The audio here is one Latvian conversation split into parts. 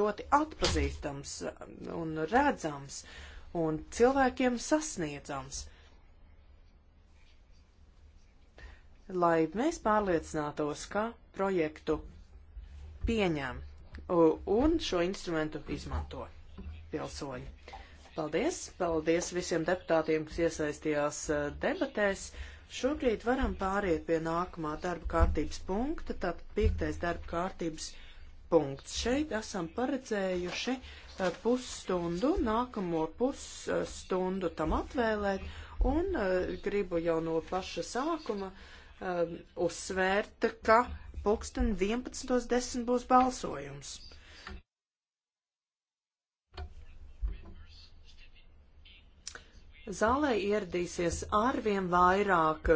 ļoti atpazīstams un redzams un cilvēkiem sasniedzams. Lai mēs pārliecinātos, ka projektu pieņem un šo instrumentu izmanto pilsoņi. Paldies! Paldies visiem deputātiem, kas iesaistījās uh, debatēs. Šobrīd varam pāriet pie nākamā darba kārtības punkta, tātad piektais darba kārtības punkts punkts. Šeit esam paredzējuši eh, pusstundu, nākamo pusstundu tam atvēlēt, un eh, gribu jau no paša sākuma eh, uzsvērt, ka pulksten 11.10 būs balsojums. Zālē ieradīsies arvien vairāk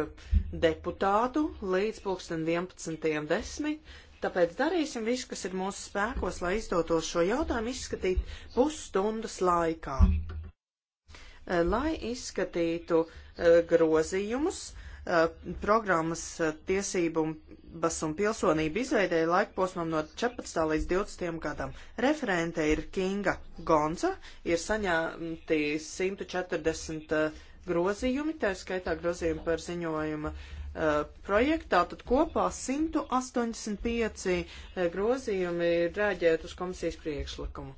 deputātu līdz pulksten 11.10. Tāpēc darīsim visu, kas ir mūsu spēkos, lai izdotos šo jautājumu izskatīt pusstundas laikā. Eh, lai izskatītu eh, grozījumus eh, programmas tiesības un pilsonību izveidēja laikposmam no 14. līdz 20. gadam. Referente ir Kinga Gonza, ir saņemti 140 grozījumi, tā skaitā grozījumi par ziņojuma uh, Uh, projektu. Tātad kopā 185 uh, grozījumi ir rēģēt uz komisijas priekšlikumu.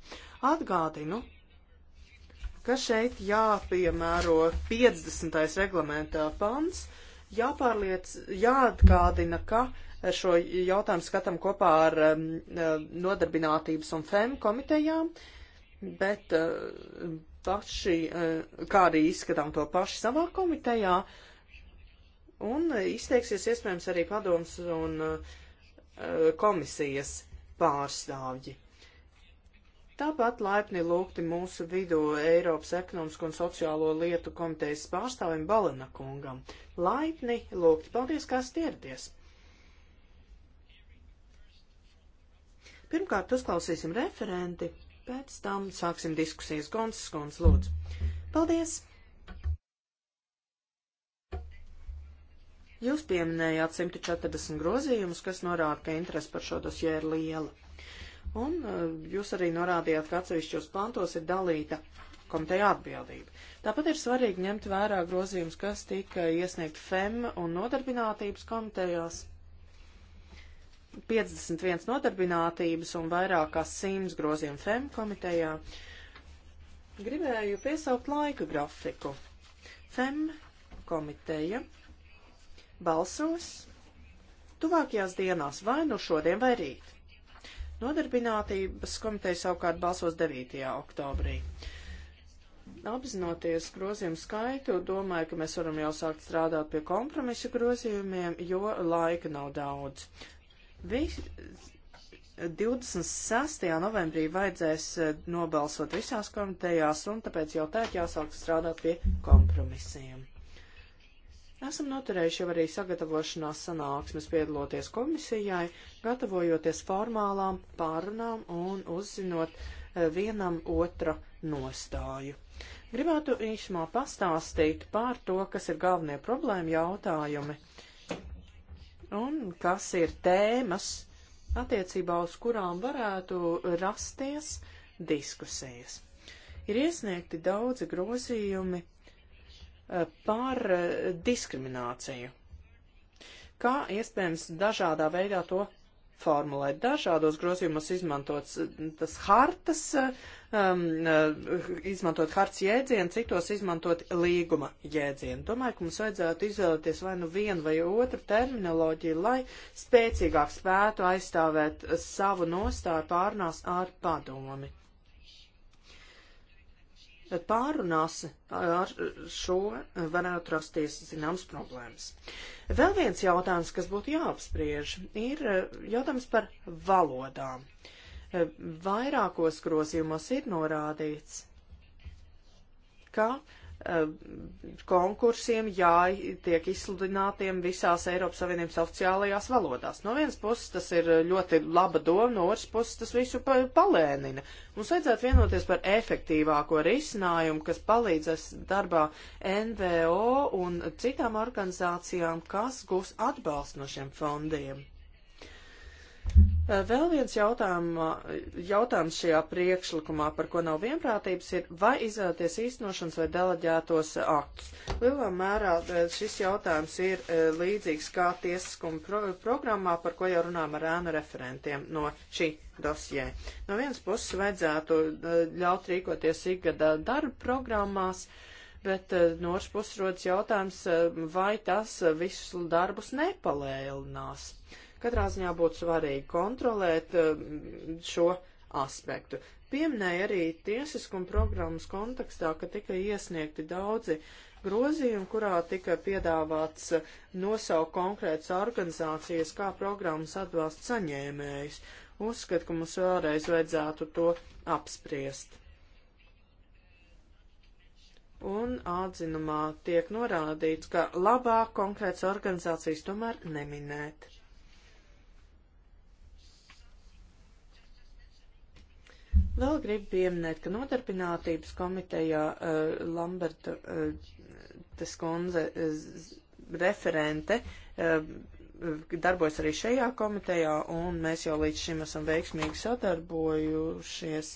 Atgādinu, ka šeit jāpiemēro 50. reglamentā pants, jāpārliec, jāatgādina, ka šo jautājumu skatām kopā ar um, uh, nodarbinātības un FEM komitejām, bet uh, paši, uh, kā arī izskatām to paši savā komitejā, uh, un e, izteiksies iespējams arī padoms un e, e, komisijas pārstāvji. Tāpat laipni lūgti mūsu vidū Eiropas ekonomisko un sociālo lietu komitejas pārstāvim Balena kungam. Laipni lūgti. Paldies, kā stierties. Pirmkārt, uzklausīsim referenti, pēc tam sāksim diskusijas. Gonsas, Gons, lūdzu. Paldies! Jūs pieminējāt 140 grozījumus, kas norāda, ka interesi par šo dosiju ir liela. Un e, jūs arī norādījāt, ka atsevišķos pantos ir dalīta komiteja atbildība. Tāpat ir svarīgi ņemt vērā grozījumus, kas tika iesniegt FEM un nodarbinātības komitejās. 51 nodarbinātības un vairāk kā 100 grozījumu FEM komitejā. Gribēju piesaukt laika grafiku. FEM komiteja balsos tuvākajās dienās, vai nu šodien, vai rīt. Nodarbinātības komiteja savukārt balsos 9. oktobrī. Apzinoties grozījumu skaitu, domāju, ka mēs varam jau sākt strādāt pie kompromisa grozījumiem, jo laika nav daudz. Vis 26. novembrī vajadzēs eh, nobalsot visās komitejās, un tāpēc jau tēt jāsāk strādāt pie kompromisiem. Esam noturējuši jau arī sagatavošanās sanāksmes piedaloties komisijai, gatavojoties formālām pārunām un uzzinot eh, vienam otra nostāju. Gribētu īsumā pastāstīt pār to, kas ir galvenie problēma jautājumi un kas ir tēmas, attiecībā uz kurām varētu rasties diskusijas. Ir iesniegti daudzi grozījumi par eh, diskrimināciju. Kā iespējams dažādā veidā to formulēt? Dažādos grozījumos izmantots eh, tas hartas, eh, um, izmantot hartas jēdzienu, citos izmantot līguma jēdzienu. Domāju, ka mums vajadzētu izvēlēties vai nu vienu vai otru terminoloģiju, lai spēcīgāk spētu aizstāvēt savu nostāju pārnās ar padomi pārunās ar šo varētu rasties zināms problēmas. Vēl viens jautājums, kas būtu jāapspriež, ir eh, jautājums par valodām. Eh, vairākos grozījumos ir norādīts, ka Eh, konkursiem jātiek izsludinātiem visās Eiropas Savienības oficiālajās valodās. No vienas puses tas ir ļoti laba doma, no otras puses tas visu palēnina. Mums vajadzētu vienoties par efektīvāko risinājumu, kas palīdzēs darbā NVO un citām organizācijām, kas gūs atbalstu no šiem fondiem. Vēl viens jautājums šajā priekšlikumā, par ko nav vienprātības, ir, vai izvēlēties īstenošanas vai deleģētos aktus. Lielā mērā šis jautājums ir līdzīgs kā tiesiskuma pro programmā, par ko jau runājam ar ēnu referentiem no šī dosjē. No vienas puses vajadzētu ļaut rīkoties ikgada darba programmās, bet no otras puses rodas jautājums, vai tas visus darbus nepalēlinās. Uh, Katrā ziņā būtu svarīgi kontrolēt eh, šo aspektu. Pieminēja arī tiesiskuma programmas kontekstā, ka tika iesniegti daudzi grozījumi, kurā tika piedāvāts eh, nosaukt konkrētas organizācijas kā programmas atbalsta saņēmējs. Uzskat, ka mums vēlreiz vajadzētu to apspriest. Un atzinumā tiek norādīts, ka labāk konkrētas organizācijas tomēr neminēt. Vēl gribu pieminēt, ka nodarbinātības komitejā uh, Lamberta uh, tas kundze uh, eh, referente uh, darbojas arī šajā komitejā, un mēs jau līdz šim esam veiksmīgi sadarbojušies,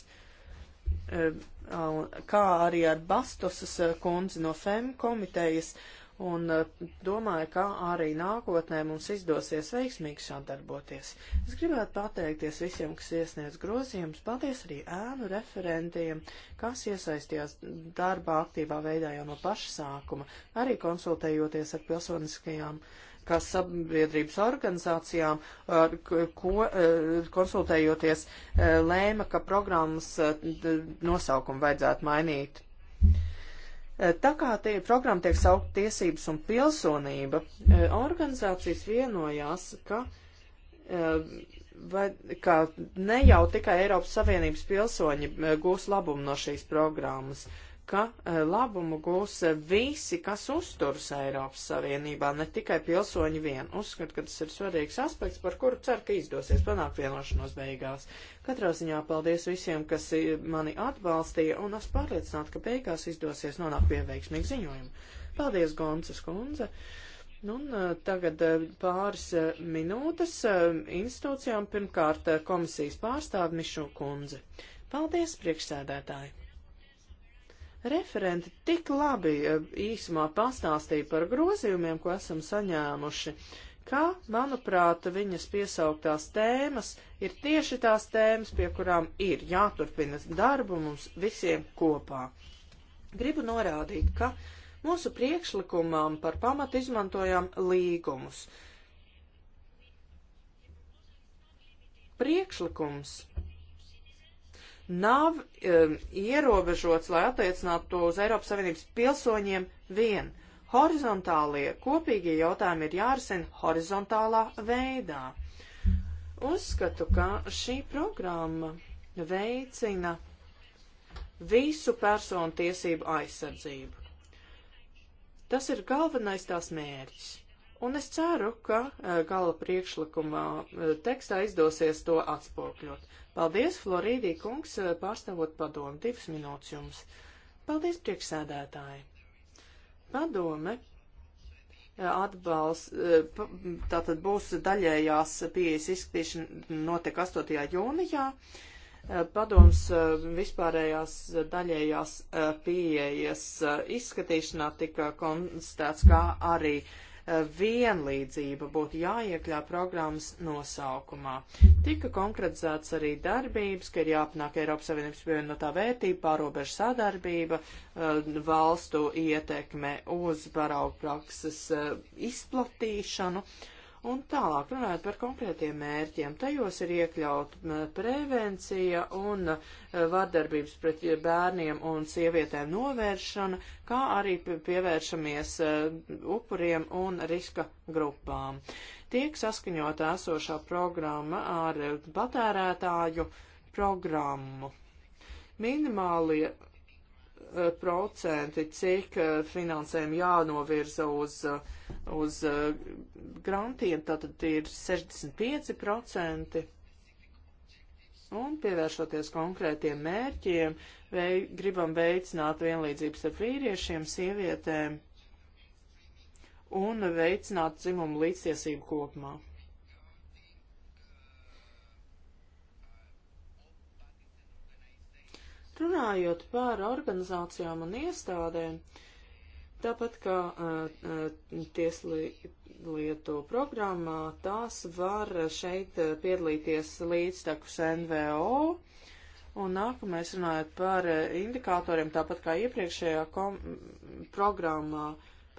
uh, kā arī ar Bastosas kundzi no FEM komitejas. Uh, un eh, domāju, ka arī nākotnē mums izdosies veiksmīgi sadarboties. Es gribētu pateikties visiem, kas iesniedz grozījumus, paties arī ēnu referentiem, kas iesaistījās darbā aktīvā veidā jau no paša sākuma, arī konsultējoties ar pilsoniskajām kā sabiedrības organizācijām, ar ko eh, konsultējoties, eh, lēma, ka programmas nosaukumu vajadzētu mainīt. Eh, tā kā tie programma tiek saukt tiesības un pilsonība, eh, organizācijas vienojās, ka, eh, vai, ka ne jau tikai Eiropas Savienības pilsoņi gūs labumu no šīs programmas ka eh, labumu gūs eh, visi, kas uzturas Eiropas Savienībā, ne tikai pilsoņi vien. Uzskatu, ka tas ir svarīgs aspekts, par kuru ceru, ka izdosies panākt vienošanos beigās. Katrā ziņā paldies visiem, kas eh, mani atbalstīja, un es pārliecināti, ka beigās izdosies nonākt pie veiksmīgu ziņojumu. Paldies, Goncas kundze! Nu, un tagad pāris minūtes institūcijām, pirmkārt komisijas pārstāvi Mišu kundze. Paldies, priekšsēdētāji! Referenti tik labi e, īsumā pastāstīja par grozījumiem, ko esam saņēmuši, ka, manuprāt, viņas piesauktās tēmas ir tieši tās tēmas, pie kurām ir jāturpina darbu mums visiem kopā. Gribu norādīt, ka mūsu priekšlikumām par pamatu izmantojām līgumus. Priekšlikums nav um, ierobežots, lai attiecinātu to uz Eiropas Savienības pilsoņiem vien. Horizontālie kopīgie jautājumi ir jārisina horizontālā veidā. Uzskatu, ka šī programma veicina visu personu tiesību aizsardzību. Tas ir galvenais tās mērķis. Un es ceru, ka uh, gala priekšlikumā uh, tekstā izdosies to atspokļot. Paldies, Florīdī kungs, eh, pārstāvot padomu. Divas minūtes jums. Paldies, priekšsēdētāji. Padome eh, atbalsts, eh, tātad būs daļējās pieejas izskatīšana notiek 8. jūnijā. Padoms vispārējās daļējās pieejas izskatīšanā tika konstatēts, kā arī uh, vienlīdzība būtu jāiekļā programmas nosaukumā. Tika konkretizēts arī darbības, ka ir jāpanāk Eiropas Savienības pievienotā vērtība, pārobežu sadarbība, eh, valstu ietekme uz paraugu prakses eh, izplatīšanu. Uh, Un tālāk runājot par konkrētiem mērķiem, tajos ir iekļaut prevencija un e, vardarbības pret bērniem un sievietēm novēršana, kā arī pievēršamies e, upuriem un riska grupām. Tiek saskaņota esošā programma ar patērētāju programmu. Minimālie procenti, cik eh, finansējumu jānovirza uz, eh, uz eh, grantiem, tātad ir 65 procenti. Un pievēršoties konkrētiem mērķiem, vei, gribam veicināt vienlīdzības ar vīriešiem, sievietēm un veicināt dzimumu līdztiesību kopumā. Runājot par organizācijām un iestādēm, tāpat kā uh, tieslietu programmā, tās var šeit piedalīties līdztekus NVO. Un nākamais runājot par indikatoriem, tāpat kā iepriekšējā kom programmā,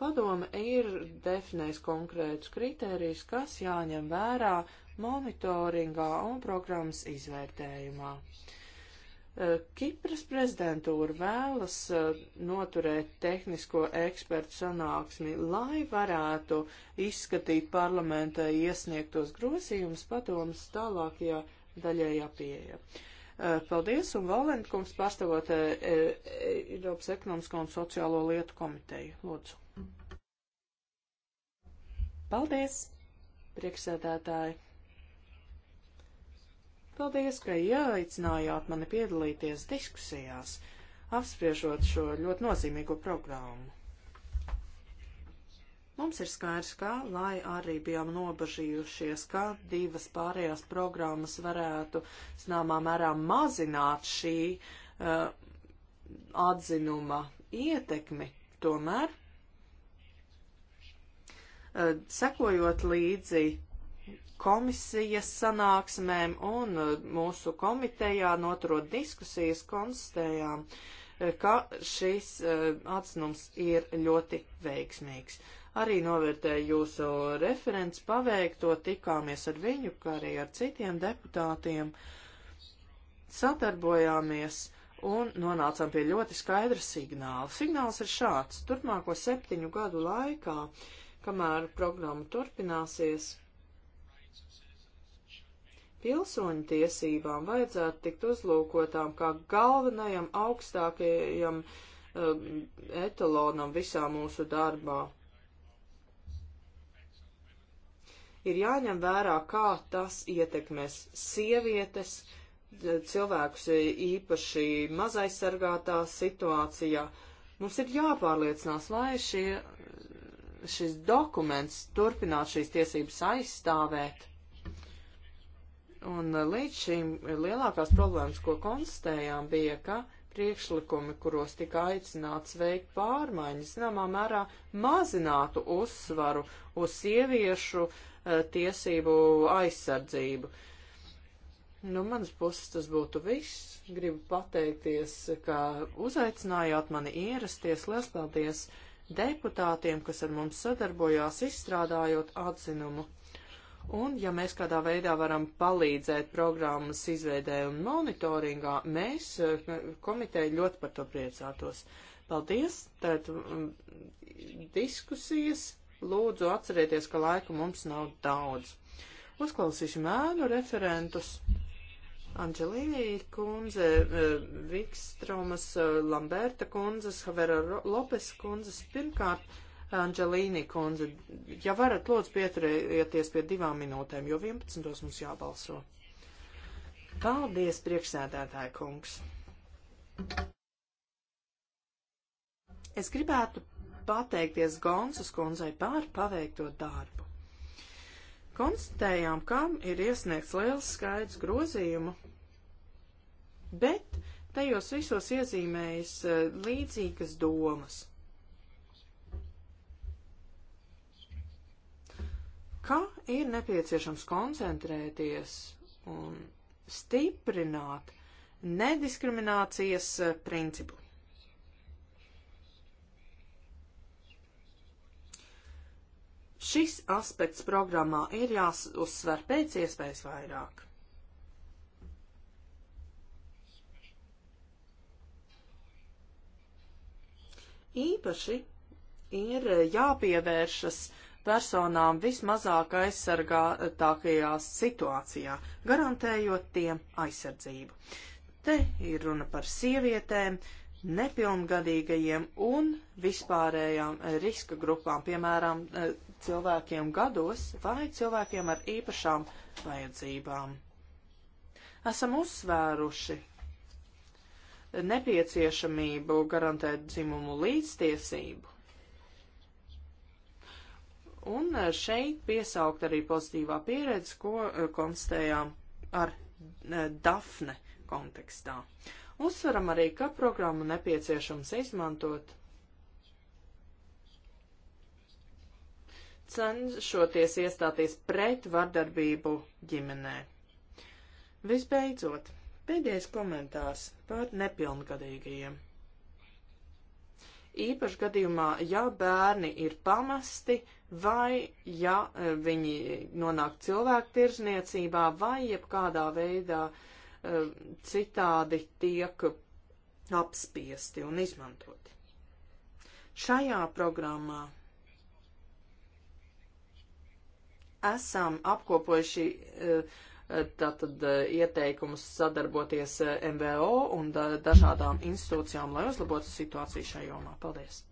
padome ir definējis konkrētus kritērijus, kas jāņem vērā monitoringā un programmas izvērtējumā. Uh, Eh, Kipras prezidentūra vēlas eh, noturēt tehnisko ekspertu sanāksmi, lai varētu izskatīt parlamentā iesniegtos grozījumus padomas tālākajā daļējā pieeja. Eh, Paldies, un Valentkungs pārstāvot Eiropas ekonomisko un sociālo lietu komiteju. Lūdzu. Paldies, priekšsēdētāji. Paldies, ka ieaicinājāt mani piedalīties diskusijās, apspriežot šo ļoti nozīmīgo programmu. Mums ir skaidrs, ka, lai arī bijām nobažījušies, ka divas pārējās programmas varētu, zināmā mērā, mazināt šī uh, atzinuma ietekmi, tomēr, uh, sekojot līdzi komisijas sanāksmēm un uh, mūsu komitejā noturot diskusijas konstatējām, uh, ka šis uh, atzinums ir ļoti veiksmīgs. Arī novērtēju jūsu referents paveikto, tikāmies ar viņu, kā arī ar citiem deputātiem, sadarbojāmies un nonācām pie ļoti skaidra signāla. Signāls ir šāds. Turpmāko septiņu gadu laikā, kamēr programma turpināsies, pilsoņu tiesībām vajadzētu tikt uzlūkotām kā galvenajam augstākajam uh, etalonam visā mūsu darbā. Ir jāņem vērā, kā tas ietekmēs sievietes, cilvēkus e, īpaši mazaisargātā situācijā. Mums ir jāpārliecinās, lai šie, šis dokuments turpināt šīs tiesības aizstāvēt Un eh, līdz šīm lielākās problēmas, ko konstatējām, bija, ka priekšlikumi, kuros tika aicināts veikt pārmaiņas, zināmā mērā mazinātu uzsvaru uz sieviešu uh, tiesību aizsardzību. Nu, manas puses tas būtu viss. Gribu pateikties, ka uzaicinājāt mani ierasties. Lielas paldies deputātiem, kas ar mums sadarbojās, izstrādājot atzinumu. Un, ja mēs kādā veidā varam palīdzēt programmas izveidē un monitoringā, mēs eh, komiteja ļoti par to priecātos. Paldies! Tad mm, diskusijas. Lūdzu, atcerieties, ka laika mums nav daudz. Uzklausīsim ēnu referentus. Anģelīnī kundze, eh, Vikstromas, eh, Lamberta kundzes, Havera Lopes kundzes. Pirmkārt, Anģelīni kundze, ja varat, lūdzu, pieturieties pie divām minūtēm, jo 11. mums jābalso. Paldies, priekšsēdētāja kungs. Es gribētu pateikties Gonsas kundzei par paveikto darbu. Konstatējām, kam ir iesniegts liels skaits grozījumu, bet tajos visos iezīmējas eh, līdzīgas domas – ka ir nepieciešams koncentrēties un stiprināt nediskriminācijas eh, principu. Šis aspekts programmā ir jāuzsver pēc iespējas vairāk. Īpaši ir eh, jāpievēršas uh, personām vismazāk aizsargātākajās situācijā, garantējot tiem aizsardzību. Te ir runa par sievietēm, nepilngadīgajiem un vispārējām eh, riska grupām, piemēram, eh, cilvēkiem gados vai cilvēkiem ar īpašām vajadzībām. Esam uzsvēruši nepieciešamību garantēt dzimumu līdztiesību Un eh, šeit piesaukt arī pozitīvā pieredze, ko eh, konstatējām ar eh, Dafne kontekstā. Uzsveram arī, ka programmu nepieciešams izmantot cenšoties iestāties pret vardarbību ģimenē. Visbeidzot, pēdējais komentārs par nepilngadīgajiem īpaši gadījumā, ja bērni ir pamesti vai ja e, viņi nonāk cilvēku tirzniecībā vai jebkādā veidā e, citādi tiek apspiesti un izmantoti. Šajā programmā esam apkopojuši uh, tātad eh, ieteikumus sadarboties eh, MVO un dažādām institūcijām, lai uzlabotu situāciju šajā jomā. Paldies!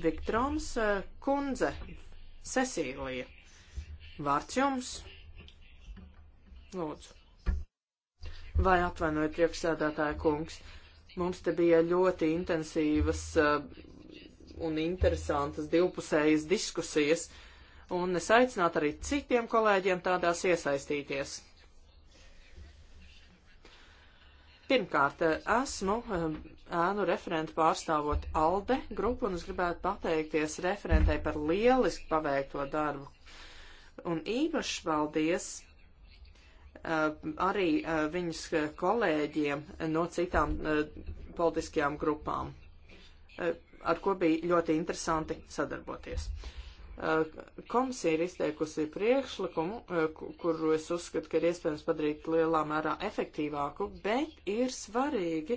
Viktrons eh, Kundze, Cecīlija, vārds jums. Lūdzu. Vai atvainojiet, priekšsēdētāja kungs, mums te bija ļoti intensīvas un interesantas divpusējas diskusijas. Uh, un es aicinātu arī citiem kolēģiem tādās iesaistīties. Pirmkārt, esmu um, ēnu referentu pārstāvot ALDE grupu, un es gribētu pateikties referentai par lieliski paveikto darbu. Un īpaši paldies um, arī uh, viņas kolēģiem no citām uh, politiskajām grupām, uh, ar ko bija ļoti interesanti sadarboties. Uh, Eh, komisija ir izteikusi priekšlikumu, eh, kuru es uzskatu, ka ir iespējams padarīt lielā mērā efektīvāku, bet ir svarīgi,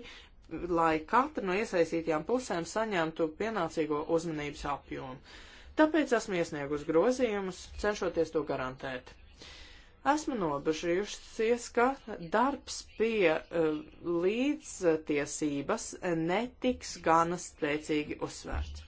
lai katra no iesaistītajām pusēm saņemtu pienācīgo uzmanības apjomu. Tāpēc esmu iesniegus grozījumus, cenšoties to garantēt. Esmu nobežījusies, ka darbs pie uh, līdztiesības netiks gana spēcīgi uzsvērts.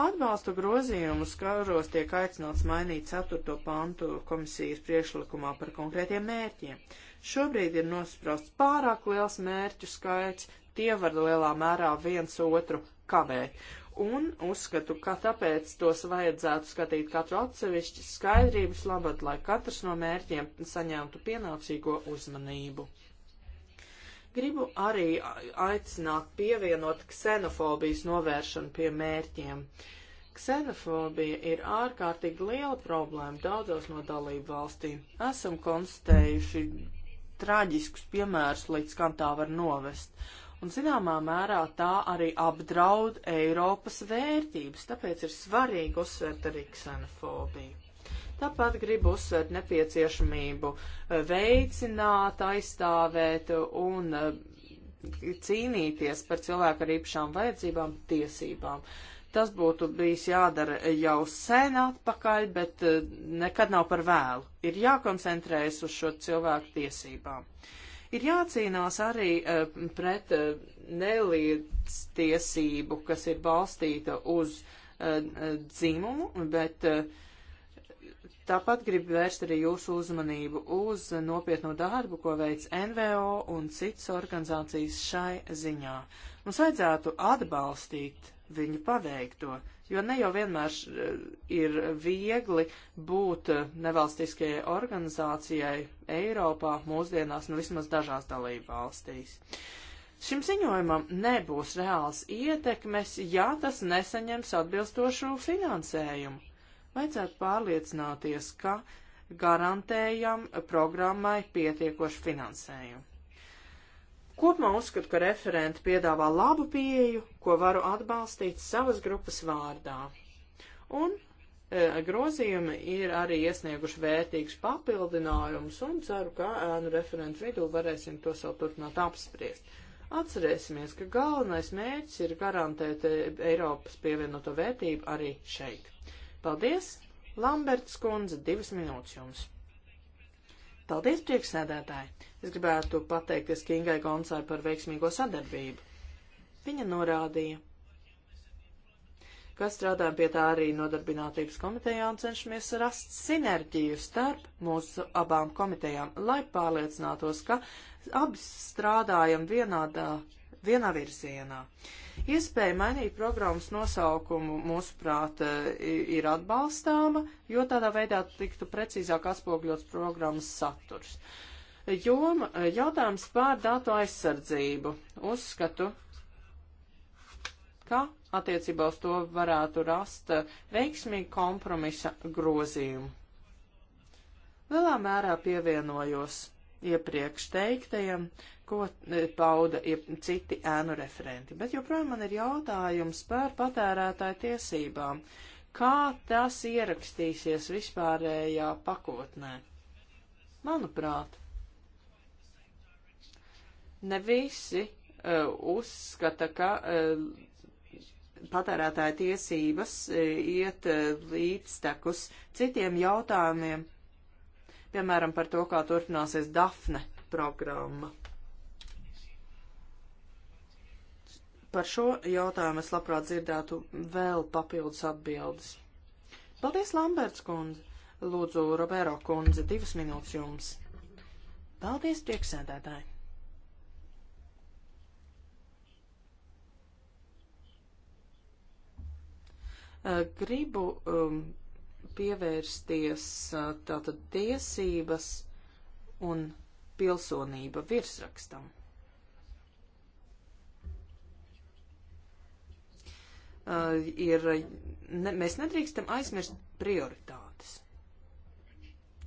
Atbalstu grozījumus, kāros tiek aicināts mainīt 4. pantu komisijas priekšlikumā par konkrētiem mērķiem. Šobrīd ir nosprosts pārāk liels mērķu skaits, tie var lielā mērā viens otru kavēt. Un uzskatu, ka tāpēc tos vajadzētu skatīt katru atsevišķi skaidrības labad, lai katrs no mērķiem saņemtu pienācīgo uzmanību. Gribu arī aicināt pievienot ksenofobijas novēršanu pie mērķiem. Ksenofobija ir ārkārtīgi liela problēma daudzos no dalību valstīm. Esam konstatējuši traģiskus piemērus, līdz kam tā var novest. Un zināmā mērā tā arī apdraud Eiropas vērtības, tāpēc ir svarīgi uzsvērt arī ksenofobiju. Tāpat gribu uzsvērt nepieciešamību eh, veicināt, aizstāvēt un eh, cīnīties par cilvēku ar īpašām vajadzībām, tiesībām. Tas būtu bijis jādara jau sen atpakaļ, bet eh, nekad nav par vēlu. Ir jākoncentrējas uz šo cilvēku tiesībām. Ir jācīnās arī pret nelīdztiesību, kas ir balstīta uz dzimumu, bet uh, Tāpat gribu vērst arī jūsu uzmanību uz nopietno darbu, ko veic NVO un citas organizācijas šai ziņā. Mums vajadzētu atbalstīt viņu paveikto, jo ne jau vienmēr ir viegli būt nevalstiskajai organizācijai Eiropā mūsdienās, nu vismaz dažās dalību valstīs. Šim ziņojumam nebūs reāls ietekmes, ja tas nesaņems atbilstošu finansējumu vajadzētu pārliecināties, ka garantējam programmai pietiekošu finansējumu. Kopumā uzskatu, ka referenti piedāvā labu pieeju, ko varu atbalstīt savas grupas vārdā. Un e, grozījumi ir arī iesnieguši vērtīgus papildinājumus un ceru, ka ēnu referentu vidū varēsim tos vēl turpināt apspriest. Atcerēsimies, ka galvenais mērķis ir garantēt e, Eiropas pievienoto vērtību arī šeit. Paldies! Lamberts kundze, divas minūtes jums. Paldies, priekšsēdētāji! Es gribētu pateikties Kingai Gonsai par veiksmīgo sadarbību. Viņa norādīja, ka strādājam pie tā arī nodarbinātības komitejā un cenšamies rast sinerģiju starp mūsu abām komitejām, lai pārliecinātos, ka abi strādājam vienādā vienā virzienā. Iespēja mainīt programmas nosaukumu, mūsuprāt, ir atbalstāma, jo tādā veidā tiktu precīzāk atspogļots programmas saturs. Joma jautājums pār datu aizsardzību. Uzskatu, ka attiecībā uz to varētu rast veiksmīgu kompromisa grozījumu. Lielā mērā pievienojos iepriekš teiktajam, uh, ko e, pauda citi ēnu referenti. Bet joprojām man ir jautājums par patērētāju tiesībām. Kā tas ierakstīsies vispārējā pakotnē? Manuprāt, ne visi uh, uzskata, ka uh, patērētāja tiesības uh, iet uh, līdztekus citiem jautājumiem, piemēram, par to, kā turpināsies Dafne programma. Par šo jautājumu es labprāt dzirdētu vēl papildus atbildes. Paldies, Lamberts kundze! Lūdzu, Robero kundze, divas minūtes jums. Paldies, prieksēdētāji! Gribu um, pievērsties tātad tiesības un pilsonība virsrakstam. Eh, ir, ne, mēs nedrīkstam aizmirst prioritātes.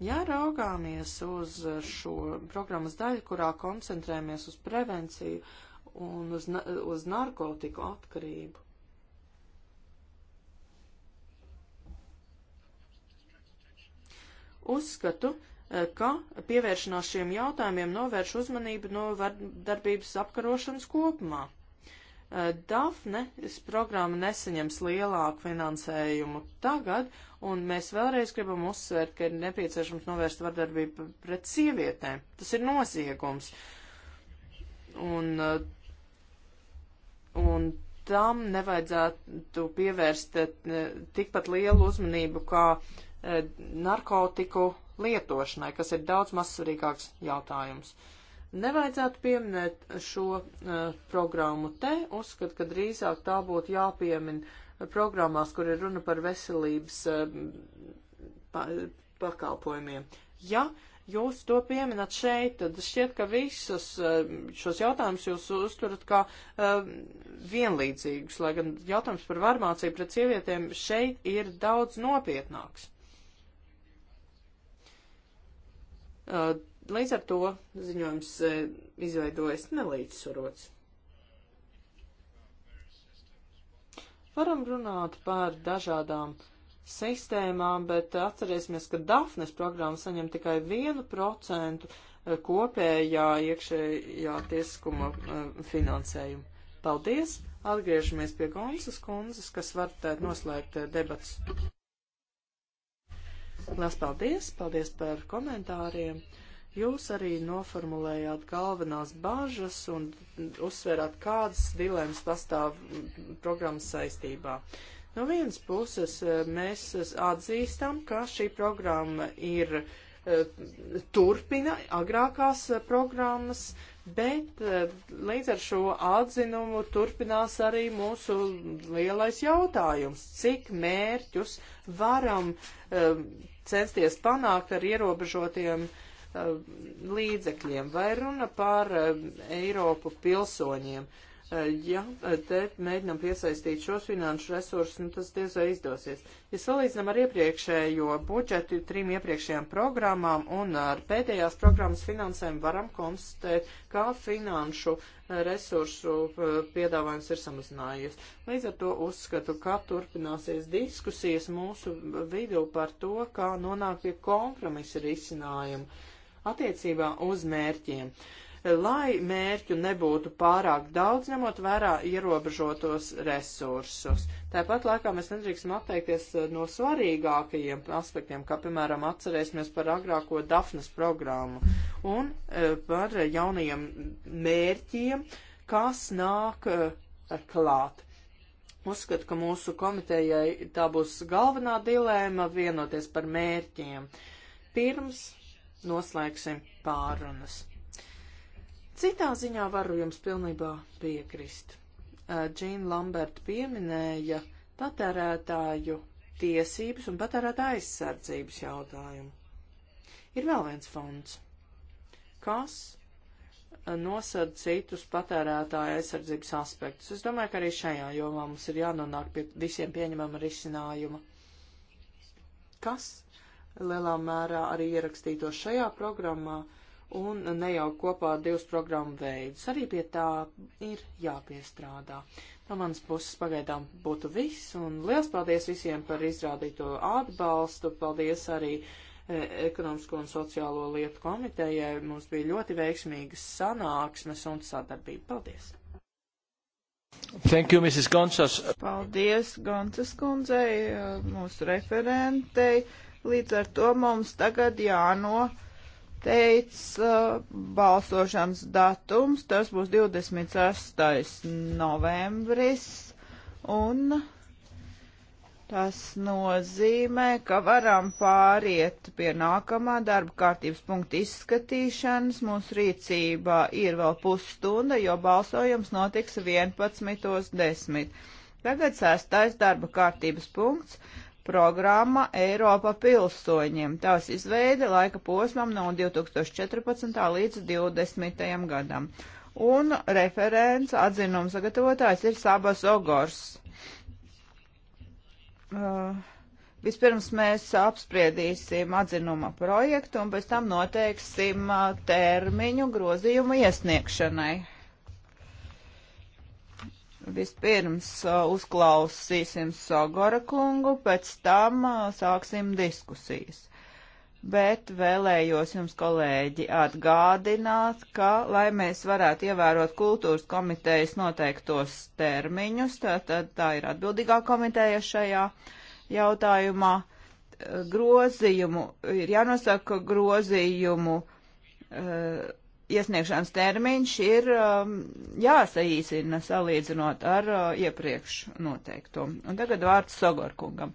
Ja raugāmies uz šo programmas daļu, kurā koncentrējamies uz prevenciju un uz, uz narkotiku atkarību, uzskatu, eh, ka pievēršanās šiem jautājumiem novērš uzmanību no darbības apkarošanas kopumā. Eh, Dafne programma nesaņems lielāku finansējumu tagad, un mēs vēlreiz gribam uzsvērt, ka ir nepieciešams novērst vardarbību pret sievietēm. Tas ir noziegums. Un, eh, un tam nevajadzētu pievērst eh, tikpat lielu uzmanību kā narkotiku lietošanai, kas ir daudz mazsvarīgāks jautājums. Uh, Nevajadzētu pieminēt šo uh, programmu te, uzskat, ka drīzāk tā būtu jāpiemina programmās, kur ir runa par veselības uh, pa, pakalpojumiem. Ja jūs to pieminat šeit, tad šķiet, ka visus eh, šos jautājumus jūs uzturat kā uh, vienlīdzīgus, lai gan jautājums par varmācību pret sievietēm šeit ir daudz nopietnāks. Uh, Līdz ar to ziņojums e, izveidojas nelīdzsvarots. Varam runāt par dažādām sistēmām, bet atcerēsimies, ka Dafnes programma saņem tikai 1% e, kopējā iekšējā tiesiskuma e, finansējuma. Paldies! Atgriežamies pie Gonsas kundzes, kas var tēt noslēgt debats. Lielas paldies! Paldies par komentāriem! Jūs arī noformulējāt galvenās bažas un uzsverāt, kādas dilemmas pastāv programmas saistībā. No vienas puses eh, mēs atzīstam, ka šī programma ir eh, turpina agrākās eh, programmas, bet līdz ar šo atzinumu turpinās arī mūsu lielais jautājums, cik mērķus varam censties panākt ar ierobežotiem uh, Uh, līdzekļiem, vai runa par uh, Eiropu pilsoņiem. Uh, ja te mēģinam piesaistīt šos finanšu resursus, nu tas diez vai izdosies. Ja salīdzinām ar iepriekšējo budžetu, trim iepriekšējām programmām un ar pēdējās programmas finansēm, varam konstatēt, kā finanšu resursu piedāvājums ir samazinājies. Līdz ar to uzskatu, ka turpināsies diskusijas mūsu vidu par to, kā nonākt pie kompromisa risinājumu attiecībā uz mērķiem. Lai mērķu nebūtu pārāk daudz, ņemot vērā ierobežotos resursus. Tāpat laikā mēs nedrīkstam atteikties eh, no svarīgākajiem aspektiem, kā piemēram atcerēsimies par agrāko Dafnes programmu un eh, par jaunajiem mērķiem, kas nāk eh, klāt. Uzskatu, ka mūsu komitejai tā būs galvenā dilēma vienoties par mērķiem. Pirms noslēgsim pārunas. Citā ziņā varu jums pilnībā piekrist. Džīna Lamberta pieminēja patērētāju tiesības un patērētāja aizsardzības jautājumu. Ir vēl viens fonds, kas nosad citus patērētāja aizsardzības aspektus. Es domāju, ka arī šajā jomā mums ir jānonāk pie visiem pieņemama risinājuma. Kas lielā mērā arī ierakstītos šajā programmā un ne jau kopā ar divus programmu veidus. Arī pie tā ir jāpiestrādā. No manas puses pagaidām būtu viss, un liels paldies visiem par izrādīto atbalstu. Paldies arī e, Ekonomisko un sociālo lietu komitejai. Mums bija ļoti veiksmīgas sanāksmes un sadarbība. Paldies! Thank you, Mrs. Gonsas. Paldies, Gonsas kundzei, e, mūsu referentei. Līdz ar to mums tagad jānoteic uh, balsošanas datums. Tas būs 26. novembris. Un tas nozīmē, ka varam pāriet pie nākamā darba kārtības punkta izskatīšanas. Mūsu rīcībā ir vēl pusstunda, jo balsojums notiks 11.10. Tagad sēstais darba kārtības punkts programma Eiropa pilsoņiem. Tās izveide laika posmam no 2014. līdz 2020. gadam. Un referents atzinums sagatavotājs ir Sabas Ogors. Uh, vispirms mēs apspriedīsim atzinuma projektu un pēc tam noteiksim uh, termiņu grozījumu iesniegšanai. Vispirms uzklausīsim Sogora kungu, pēc tam sāksim diskusijas bet vēlējos jums, kolēģi, atgādināt, ka, lai mēs varētu ievērot kultūras komitejas noteiktos termiņus, tad tā, tā, tā ir atbildīgā komiteja šajā jautājumā, grozījumu, ir jānosaka grozījumu uh, iesniegšanas termiņš ir um, jāsaīsina salīdzinot ar uh, iepriekš noteikto. Un tagad vārds Sogorkungam.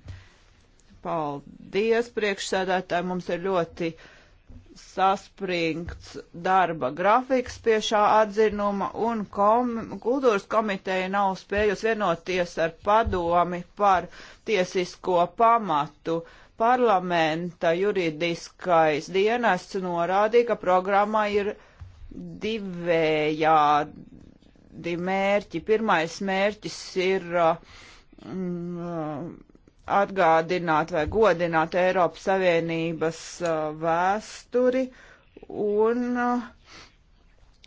Paldies, priekšsēdētāji, mums ir ļoti saspringts darba grafiks pie šā atzinuma, un kom kultūras komiteja nav spējusi vienoties ar padomi par tiesisko pamatu. Uh, parlamenta juridiskais dienests norādīja, ka programmā ir divējādi mērķi. Pirmais mērķis ir mm, atgādināt vai godināt Eiropas Savienības vēsturi, un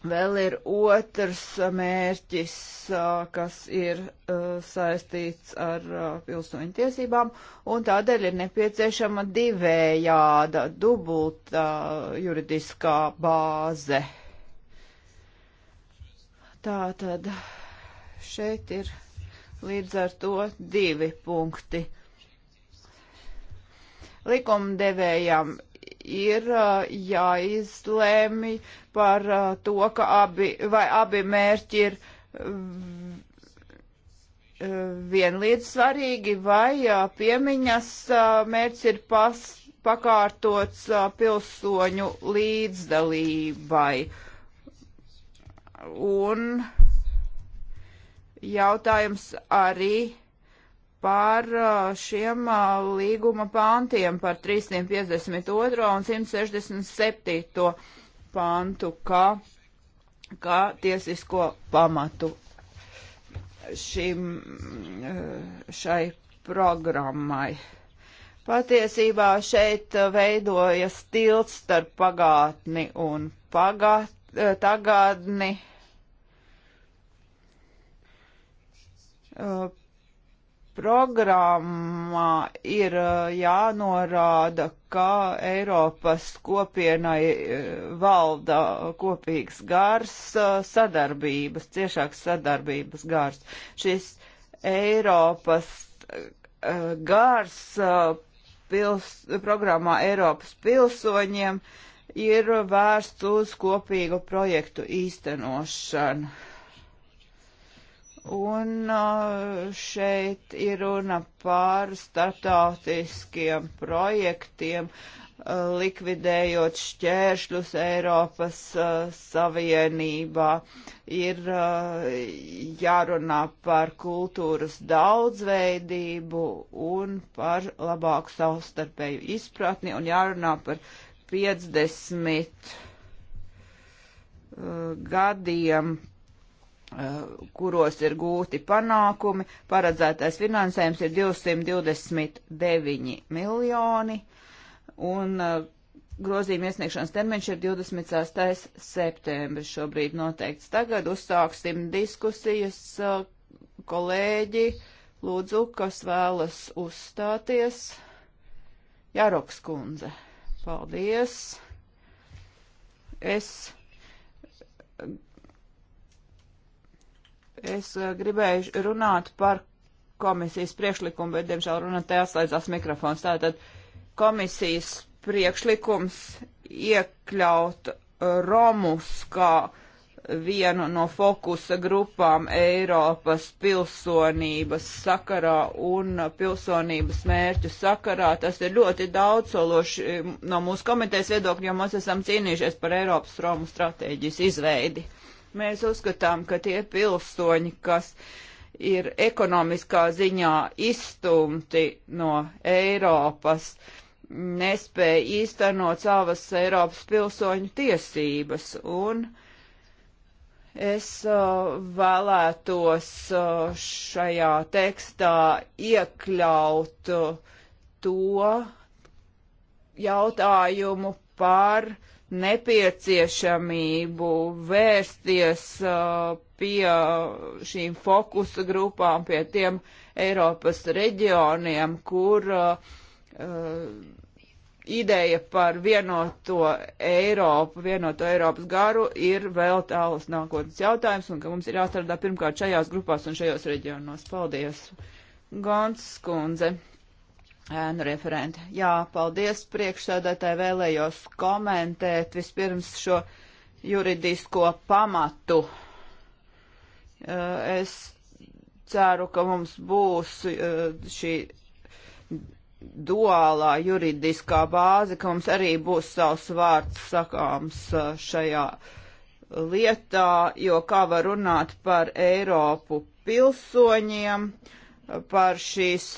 vēl ir otrs mērķis, kas ir saistīts ar pilsoņu tiesībām, un tādēļ ir nepieciešama divējāda dubulta juridiskā bāze. Tā tad šeit ir līdz ar to divi punkti. Likumdevējam ir jāizlēmi par to, ka abi, vai abi mērķi ir vienlīdz svarīgi, vai piemiņas mērķis ir pas, pakārtots pilsoņu līdzdalībai un jautājums arī par uh, šiem uh, līguma pāntiem par 352. un 167. pāntu, kā, kā tiesisko pamatu šim, uh, šai programmai. Patiesībā šeit veidojas tilts starp pagātni un pagat, tagadni Eh, programmā ir eh, jānorāda, ka Eiropas kopienai eh, valda kopīgs gars, sadarbības, ciešāks sadarbības gars. Šis Eiropas gars pils, programmā Eiropas pilsoņiem ir vērsts uz kopīgu projektu īstenošanu Un uh, šeit ir runa par startautiskiem projektiem, uh, likvidējot šķēršļus Eiropas uh, Savienībā. Ir jārunā par kultūras daudzveidību un par labāku savstarpēju izpratni un jārunā par 50 gadiem Eh, kuros ir gūti panākumi. Paredzētais finansējums ir 229 miljoni un eh, grozījuma iesniegšanas termiņš ir 26. septembris šobrīd noteikts. Tagad uzsāksim diskusijas. Eh, kolēģi, lūdzu, kas vēlas uzstāties? Jaroks kundze. Paldies. Es Es eh, gribēju runāt par komisijas priekšlikumu, bet, diemžēl, runātāja atslēdzās mikrofons. Tātad komisijas priekšlikums iekļaut romus kā vienu no fokusa grupām Eiropas pilsonības sakarā un pilsonības mērķu sakarā. Tas ir ļoti daudzsološi mm, no mūsu komitejas viedokļa, jo mēs esam cīnījušies par Eiropas romu stratēģijas izveidi. Uh, Mēs uzskatām, ka tie pilsoņi, kas ir ekonomiskā ziņā izstumti no Eiropas, nespēja īstenot savas Eiropas pilsoņu tiesības. Un es uh, vēlētos uh, šajā tekstā iekļaut uh, to jautājumu par uh, nepieciešamību vērsties uh, pie šīm fokusa grupām, pie tiem Eiropas reģioniem, kur uh, uh, ideja par vienoto Eiropu, vienoto Eiropas garu ir vēl tālus nākotnes jautājums, un ka mums ir jāstrādā pirmkārt šajās grupās un šajos reģionos. Paldies, Gons Skundze! Ēnu referente. Jā, paldies priekšsēdētāji. Vēlējos komentēt vispirms šo juridisko pamatu. Es ceru, ka mums būs šī duālā juridiskā bāze, ka mums arī būs savs vārds sakāms šajā lietā, jo kā var runāt par Eiropu pilsoņiem, par šīs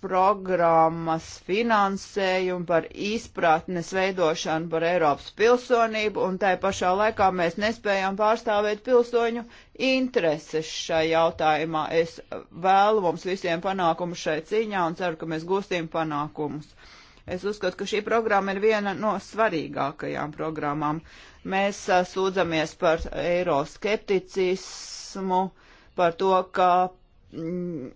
programmas finansējumu, par izpratnes veidošanu par Eiropas pilsonību, un tai pašā laikā mēs nespējām pārstāvēt pilsoņu intereses šai jautājumā. Es vēlu mums visiem panākumus šai cīņā un ceru, ka mēs gūstīm panākumus. Es uzskatu, ka šī programma ir viena no svarīgākajām programmām. Mēs a, sūdzamies par eiroskepticismu, par to, ka Mm,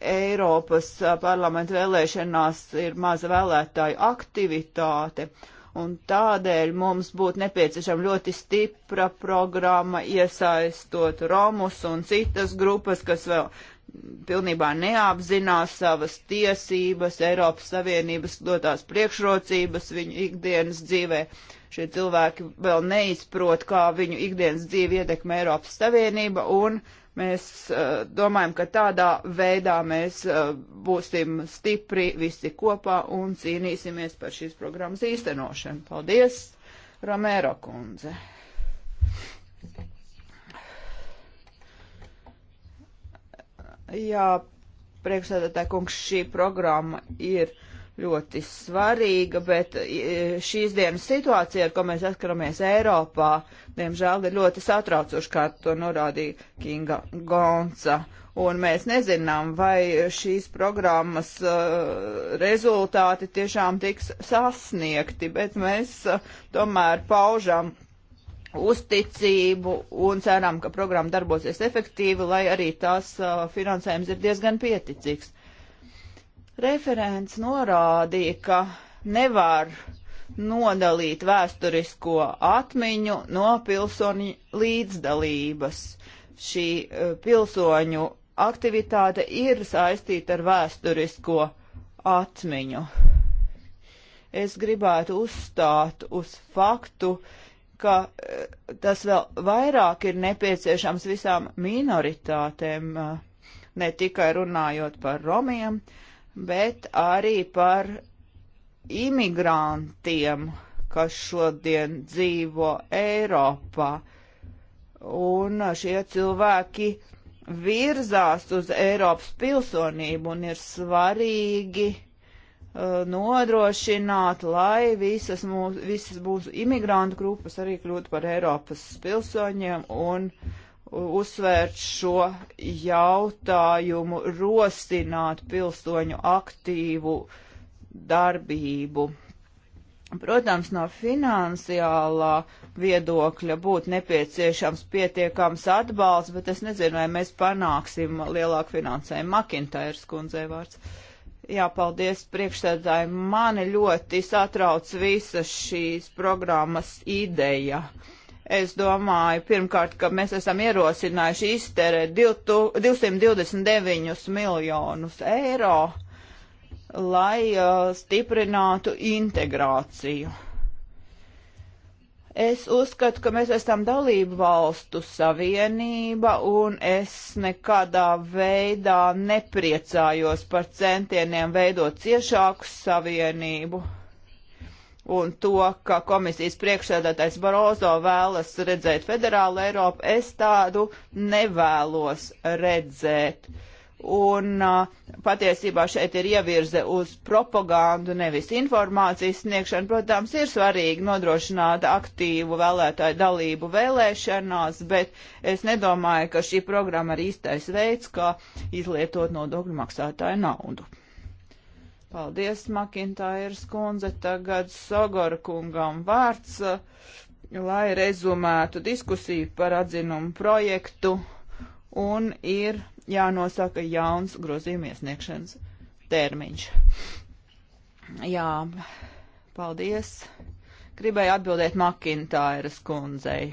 Eiropas parlamenta vēlēšanās ir maza vēlētāju aktivitāte, un tādēļ mums būtu nepieciešama ļoti stipra programma, iesaistot Romus un citas grupas, kas vēl pilnībā neapzinās savas tiesības, Eiropas Savienības dotās priekšrocības viņu ikdienas dzīvē. Šie cilvēki vēl neizprot, kā viņu ikdienas dzīvi ietekmē Eiropas Savienība un uh, Mēs uh, domājam, ka tādā veidā mēs uh, būsim stipri visi kopā un cīnīsimies par šīs programmas īstenošanu. Paldies, Romēro kundze! Jā, priekšsēdētāji kungs, šī programma ir ļoti svarīga, bet e, šīs dienas situācija, ar ko mēs atkaramies Eiropā, diemžēl ir ļoti satraucoša, kā to norādīja Kinga Gonca. Un mēs nezinām, vai šīs programmas uh, rezultāti tiešām tiks sasniegti, bet mēs uh, tomēr paužam uzticību un ceram, ka programma darbosies efektīvi, lai arī tās uh, finansējums ir diezgan pieticīgs. Referents norādīja, ka nevar nodalīt vēsturisko atmiņu no pilsoņu līdzdalības. Šī e, pilsoņu aktivitāte ir saistīta ar vēsturisko atmiņu. Es gribētu uzstāt uz faktu, ka e, tas vēl vairāk ir nepieciešams visām minoritātēm, e, ne tikai runājot par romiem, uh, bet arī par imigrantiem, kas šodien dzīvo Eiropā. Un šie cilvēki virzās uz Eiropas pilsonību un ir svarīgi uh, nodrošināt, lai visas, mūs, visas būs imigrantu grupas arī kļūtu par Eiropas pilsoņiem un uh, uzsvērt šo jautājumu, rosināt pilsoņu aktīvu darbību. Protams, no finansiālā viedokļa būtu nepieciešams pietiekams atbalsts, bet es nezinu, vai mēs panāksim lielāku finansējumu. Makintairs kundzei vārds. Jā, paldies priekšsēdāji. Mani ļoti satrauc visa šīs programmas ideja. Uh, Es domāju, pirmkārt, ka mēs esam ierosinājuši izterēt 229 miljonus eiro, lai uh, stiprinātu integrāciju. Es uzskatu, ka mēs esam dalību valstu savienība, un es nekādā veidā nepriecājos par centieniem veidot ciešāku savienību un to, ka komisijas priekšsēdētājs Barozo vēlas redzēt federālu Eiropu, es tādu nevēlos redzēt. Un patiesībā šeit ir ievirze uz propagandu, nevis informācijas sniegšanu. Protams, ir svarīgi nodrošināt aktīvu vēlētāju dalību vēlēšanās, bet es nedomāju, ka šī programma ir īstais veids, kā izlietot nodokļu maksātāju naudu. Paldies, Makintājas kundze. Tagad Sogora kungam vārds, eh, lai rezumētu diskusiju par atzinumu projektu un ir jānosaka jauns grozījuma iesniegšanas termiņš. Jā, paldies. Gribēju atbildēt Makintājas kundzei.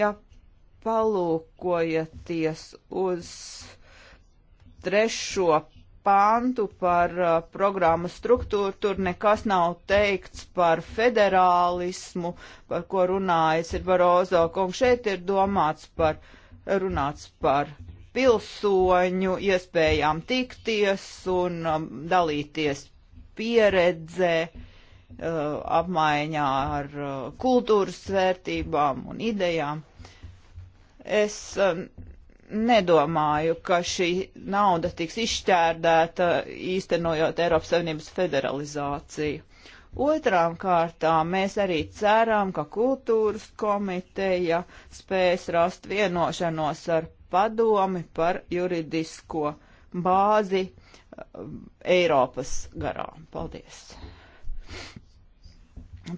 Ja palūkojaties uz trešo pantu par uh, programmu struktūru, tur nekas nav teikts par federālismu, par ko runājas ir Barozo kungs. Šeit ir domāts par, runāts par pilsoņu iespējām tikties un um, dalīties pieredzē, uh, apmaiņā ar uh, kultūras vērtībām un idejām. Es um, nedomāju, ka šī nauda tiks izšķērdēta īstenojot Eiropas Savienības federalizāciju. Otrām kārtām mēs arī ceram, ka kultūras komiteja spēs rast vienošanos ar padomi par juridisko bāzi um, Eiropas garā. Paldies!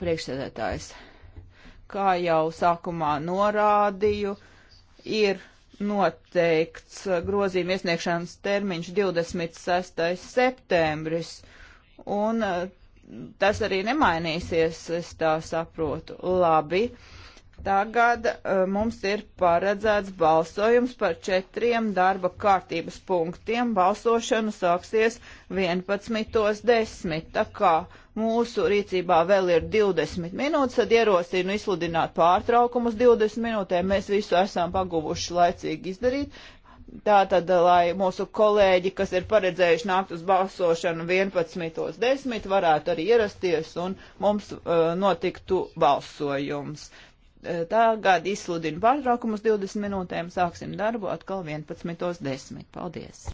Priekšsēdētājs, kā jau sākumā norādīju, ir noteikts uh, grozījuma iesniegšanas termiņš 26. septembris, un uh, tas arī nemainīsies, es tā saprotu. Labi. Uh, Tagad uh, mums ir paredzēts balsojums par četriem darba kārtības punktiem. Balsošana sāksies 11.10. Tā kā mūsu rīcībā vēl ir 20 minūtes, tad ierosinu izsludināt pārtraukumus 20 minūtēm. Mēs visu esam paguvuši laicīgi izdarīt. Tātad, e, lai mūsu kolēģi, kas ir paredzējuši nākt uz balsošanu 11.10, varētu arī ierasties un mums uh, notiktu balsojums. Eh, tagad izsludinu pārtraukumu uz 20 minūtēm, sāksim darbu atkal 11.10. Paldies!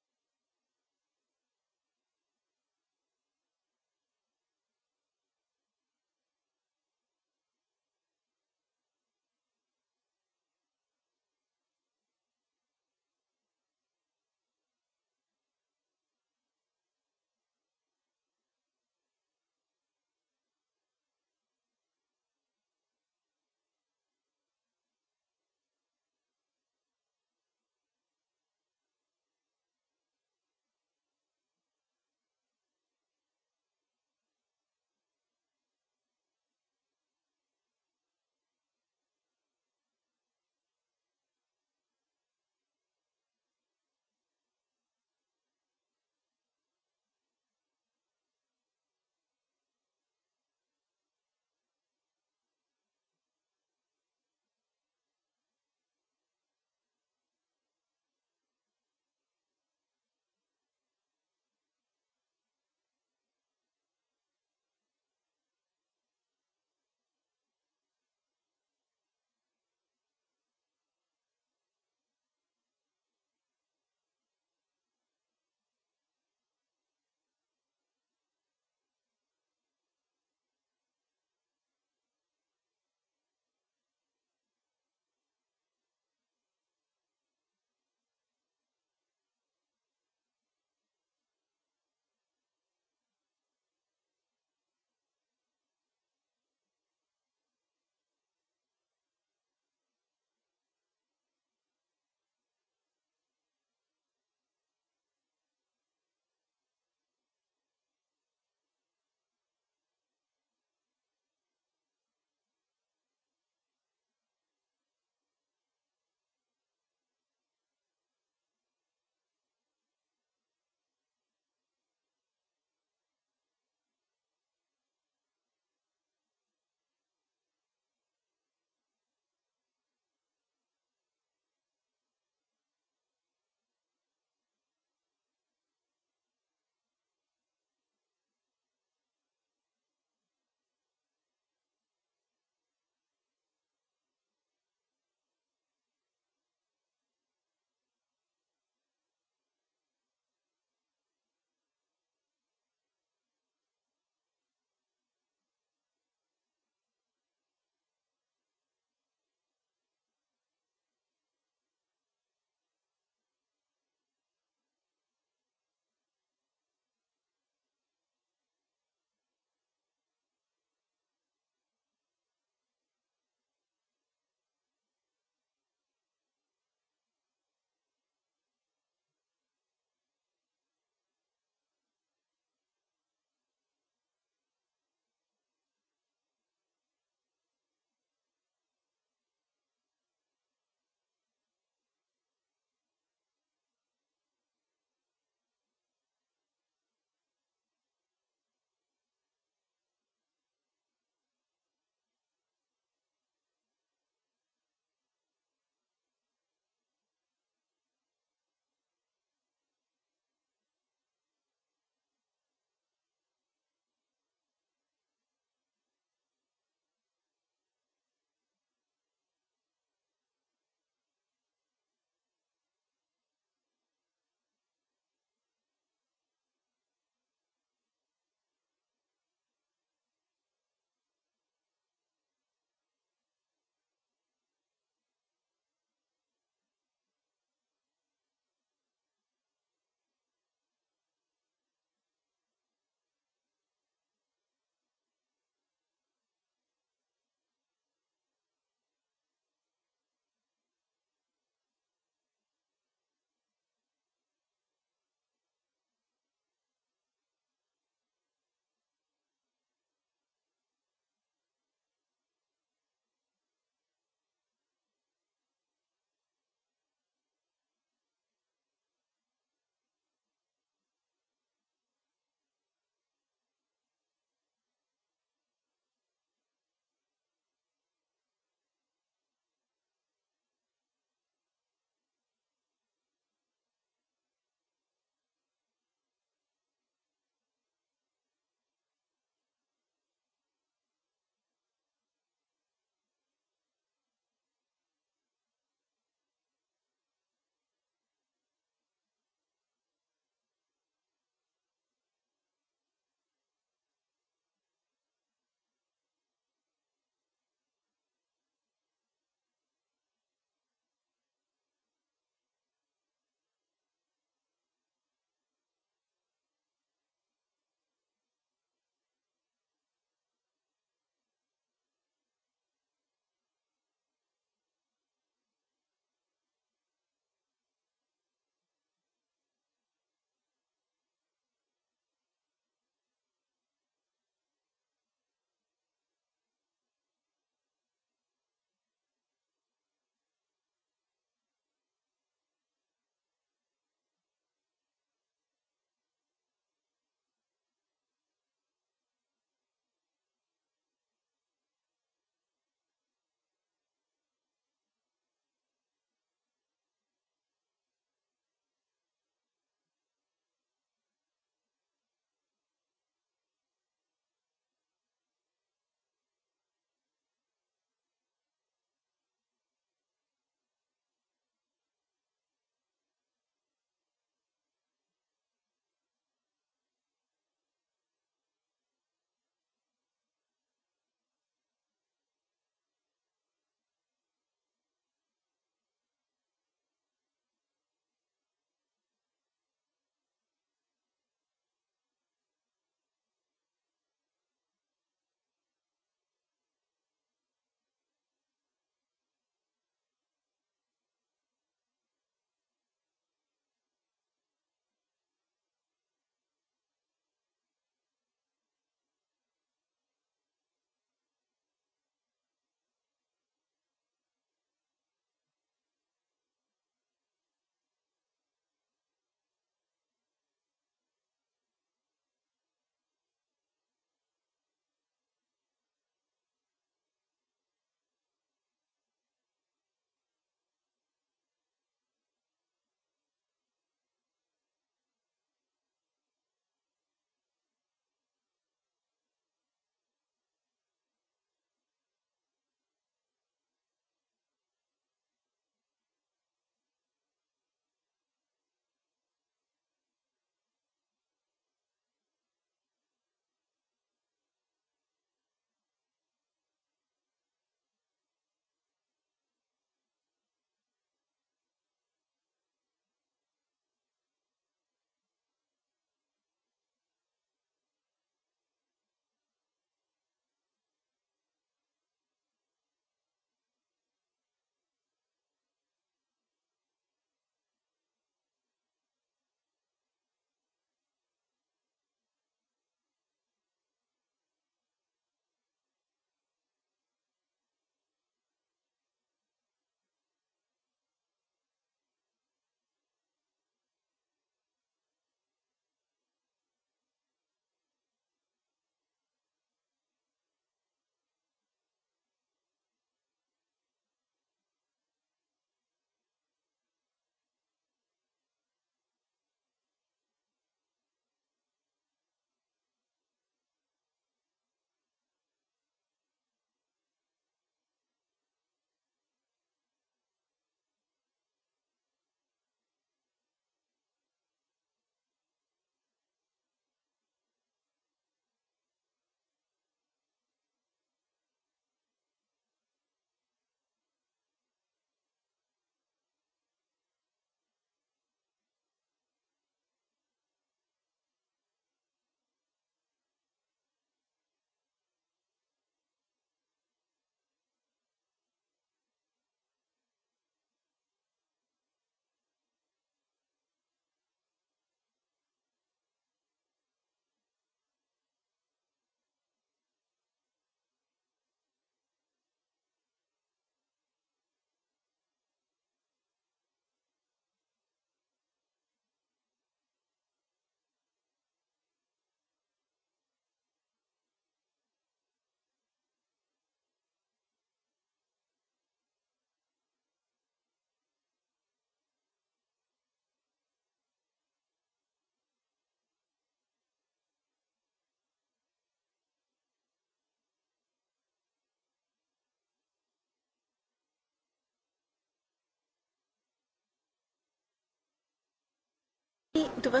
Това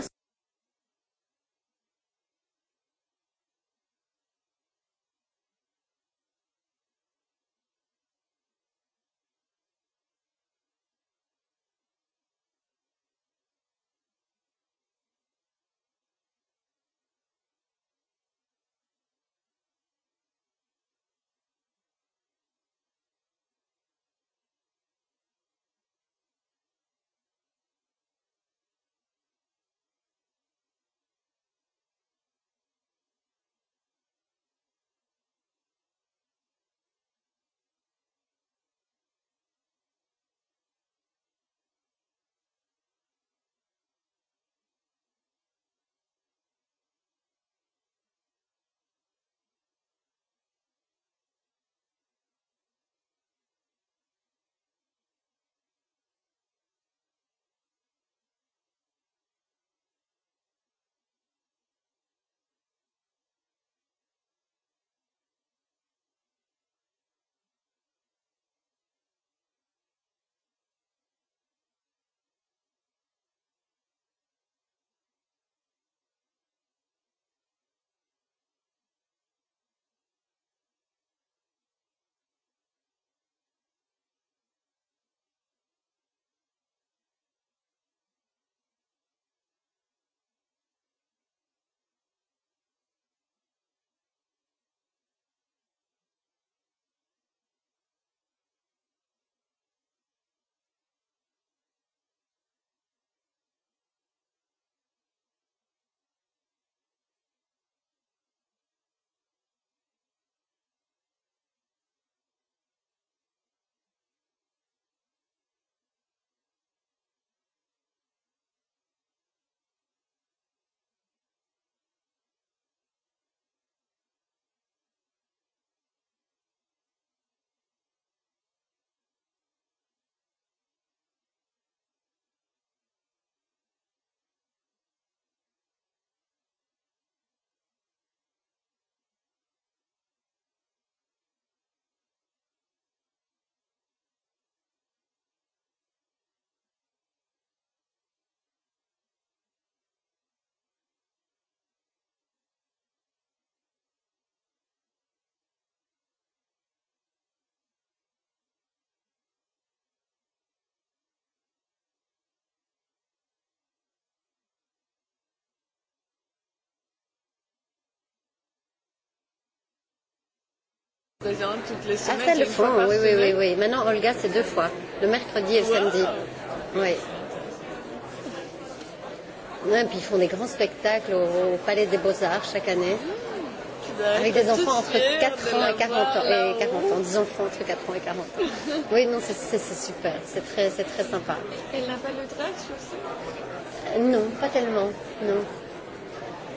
Présente toutes les ah, semaines. Ah, ça le font, oui, oui, oui, oui. Maintenant, Olga, c'est deux fois, le mercredi et le wow. samedi. Oui. Et puis ils font des grands spectacles au, au Palais des Beaux-Arts chaque année. Mmh, avec des enfants entre 4 ans et 40 ans, et 40 ans, des enfants entre 4 ans et 40 ans. oui, non, c'est super, c'est très, très sympa. Elle n'a pas le drag sur ça euh, Non, pas tellement, non.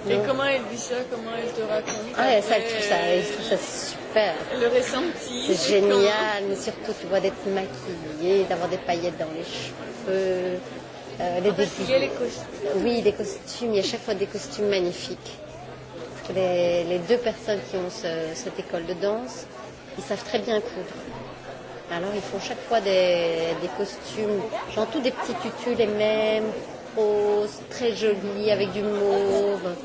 Et non. comment elle vit ça Comment elle te raconte Ah, après, ça, elle trouve ça, elle euh, trouve ça super faire. Le ressenti. C'est génial, mais surtout, tu vois, d'être maquillée, d'avoir des paillettes dans les cheveux. Euh, les déguiser. les costumes. Oui, des costumes. Il y a chaque fois des costumes magnifiques. Les, les deux personnes qui ont ce, cette école de danse, ils savent très bien coudre. Alors, ils font chaque fois des, des costumes, genre tous des petits tutus les mêmes, roses, très jolis, avec du mauve.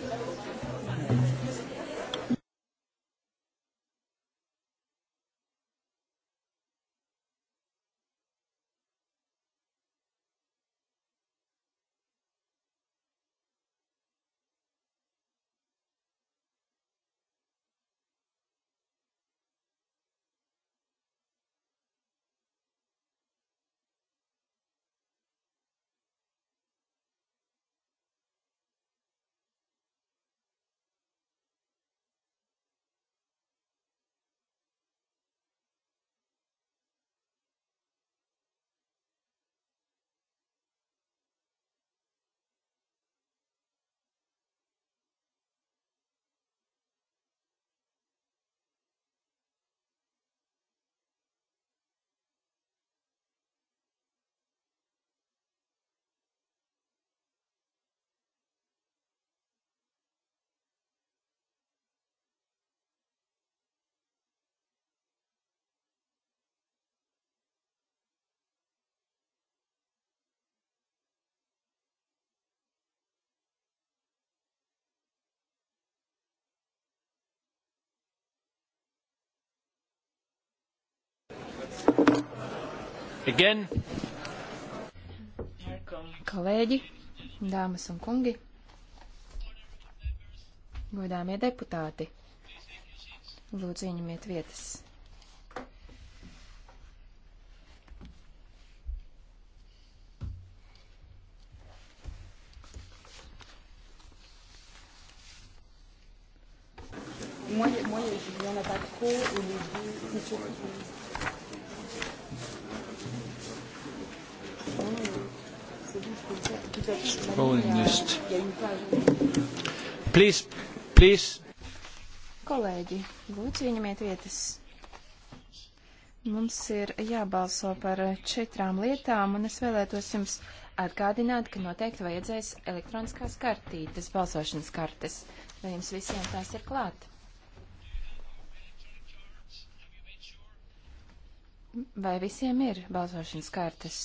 Again. Kolēģi, dāmas un kungi, godāmie deputāti, lūdzu ieņemiet vietas. Moi, moi, je viens à Paco et je dis, c'est sûr que Please, please. Kolēģi, lūdzu, ieņemiet vietas. Mums ir jābalso par četrām lietām, un es vēlētos jums atgādināt, ka noteikti vajadzēs elektroniskās kartītes, balsošanas kartes. Vai jums visiem tās ir klāt? Vai visiem ir balsošanas kartes?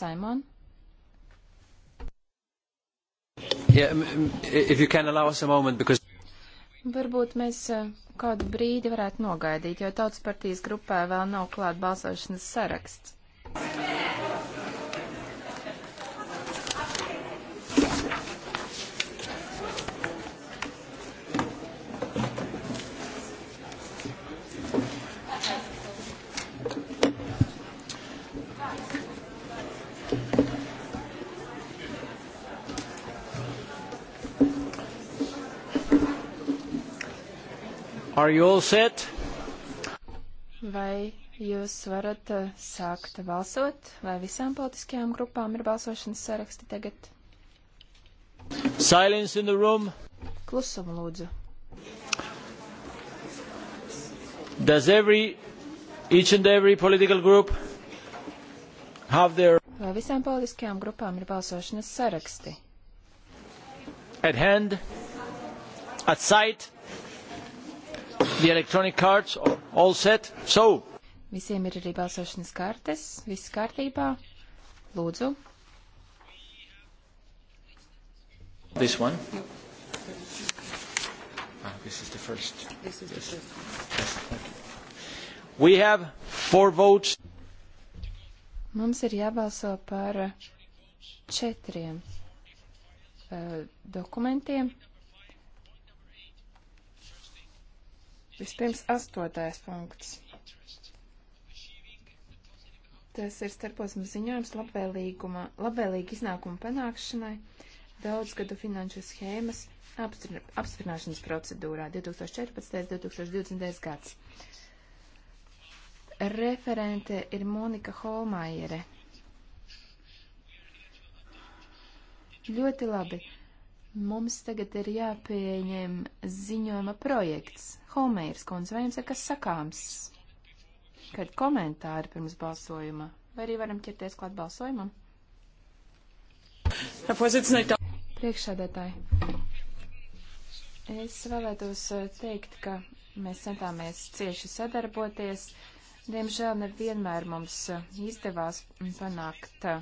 Simon? Yeah, if you can allow us a moment, because... Varbūt mēs uh, kādu brīdi varētu nogaidīt, jo tautas partijas grupā vēl nav klāt balsošanas saraksts. Are you all set? Vai jūs varat eh, sākt balsot, vai visām politiskajām grupām ir balsošanas saraksti tagad? Silence in the room. Klusumu lūdzu. Does every, each and every political group have their... Vai visām politiskajām grupām ir balsošanas saraksti? At hand, at sight, the electronic cards? All set? So. Visiem ir arī balsošanas kartes, viss kārtībā. Lūdzu. This one? No. Ah, this is the first. This is yes. the first. Yes. Okay. We have four votes. Mums ir jābalso par četriem uh, dokumentiem. Vispirms astotais punkts. Tas ir starposms ziņojums labvēlīguma, labvēlīga iznākuma panākšanai daudzgadu finanšu schēmas apstri, apstiprināšanas procedūrā 2014. 2020. gads. Referente ir Monika Holmaiere. Ļoti labi. Mums tagad ir jāpieņem ziņojuma projekts. Homērs kundze, vai jums ir kas sakāms? Kad komentāri pirms balsojuma? Vai arī varam ķerties klāt balsojumam? Priekšsēdētāji, es vēlētos eh, teikt, ka mēs centāmies cieši sadarboties. Diemžēl nevienmēr mums eh, izdevās mm, panākt eh,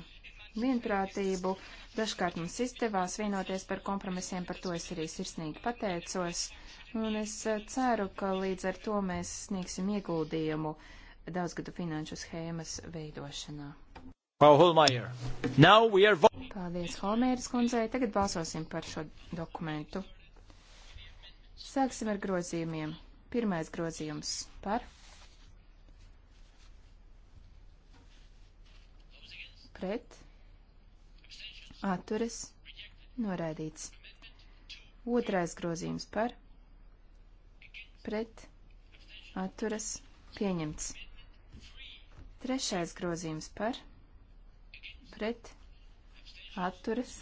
vienprātību. Uh, Dažkārt mums izdevās vienoties par kompromisiem, par to es arī sirsnīgi pateicos, un es eh, ceru, ka līdz ar to mēs sniegsim ieguldījumu daudzgadu finanšu schēmas veidošanā. Paldies, Holmēras kundzei. Tagad balsosim par šo dokumentu. Sāksim ar grozījumiem. Pirmais grozījums par. Pret atturas, noraidīts. Otrais grozījums par, pret, atturas, pieņemts. Trešais grozījums par, pret, atturas,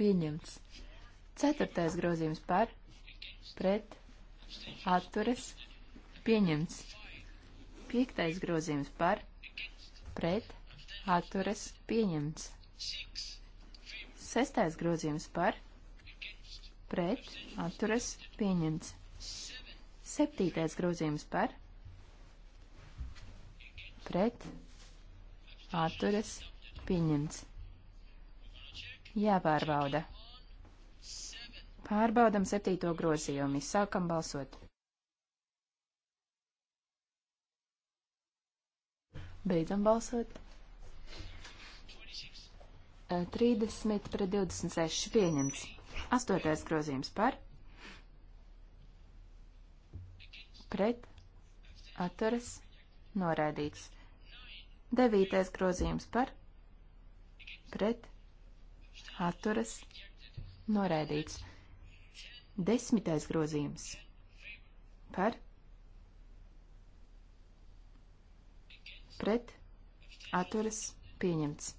pieņemts. Ceturtais grozījums par, pret, atturas, pieņemts. Piektais grozījums par, pret, atturas, pieņemts. Sestais grozījums par pret atturas pieņemts. Septītais grozījums par pret atturas pieņemts. Jāpārbauda. Pārbaudam septīto grozījumu. Sākam balsot. Beidzam balsot. 30 eh, pret 26 pieņemts. Astotais grozījums par. Pret. Atturas. Noraidīts. Devītais grozījums par. Pret. Atturas. Noraidīts. Desmitais grozījums par. Pret. Atturas. Pieņemts.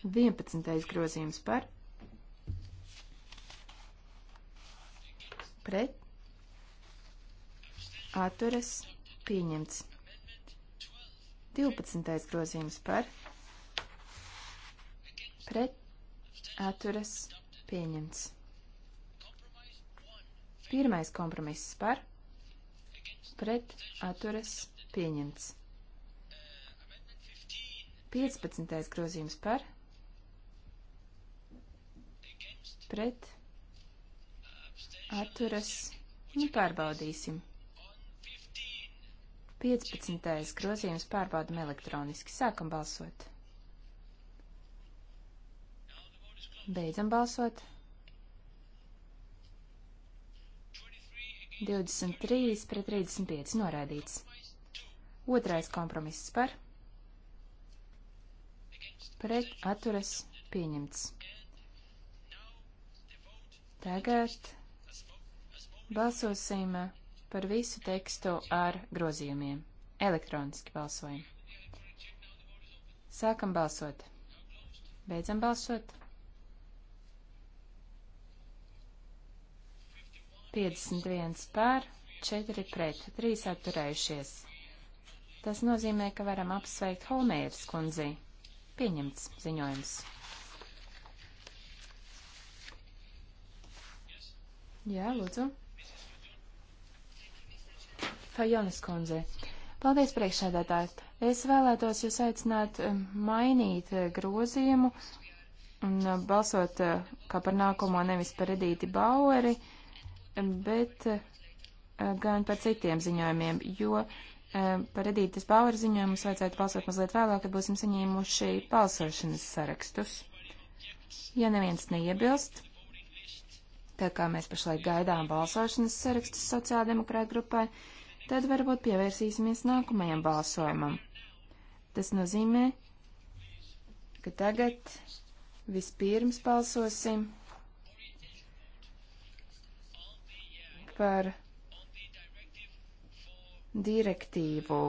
11. grozījums par pret atturas pieņemts. 12. grozījums par pret atturas pieņemts. Pirmais kompromiss par pret atturas pieņemts. 15. grozījums par pret pret, atturas, nu pārbaudīsim. 15. grozījums pārbaudam elektroniski. Sākam balsot. Beidzam balsot. 23 pret 35 noraidīts. Otrais kompromiss par. Pret atturas pieņemts. Tagad balsosim par visu tekstu ar grozījumiem. Elektroniski balsojam. Sākam balsot. Beidzam balsot. 51 pār, 4 pret, 3 atturējušies. Tas nozīmē, ka varam apsveikt Holmēras kundzi. Pieņemts ziņojums. Jā, lūdzu. Fajonas kundze. Paldies, priekšsēdētājs. Es vēlētos jūs aicināt eh, mainīt eh, grozījumu un eh, balsot kā par nākamo nevis par Edīti Baueri, bet gan par citiem ziņojumiem, jo par Edītas Bauer ziņojumu mums vajadzētu balsot mazliet vēlāk, kad būsim saņēmuši balsošanas sarakstus. Ja neviens neiebilst, tā kā mēs pašlaik gaidām balsošanas sarakstus sociāldemokrāta grupai, tad varbūt pievērsīsimies nākamajam balsojumam. Tas nozīmē, ka tagad vispirms balsosim par direktīvu.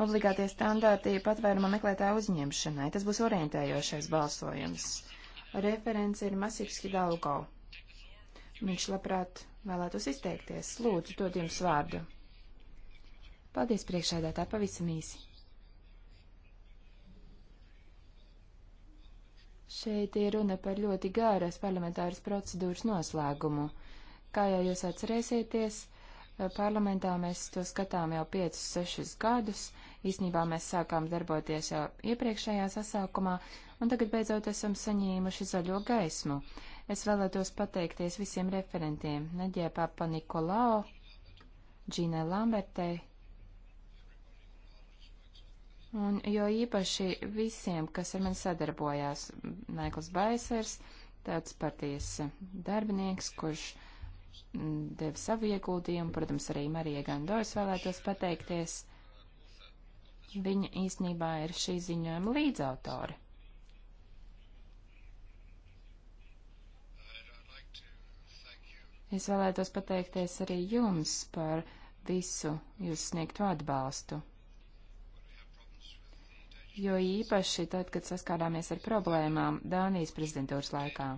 Obligātie standārti patvēruma meklētāju uzņemšanai. Tas būs orientējošais balsojums. Referents ir Masīvs Hidalgo. Viņš labprāt vēlētos izteikties. Lūdzu, dod jums vārdu. Paldies priekšēdētāji pavisam īsi. Šeit ir runa par ļoti gāras parlamentāras procedūras noslēgumu. Kā jau jūs atcerēsieties, parlamentā mēs to skatām jau 5-6 gadus. Īsnībā mēs sākām darboties jau iepriekšējā sasaukumā, un tagad beidzot esam saņēmuši zaļo gaismu. Es vēlētos pateikties visiem referentiem - Neģē Papa Nikolao, Džīnai Lambertei, un jo īpaši visiem, kas ar mani sadarbojās - Maikls Baisers, tāds parties darbinieks, kurš mm, deva savu ieguldījumu, protams, arī Marija Gandojas vēlētos pateikties. Viņa īsnībā ir šī ziņojuma līdzautore. Es vēlētos pateikties arī jums par visu jūsu sniegto atbalstu. Jo īpaši tad, kad saskārāmies ar problēmām Dānijas prezidentūras laikā.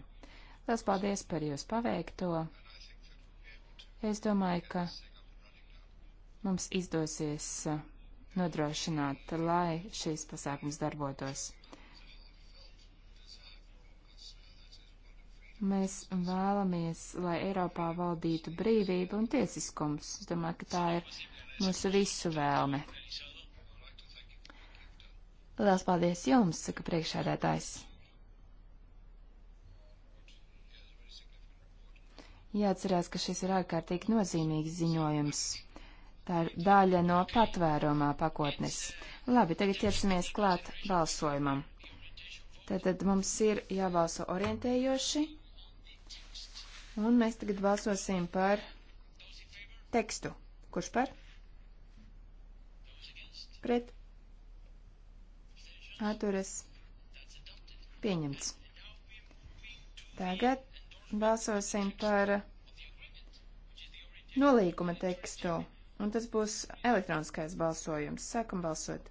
Lielas paldies par jūsu paveikto. Es domāju, ka mums izdosies uh, nodrošināt, lai šīs pasākums darbotos. Mēs vēlamies, lai Eiropā valdītu brīvība un tiesiskums. Es domāju, ka tā ir mūsu visu vēlme. Lielas paldies jums, saka priekšādētājs. Jāatcerās, ka šis ir ārkārtīgi nozīmīgs ziņojums. Tā ir daļa no patvērumā pakotnes. Labi, tagad ķersimies klāt balsojumam. Tātad mums ir jābalso orientējoši. Un mēs tagad balsosim par tekstu. Kurš par? Pret. Atturas. Pieņemts. Tagad balsosim par nolīguma tekstu. Un tas būs elektroniskais balsojums. Sākam balsot.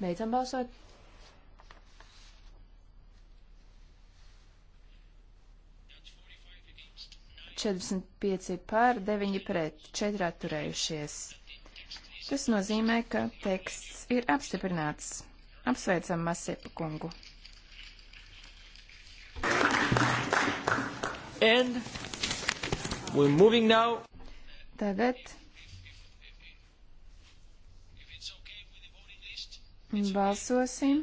Beidzam balsot. 45 pār, 9 pret, 4 atturējušies. Tas nozīmē, ka teksts ir apstiprināts. Apsveicam Masiepu kungu. And we're moving now. Tagad balsosim,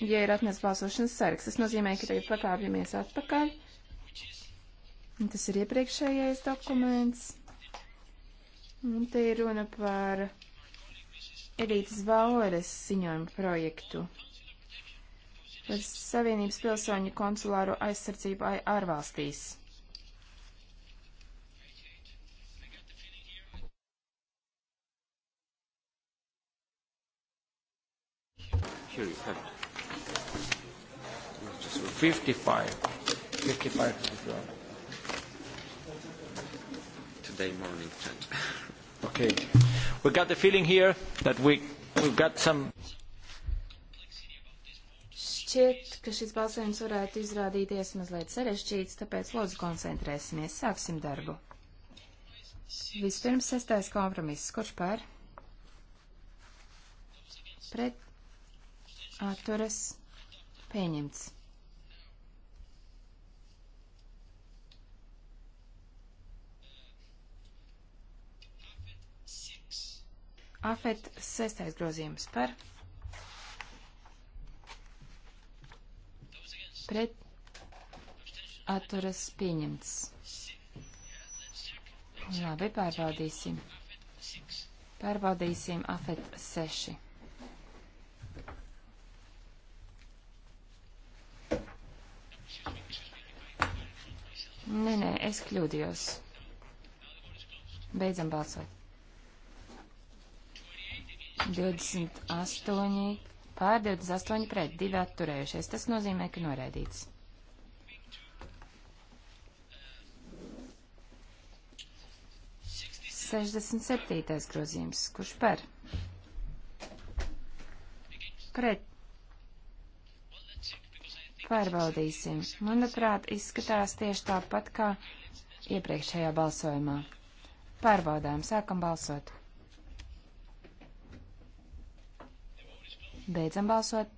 ja ir atnes balsošanas sarks. Tas nozīmē, ka tagad pakāpjamies atpakaļ Tas ir iepriekšējais dokuments. Un te ir runa par Elītas Vaueres ziņojumu projektu par Savienības pilsoņu konsulāro aizsardzību ārvalstīs. Here you have it. 55. 55 to the floor. Tuesday morning time. Okay. We got the feeling here that we, we've got some. Šķiet, ka šis balsojums varētu izrādīties mazliet sarežģīts, tāpēc lūdzu koncentrēsimies. Sāksim darbu. Vispirms sestais kompromiss. Kurš pār? Pret. Atturas. Pieņemts. Afet sestais grozījums par pret atturas pieņemts. Labi, pārbaudīsim. Pārbaudīsim Afet 6. Nē, nē, es kļūdījos. Beidzam balsot. 28 pār 28 pret 2 atturējušies. Tas nozīmē, ka noraidīts. Sešdesmit septītais grozījums. Kurš par? Pret. Pārbaudīsim. Manuprāt, izskatās tieši tāpat kā iepriekšējā balsojumā. Pārbaudām, sākam balsot. Beidzam balsot.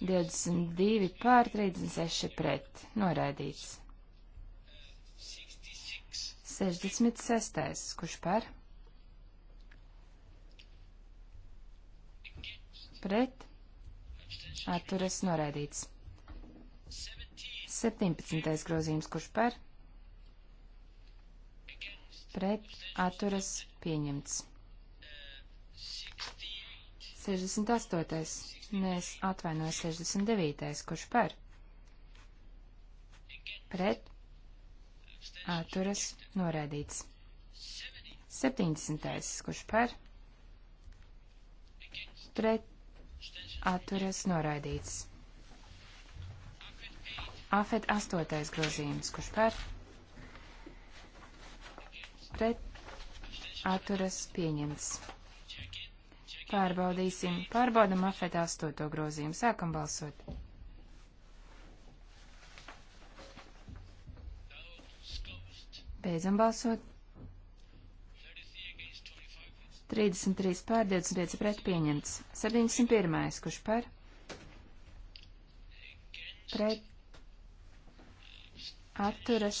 22 pār 36 pret. Noraidīts. 66. Kurš par? Pret. Atturas noraidīts. 17. grozījums. Kurš par? Pret. Atturas pieņemts. 68. Mēs atvainojam 69. Kurš par? Pret. Atturas norēdīts. 70. Kurš par? Pret. Atturas noraidīts. Afet 8. grozījums. Kurš par? Pret. Atturas pieņemts. Pārbaudīsim. Pārbaudam afet astoto grozījumu. Sākam balsot. Beidzam balsot. 33 pār 25 pret pieņemts. 701. Kurš par? Pret. Atturas.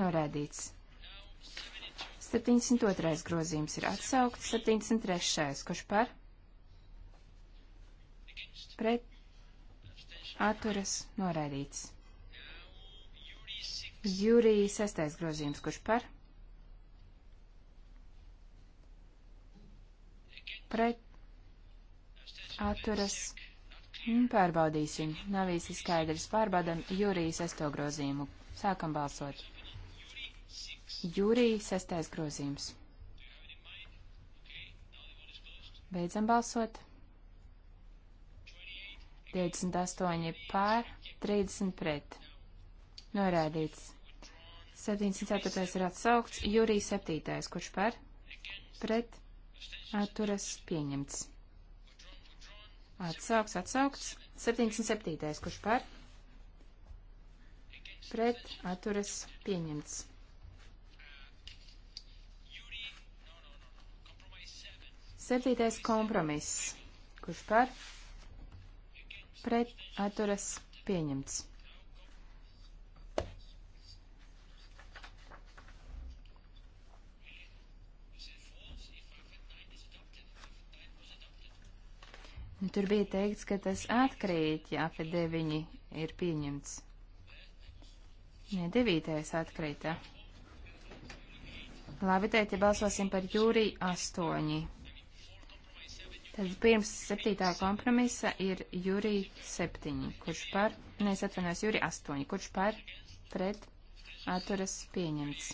Norēdīts. 72. grozījums ir atsaukts, 73. kurš par? Pret atturas noraidīts. Jūrija 6. grozījums, kurš par? Pret atturas mm, pārbaudīsim. Nav īsti skaidrs. Pārbaudam Jūrija 6. grozījumu. Sākam balsot. Jūrija sestais grozījums. Beidzam balsot. 28 pār, 30 pret. Norādīts. 74. ir atsaukts, jūrija 7. kurš par? Pret. Atturas pieņemts. Atsaukts, atsaukts. 77. kurš par? Pret. Atturas pieņemts. Septītais kompromiss. Kurš par? Pret atturas pieņemts. Nu, tur bija teikts, ka tas atkrīt, ja afe deviņi ir pieņemts. Nē, devītais atkrīta. Labi, teikt, ja balsosim par jūriju astoņi. Tad pirms septītā kompromisa ir Jurī septiņi, kurš par, ne, es atvainojos, Jurī astoņi, kurš par, pret, atturas pieņemts.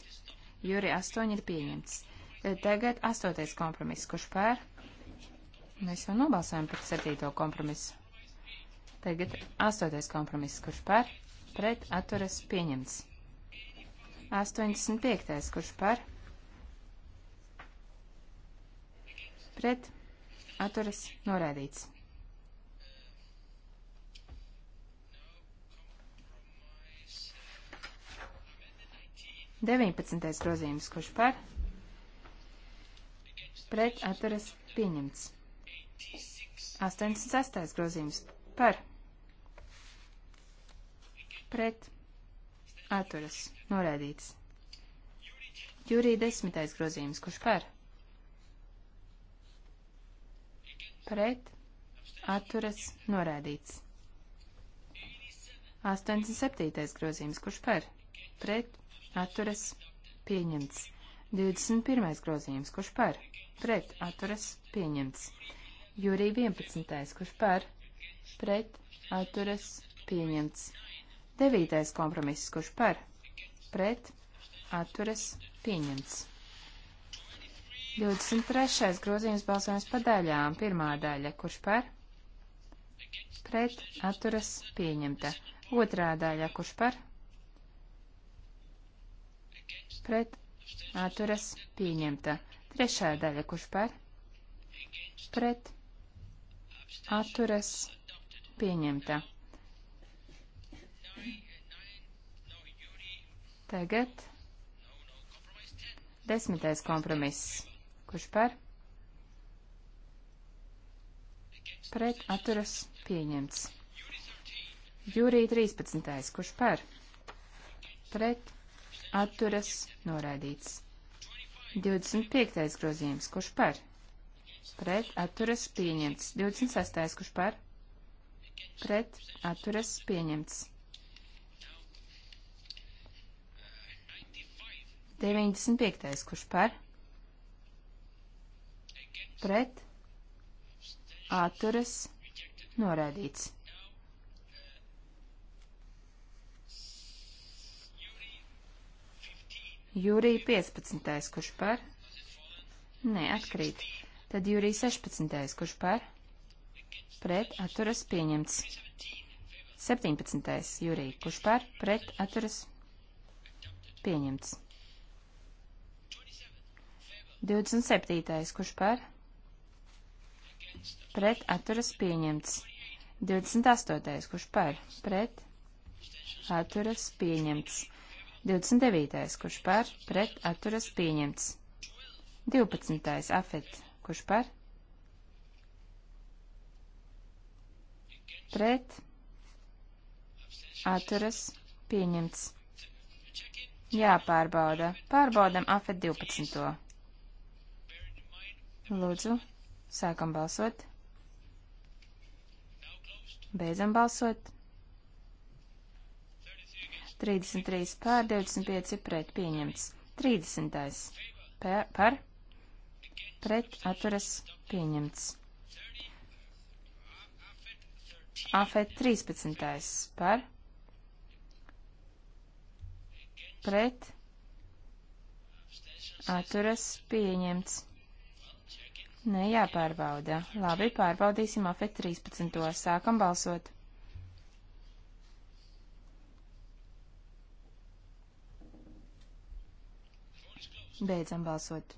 Jurī astoņi ir pieņemts. Tad tagad astotais kompromiss, kurš par, mēs jau nobalsājam par septīto kompromisu. Tagad astotais kompromiss, kurš par, pret, atturas pieņemts. 85. kurš par, pret, atturas pieņemts atturas norādīts. Deviņpadsmitais grozījums, kurš par pret atturas pieņemts. 86. grozījums par pret atturas norādīts. Jūrī 10. grozījums, kurš par pret, atturas, norādīts. 87. grozījums, kurš par, pret, atturas, pieņemts. 21. grozījums, kurš par, pret, atturas, pieņemts. Jūrī 11. kurš par, pret, atturas, pieņemts. 9. kompromiss, kurš par, pret, atturas, pieņemts. 23. grozījums balsojums pa daļām. Pirmā daļa, kurš par? Pret atturas pieņemta. Otrā daļa, kurš par? Pret atturas pieņemta. Trešā daļa, kurš par? Pret atturas pieņemta. Tagad desmitais kompromiss Kurš par? Pret atturas pieņemts. Jūrī 13. Kurš par? Pret atturas noraidīts. 25. grozījums. Kurš par? Pret atturas pieņemts. 26. Kurš par? Pret atturas pieņemts. 95. Kurš par? pret, atturas, noraidīts. Jūrija 15. kurš par? Nē, atkrīt. Tad jūrija 16. kurš par? Pret atturas pieņemts. 17. jūrija kurš par? Pret atturas pieņemts. 27. kurš par? pret atturas pieņemts. 28. kurš par pret atturas pieņemts. 29. kurš par pret atturas pieņemts. 12. afet kurš par pret atturas pieņemts. Jāpārbauda. Pārbaudam afet 12. Lūdzu, Sākam balsot. Beidzam balsot. 33 pār, 25 pret pieņemts. 30. Pē, par, pret atturas pieņemts. AFET 13. par, pret atturas pieņemts. Nē, jāpārbauda. Labi, pārbaudīsim afet 13. Sākam balsot. Beidzam balsot.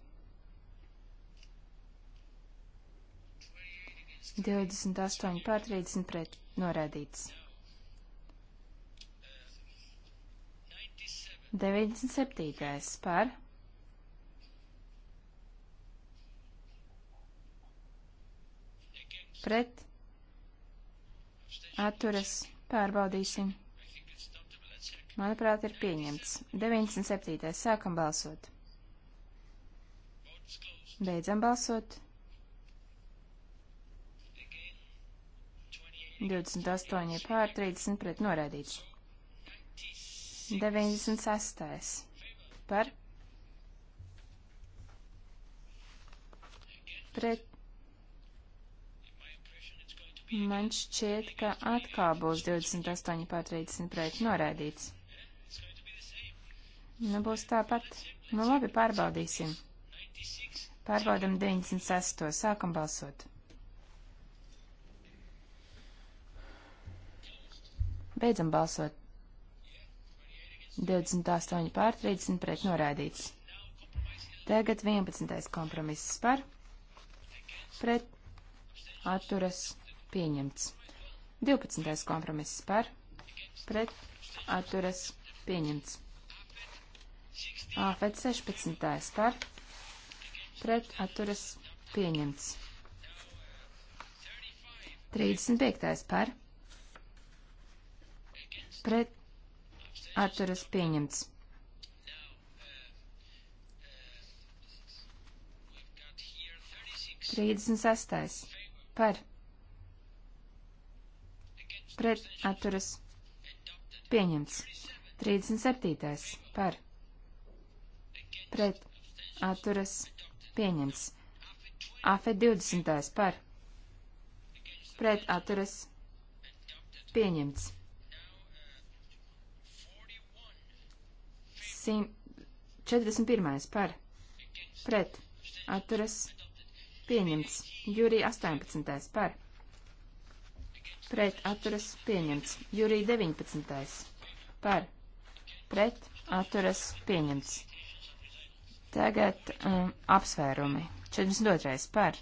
28 pār 30 pret norādīts. 97. par pret, atturas, pārbaudīsim. Manuprāt, ir pieņemts. 97. sākam balsot. Beidzam balsot. 28 pār 30 pret noraidīts. 96. par pret Man šķiet, ka atkal būs 28 pār 30 pret noraidīts. Nu, būs tāpat. Nu, labi, pārbaudīsim. Pārbaudam 96. Sākam balsot. Beidzam balsot. 28 pār 30 pret noraidīts. Tagad 11. kompromiss par, pret, atturas, pieņemts. 12. kompromiss par, pret, atturas, pieņemts. AFED 16. par, pret, atturas, pieņemts. 35. par, pret, atturas, pieņemts. Trīsdesmit sastais par pret atturas pieņemts. 37. par pret atturas pieņemts. AFE 20. par pret atturas pieņemts. Sim 41. par pret atturas pieņemts. Jūrija 18. par pret pret atturas pieņemts. Jurī 19. par pret atturas pieņemts. Tagad um, apsvērumi. 42. par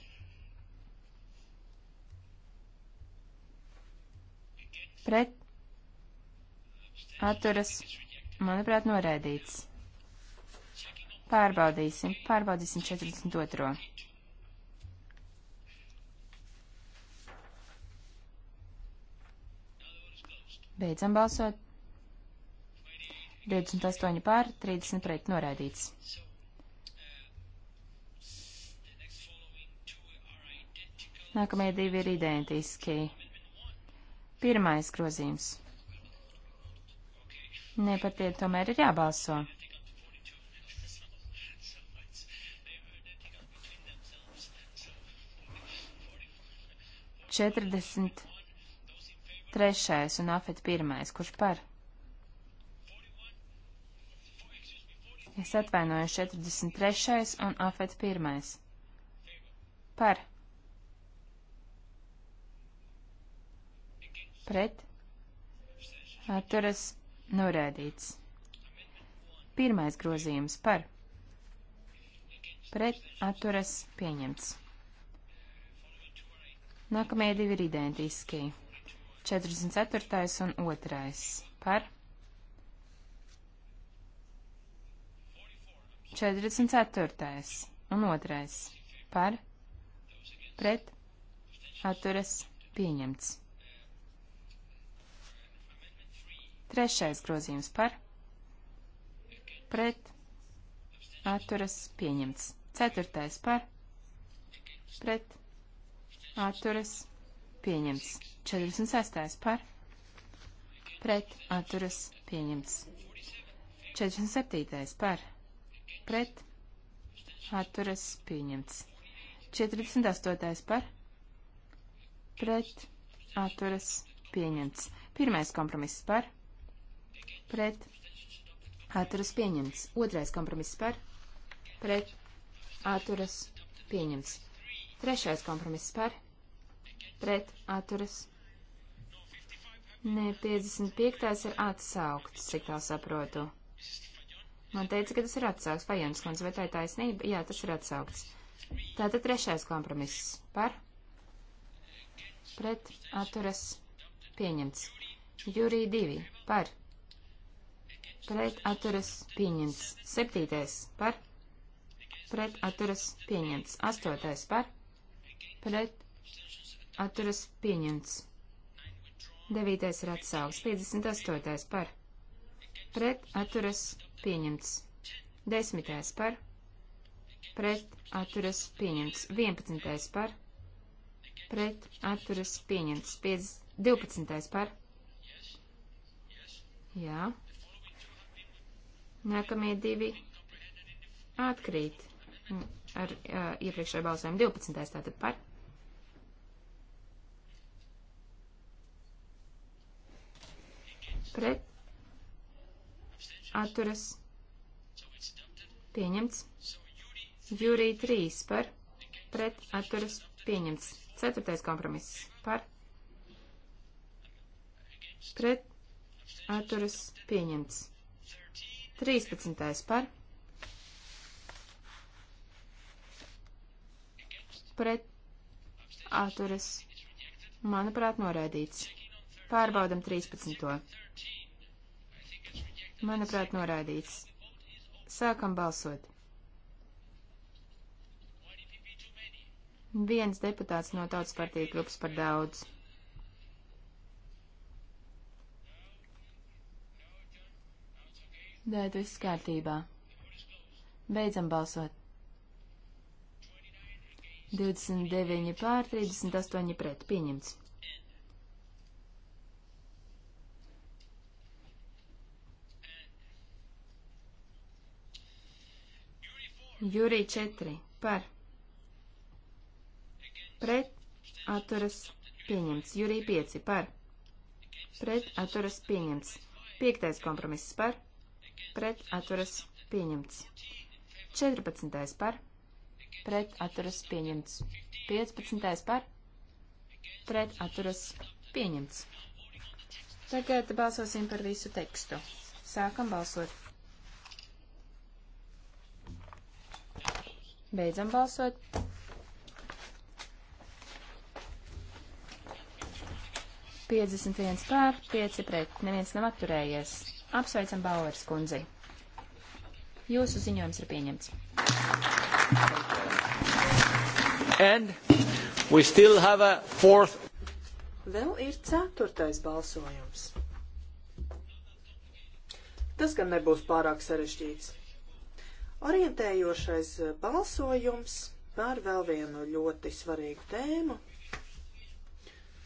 pret atturas, manuprāt, noraidīts. Pārbaudīsim, pārbaudīsim 42. Beidzam balsot. 28 pār, 30 pret noraidīts. Nākamie divi ir identiski. Pirmais grozījums. Nepatiet, tomēr ir jābalso. Četrdesmit Trešais un afet pirmais, kurš par? Es atvainoju 43. un afet pirmais. Par. Pret. Atturas norēdīts. Pirmais grozījums par. Pret atturas pieņemts. Nākamie divi ir identiski. 44. un 2. par 44. un 2. par pret atturas pieņemts. Trešais grozījums par pret atturas pieņemts. Ceturtais par pret atturas pieņemts pieņemts. 46. par, pret, atturas, pieņemts. 47. par, pret, atturas, pieņemts. 48. par, pret, atturas, pieņemts. Pirmais kompromiss par, pret, atturas, pieņemts. Otrais kompromiss par, pret, atturas, pieņemts. Trešais kompromiss par, pret atturas. Nē, 55. ir atsaukts, cik tā saprotu. Man teica, ka tas ir atsaukts. Vai Jens Kunds, vai tā ir taisnība? Jā, tas ir atsaukts. Tātad trešais kompromiss par pret atturas pieņemts. Jūrī 2 par pret atturas pieņemts. 7 par pret atturas pieņemts. 8 par pret atturas pieņemts. 9. ir atsaugs. 58. par. Pret atturas pieņemts. 10. par. Pret atturas pieņemts. 11. par. Pret atturas pieņemts. 12. par. Jā. Nākamie divi atkrīt ar uh, iepriekšēju balsojumu. 12. tātad par pret, atturas, pieņemts. Jūrī 3 par, pret, atturas, pieņemts. Ceturtais kompromiss par, pret, atturas, pieņemts. 13. par, pret, atturas, manuprāt, noraidīts. Pārbaudam 13. Manuprāt, noraidīts. Sākam balsot. Viens deputāts no tautas partija grupas par daudz. Nē, viss kārtībā. Beidzam balsot. 29 pār 38 pret. Pieņemts. Jūrī 4 par pret atturas pieņemts. Jūrī 5 par pret atturas pieņemts. Piektais kompromiss par pret atturas pieņemts. 14. par pret atturas pieņemts. 15. par pret atturas pieņemts. Tagad balsosim par visu tekstu. Sākam balsot. Beidzam balsot. Piecdesmit viens pār, pieci pret, neviens nav atturējies. Apsveicam Bauer skundzi. Jūsu ziņojums ir pieņemts. And we still have a fourth. Vēl ir ceturtais balsojums. Tas gan nebūs pārāk sarežģīts. Orientējošais eh, balsojums par vēl vienu ļoti svarīgu tēmu.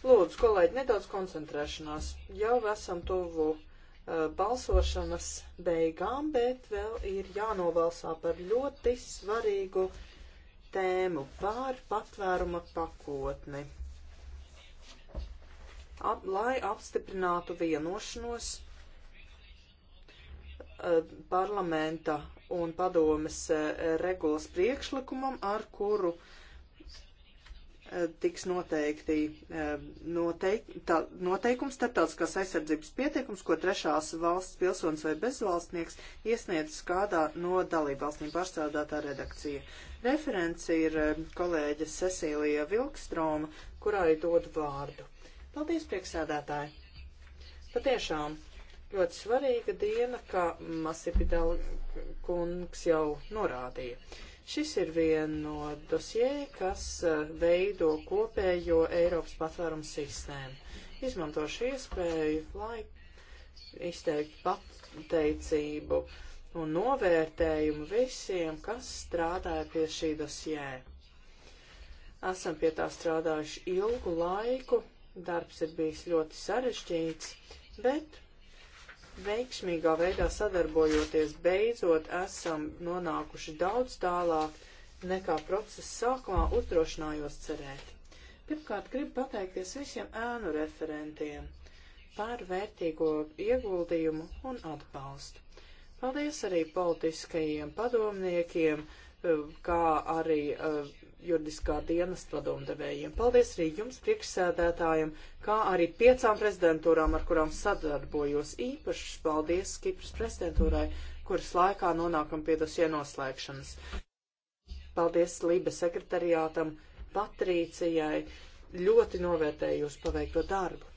Lūdzu, kolēģi, nedaudz koncentrēšanās. Jau esam tuvu eh, balsošanas beigām, bet vēl ir jānobalsā par ļoti svarīgu tēmu par patvēruma pakotni. Ap, lai apstiprinātu vienošanos eh, parlamenta un padomes e, regulas priekšlikumam, ar kuru e, tiks noteikti e, noteik, tā, noteikums starptautiskās aizsardzības pieteikums, ko trešās valsts pilsonis vai bezvalstnieks iesniedz kādā no dalībvalstīm pārstrādātā redakcija. Referents ir kolēģe Cecīlija Vilkstroma, kurai dod vārdu. Paldies, prieksēdētāji! Patiešām! ļoti svarīga diena, kā Masipidal kungs jau norādīja. Šis ir viena no dosie, kas eh, veido kopējo Eiropas patvērumu sistēmu. Izmantošu iespēju, lai izteiktu pateicību un novērtējumu visiem, kas strādāja pie šī dosjē. Esam pie tā strādājuši ilgu laiku, darbs ir bijis ļoti sarežģīts, bet veiksmīgā veidā sadarbojoties, beidzot esam nonākuši daudz tālāk nekā procesa sākumā uzdrošinājos cerēt. Pirmkārt, gribu pateikties visiem ēnu referentiem par vērtīgo ieguldījumu un atbalstu. Paldies arī politiskajiem padomniekiem, kā arī uh, juridiskā dienas padomdevējiem. Paldies arī jums, priekšsēdētājiem, kā arī piecām prezidentūrām, ar kurām sadarbojos. Īpašs paldies Kipras prezidentūrai, kuras laikā nonākam pie dosie noslēgšanas. Paldies Lībe sekretariātam, Patrīcijai, ļoti novērtēju jūs paveikto darbu.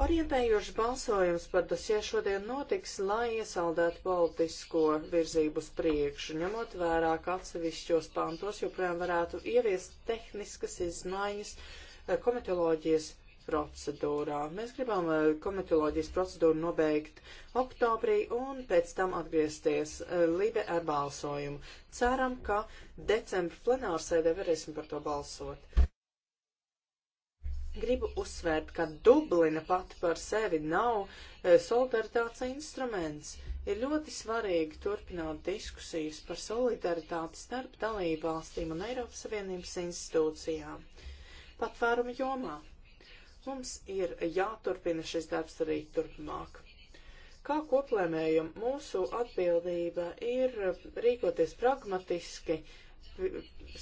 Orientējošs balsojums par dosie šodien notiks, lai iesaldētu politisko virzību uz priekšu, ņemot vērā, ka atsevišķos pantos joprojām varētu ieviest tehniskas izmaiņas eh, komitoloģijas procedūrā. Mēs gribam eh, komitoloģijas procedūru nobeigt oktobrī un pēc tam atgriezties eh, Libe ar balsojumu. Ceram, ka decembra plenārsēdē varēsim par to balsot. Gribu uzsvērt, ka Dublina pati par sevi nav e, solidaritātes instruments. Ir ļoti svarīgi turpināt diskusijas par solidaritāti starp dalībvalstīm un Eiropas Savienības institūcijām. Patvērumu jomā. Mums ir jāturpina šis darbs arī turpmāk. Kā koplēmējam, mūsu atbildība ir rīkoties pragmatiski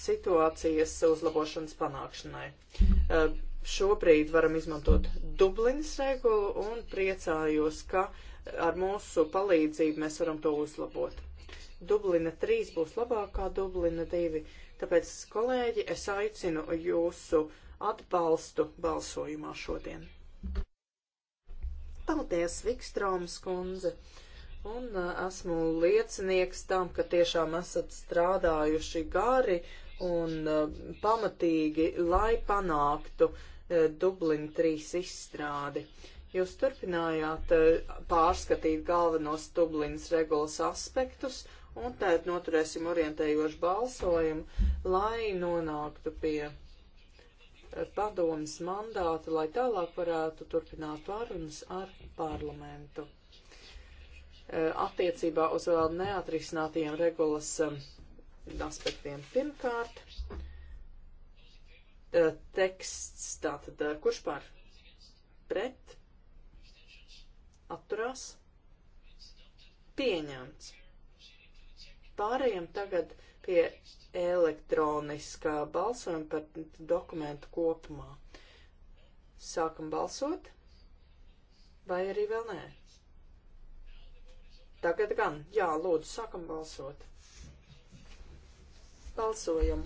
situācijas uzlabošanas panākšanai. Uh, šobrīd varam izmantot Dublinas regulu un priecājos, ka ar mūsu palīdzību mēs varam to uzlabot. Dublina 3 būs labākā Dublina 2, tāpēc, kolēģi, es aicinu jūsu atbalstu balsojumā šodien. Paldies, Vikstroms kundze! Un uh, esmu liecinieks tam, ka tiešām esat strādājuši gari un uh, pamatīgi, lai panāktu uh, Dublina 3 izstrādi. Jūs turpinājāt uh, pārskatīt galvenos Dublinas regulas aspektus, un tad noturēsim orientējošu balsojumu, lai nonāktu pie padomas mandāta, lai tālāk varētu turpināt pārunas ar parlamentu. Attiecībā uz vēl neatrisinātajiem regulas um, aspektiem. Pirmkārt, teksts, tātad kurš pār pret atturās pieņemts. Pārējiem tagad pie elektroniskā balsojuma par dokumentu kopumā. Sākam balsot, vai arī vēl nē? Tagad gan, jā, lūdzu, sākam balsot. Balsojam.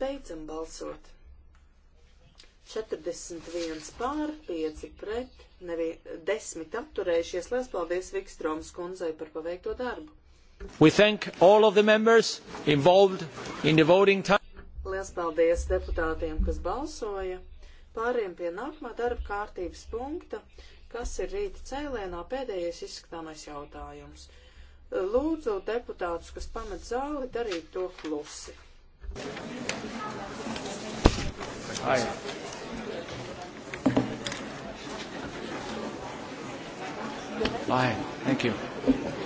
Beidzam balsot. 41 pār, 5 pret, nevi, 10 atturējušies. Lielas paldies Vikstroms kundzei par paveikto darbu. We thank all of the members involved in the voting time. Lielas paldies deputātiem, kas balsoja. Pāriem pie nākamā darba kārtības punkta, kas ir rīta cēlēnā pēdējais izskatāmais jautājums. Lūdzu deputātus, kas pamet zāli, darīt to klusi. Hi. Bye. Thank you.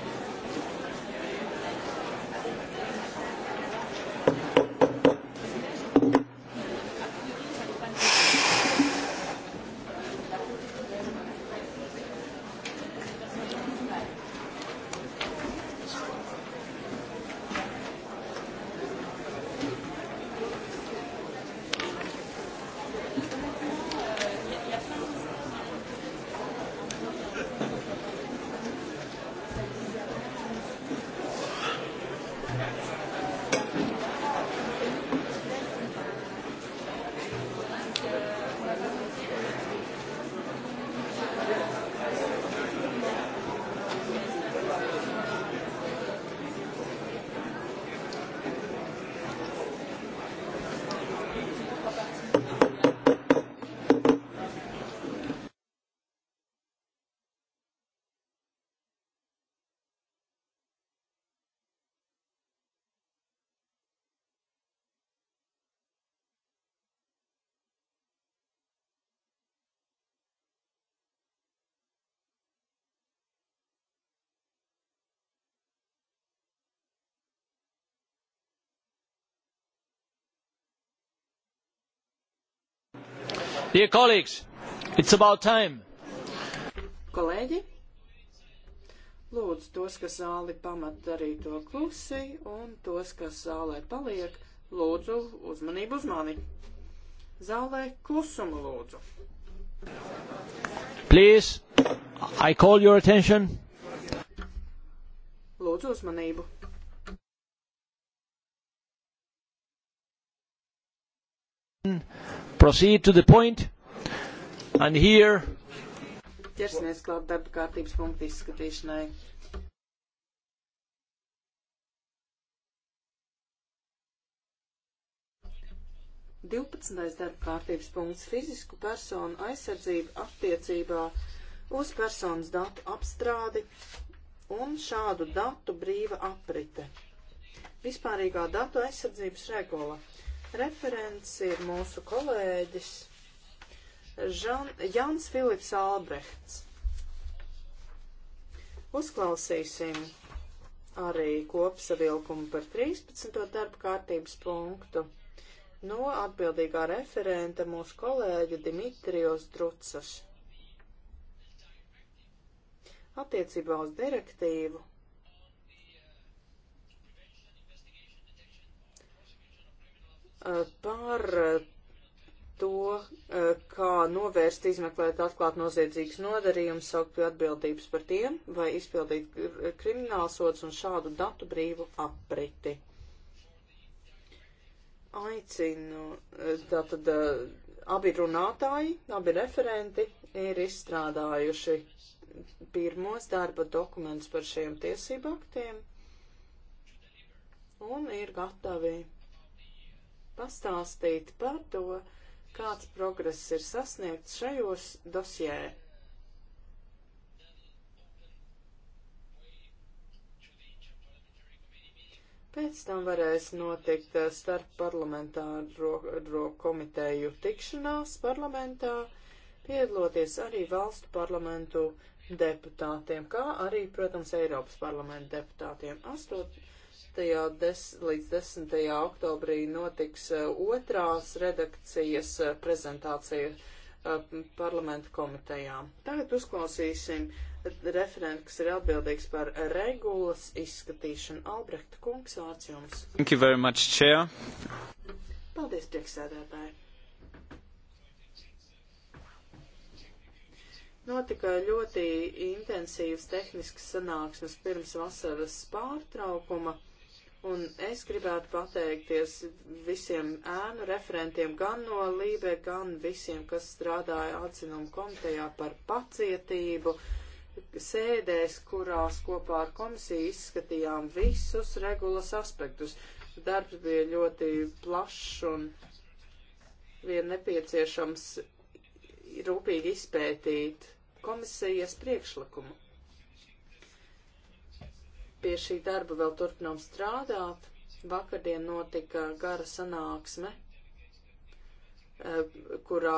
Dear colleagues, it's about time. Kolēģi, lūdzu tos, kas zāli pamat arī to klusi, un tos, kas zālē paliek, lūdzu uzmanību uz mani. Zālē klusumu lūdzu. Please, I call your attention. Lūdzu uzmanību. Proceed to the point. And here. Ķersimies klāt darba kārtības punktu izskatīšanai. Divpadsmitais darba kārtības punkts - fizisku personu aizsardzība attiecībā uz personas datu apstrādi un šādu datu brīva aprite. Vispārīgā datu aizsardzības regula. Uh, Referents ir mūsu kolēģis Žan, Jans Filips Albrechts. Uzklausīsim arī kopsavilkumu par 13. darba kārtības punktu no atbildīgā referenta mūsu kolēģa Dimitrijos Drucas. Attiecībā uz direktīvu par to, kā novērst izmeklēt atklāt noziedzīgas nodarījumus, saukt pie atbildības par tiem vai izpildīt kriminālsods un šādu datu brīvu apriti. Aicinu, tātad abi runātāji, abi referenti ir izstrādājuši pirmos darba dokumentus par šiem tiesību aktiem un ir gatavi pastāstīt par to, kāds progress ir sasniegts šajos dosjē. Pēc tam varēs notikt eh, starp parlamentāro komiteju tikšanās parlamentā, piedaloties arī valstu parlamentu deputātiem, kā arī, protams, Eiropas parlamenta deputātiem. Astot, Des, līdz 10. oktobrī notiks eh, otrās redakcijas eh, prezentācija eh, parlamentu komitejām. Tagad uzklausīsim referentu, kas ir atbildīgs par regulas izskatīšanu. Albrehta kungs, vārds jums. Thank you very much, Chair. Paldies, priekšsēdētāji. Notika ļoti intensīvas tehniskas sanāksmes pirms vasaras pārtraukuma Un es gribētu pateikties visiem ēnu referentiem gan no Lībe, gan visiem, kas strādāja atzinumu komitejā par pacietību sēdēs, kurās kopā ar komisiju izskatījām visus regulas aspektus. Darbs bija ļoti plašs un bija nepieciešams rūpīgi izpētīt komisijas priekšlikumu pie šī darba vēl turpinām strādāt. Vakardien notika gara sanāksme, eh, kurā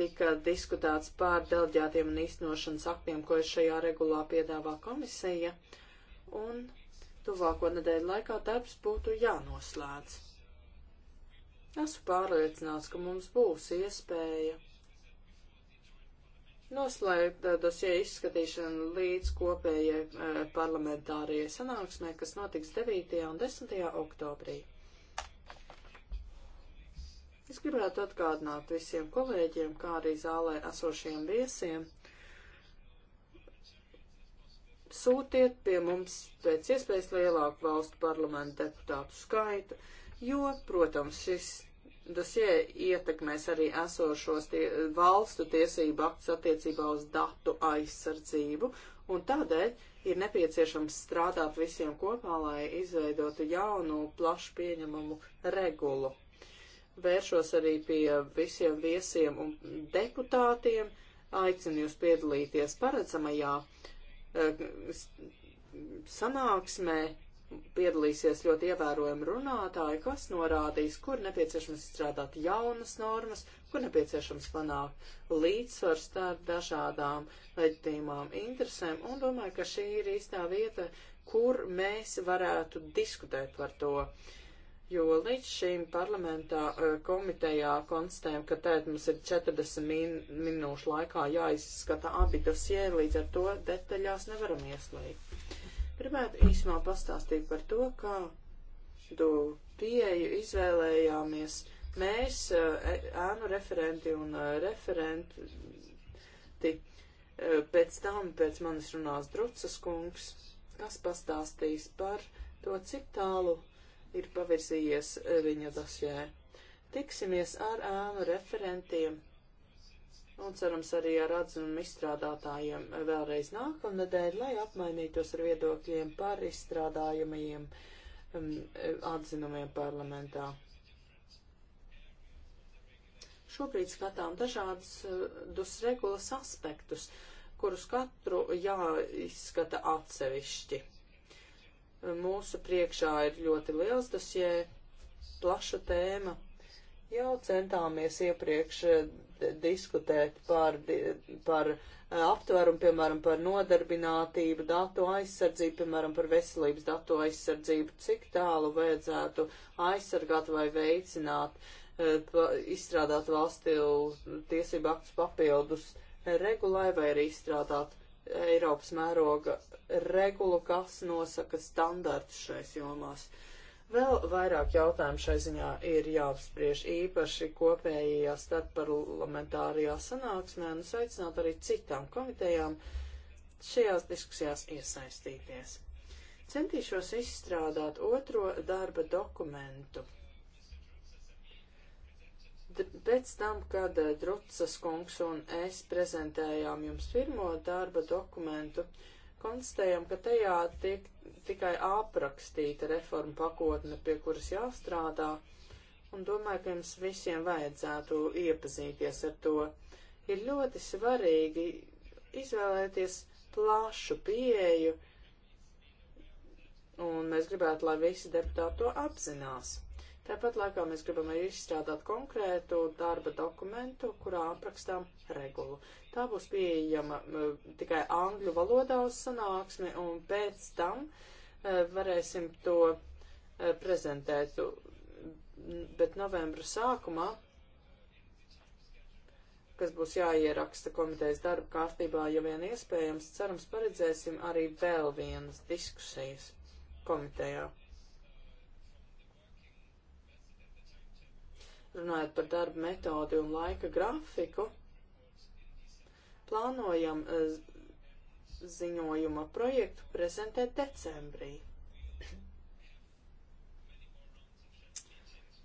tika diskutēts pār delģētiem un īstenošanas aktiem, ko ir šajā regulā piedāvā komisija, un tuvāko nedēļu laikā darbs būtu jānoslēdz. Esmu pārliecināts, ka mums būs iespēja noslēgt dosie izskatīšanu līdz kopējai e, parlamentārajai sanāksmē, kas notiks 9. un 10. oktobrī. Es gribētu atgādināt visiem kolēģiem, kā arī zālē esošiem viesiem, sūtiet pie mums pēc iespējas lielāku valstu parlamentu deputātu skaitu, jo, protams, šis dosie ietekmēs arī esošos tie, valstu tiesību aktus attiecībā uz datu aizsardzību, un tādēļ ir nepieciešams strādāt visiem kopā, lai izveidotu jaunu, plašu pieņemamu regulu. Vēršos arī pie visiem viesiem un deputātiem, aicinu jūs piedalīties paredzamajā eh, sanāksmē piedalīsies ļoti ievērojami runātāji, kas norādīs, kur nepieciešams izstrādāt jaunas normas, kur nepieciešams panākt līdzsvaru starp dažādām leģitīmām interesēm, un domāju, ka šī ir īstā vieta, kur mēs varētu diskutēt par to. Jo līdz šīm parlamentā eh, komitejā konstatējam, ka tēt mums ir 40 min minūšu laikā jāizskata abi dosie, līdz ar to detaļās nevaram ieslīgt. Gribētu īsumā pastāstīt par to, kādu pieeju izvēlējāmies mēs, eh, e, ēnu referenti un eh, referenti. Eh, pēc tam, pēc manis runās Drucas kungs, kas pastāstīs par to, cik tālu ir pavirzījies viņa dosjē. Tiksimies ar ēnu referentiem un cerams arī ar atzinumu izstrādātājiem vēlreiz nākamnedēļ, lai apmainītos ar viedokļiem par izstrādājumajiem um, atzinumiem parlamentā. Šobrīd skatām dažādus uh, regulas aspektus, kurus katru jāizskata atsevišķi. Mūsu priekšā ir ļoti liels dosie, plaša tēma, Jau centāmies iepriekš eh, diskutēt par, par eh, aptvērumu, piemēram, par nodarbinātību, datu aizsardzību, piemēram, par veselības datu aizsardzību, cik tālu vajadzētu aizsargāt vai veicināt, eh, izstrādāt valstu tiesību aktus papildus regulai vai arī izstrādāt Eiropas mēroga regulu, kas nosaka standartus šais jomās. Uh, Vēl vairāk jautājumu šai ziņā ir jāapspriež īpaši kopējā starpparlamentārajā sanāksmē un sveicināt arī citām komitejām šajās diskusijās iesaistīties. Centīšos izstrādāt otro darba dokumentu. D pēc tam, kad eh, Drucas kungs un es prezentējām jums pirmo darba dokumentu, konstatējam, ka tajā tiek tikai aprakstīta reforma pakotne, pie kuras jāstrādā, un domāju, ka jums visiem vajadzētu iepazīties ar to. Ir ļoti svarīgi izvēlēties plašu pieeju, un mēs gribētu, lai visi deputāti to apzinās. Tāpat laikā mēs gribam arī izstrādāt konkrētu darba dokumentu, kurā aprakstām regulu. Tā būs pieejama tikai angļu valodā uz sanāksmi, un pēc tam e, varēsim to e, prezentēt. Bet novembra sākumā, kas būs jāieraksta komitejas darba kārtībā, ja vien iespējams, cerams, paredzēsim arī vēl vienas diskusijas komitejā. runājot par darba metodi un laika grafiku, plānojam eh, ziņojuma projektu prezentēt decembrī.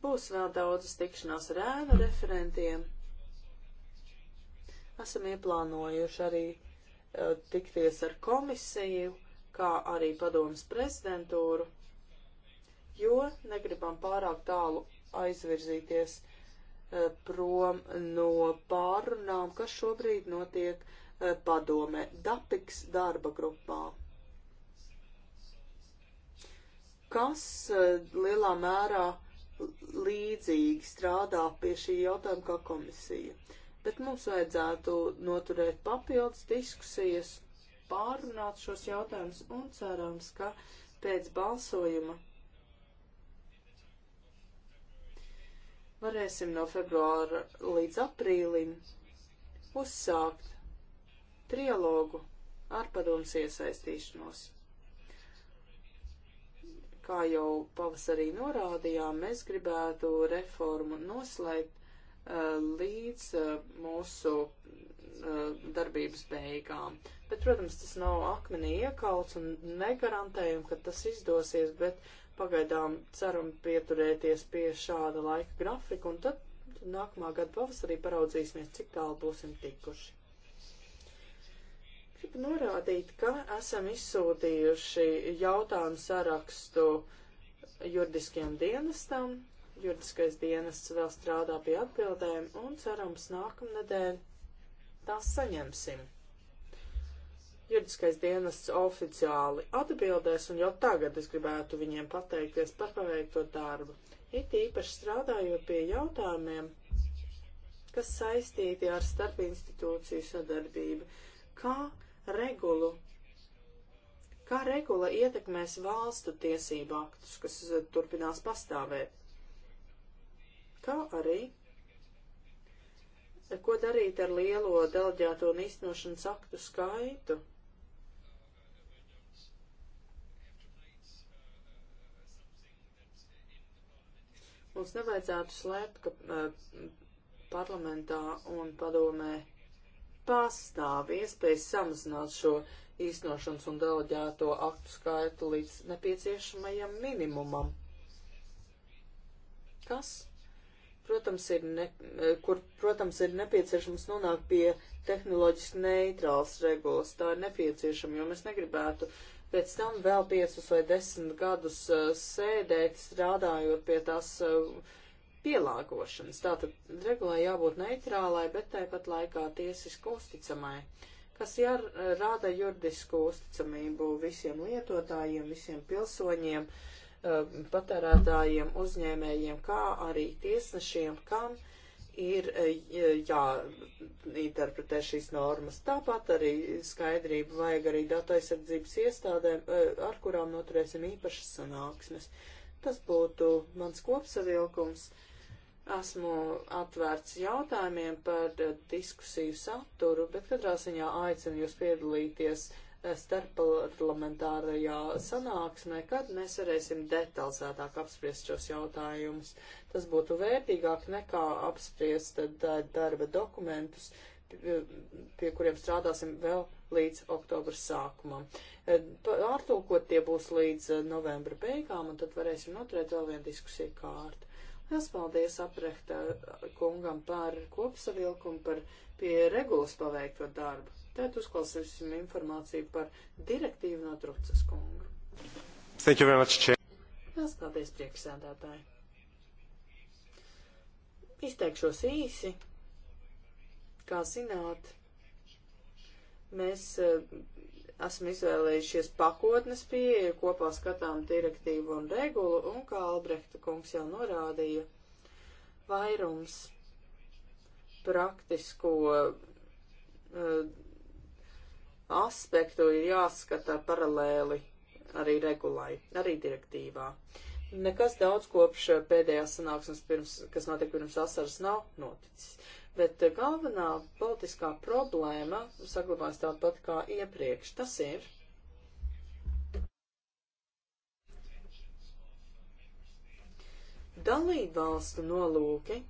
Būs vēl daudzas tikšanās ar ēnu referentiem. Esam ieplānojuši arī uh, tikties ar komisiju, kā arī padomas prezidentūru, jo negribam pārāk tālu aizvirzīties eh, prom no pārunām, kas šobrīd notiek eh, padome DAPIKS darba grupā. Kas eh, lielā mērā līdzīgi strādā pie šī jautājuma kā komisija, bet mums vajadzētu noturēt papildus diskusijas, pārunāt šos jautājumus un cerams, ka pēc balsojuma varēsim no februāra līdz aprīlim uzsākt trialogu ar padomus iesaistīšanos. Kā jau pavasarī norādījām, mēs gribētu reformu noslēgt uh, līdz uh, mūsu uh, darbības beigām. Bet, protams, tas nav akmenī iekalts un negarantējam, ka tas izdosies, bet uh, pagaidām ceram pieturēties pie šāda laika grafika, un tad nākamā gada pavasarī paraudzīsimies, cik tālu būsim tikuši. Gribu norādīt, ka esam izsūtījuši jautājumu sarakstu juridiskiem dienestam. Juridiskais dienests vēl strādā pie atbildēm, un cerams nākamnedēļ tās saņemsim juridiskais dienests oficiāli atbildēs, un jau tagad es gribētu viņiem pateikties par paveikto darbu. It īpaši strādājot pie jautājumiem, kas saistīti ar starpinstitūciju sadarbību. Kā regulu, kā regula ietekmēs valstu tiesību aktus, kas eh, turpinās pastāvēt? Kā arī ko darīt ar lielo deleģēto un īstenošanas aktu skaitu, Mums nevajadzētu slēpt, ka uh, parlamentā un padomē pastāv iespējas samazināt šo īstenošanas un deleģēto aktu skaitu līdz nepieciešamajam minimumam. Kas? Protams, ir, ne, eh, kur, protams, ir nepieciešams nonākt pie tehnoloģiski neitrāls regulas. Tā ir nepieciešama, jo mēs negribētu uh, pēc tam vēl piecus vai desmit gadus uh, sēdēt, strādājot pie tās uh, pielāgošanas. Tātad regulai jābūt neitrālai, bet tāpat laikā tiesiski uzticamai, kas jārāda juridisku uzticamību visiem lietotājiem, visiem pilsoņiem, uh, patērētājiem, uzņēmējiem, kā arī tiesnešiem, kam ir e, jāinterpretē šīs normas. Tāpat arī skaidrību vajag arī datu aizsardzības iestādēm, e, ar kurām noturēsim īpašas sanāksmes. Tas būtu mans kopsavilkums. Esmu atvērts jautājumiem par e, diskusiju saturu, bet katrā ziņā aicinu jūs piedalīties uh, starpparlamentārajā sanāksmē, kad mēs varēsim detalizētāk apspriest šos jautājumus. Tas būtu vērtīgāk nekā apspriest eh, darba dokumentus, pie kuriem strādāsim vēl līdz oktobra sākumam. Eh, Pārtulkot tie būs līdz eh, novembra beigām, un tad varēsim noturēt vēl vienu diskusiju kārtu. Liels paldies aprehta kungam par kopsavilkumu, par pie regulas paveikto darbu. Tad uzklausīsim informāciju par direktīvu no Trucas kunga. Thank you very much, Chair. Lielas paldies, priekšsēdētāji. Izteikšos īsi. Kā zināt, mēs uh, esam izvēlējušies pakotnes pieeju, kopā skatām direktīvu un regulu, un kā Albrehta kungs jau norādīja, vairums praktisko uh, aspektu ir jāskatā paralēli arī regulai, arī direktīvā. Nekas daudz kopš pēdējās sanāksmes, pirms, kas notika pirms asaras, nav noticis. Bet galvenā politiskā problēma saglabājas tāpat kā iepriekš. Tas ir dalībvalstu nolūki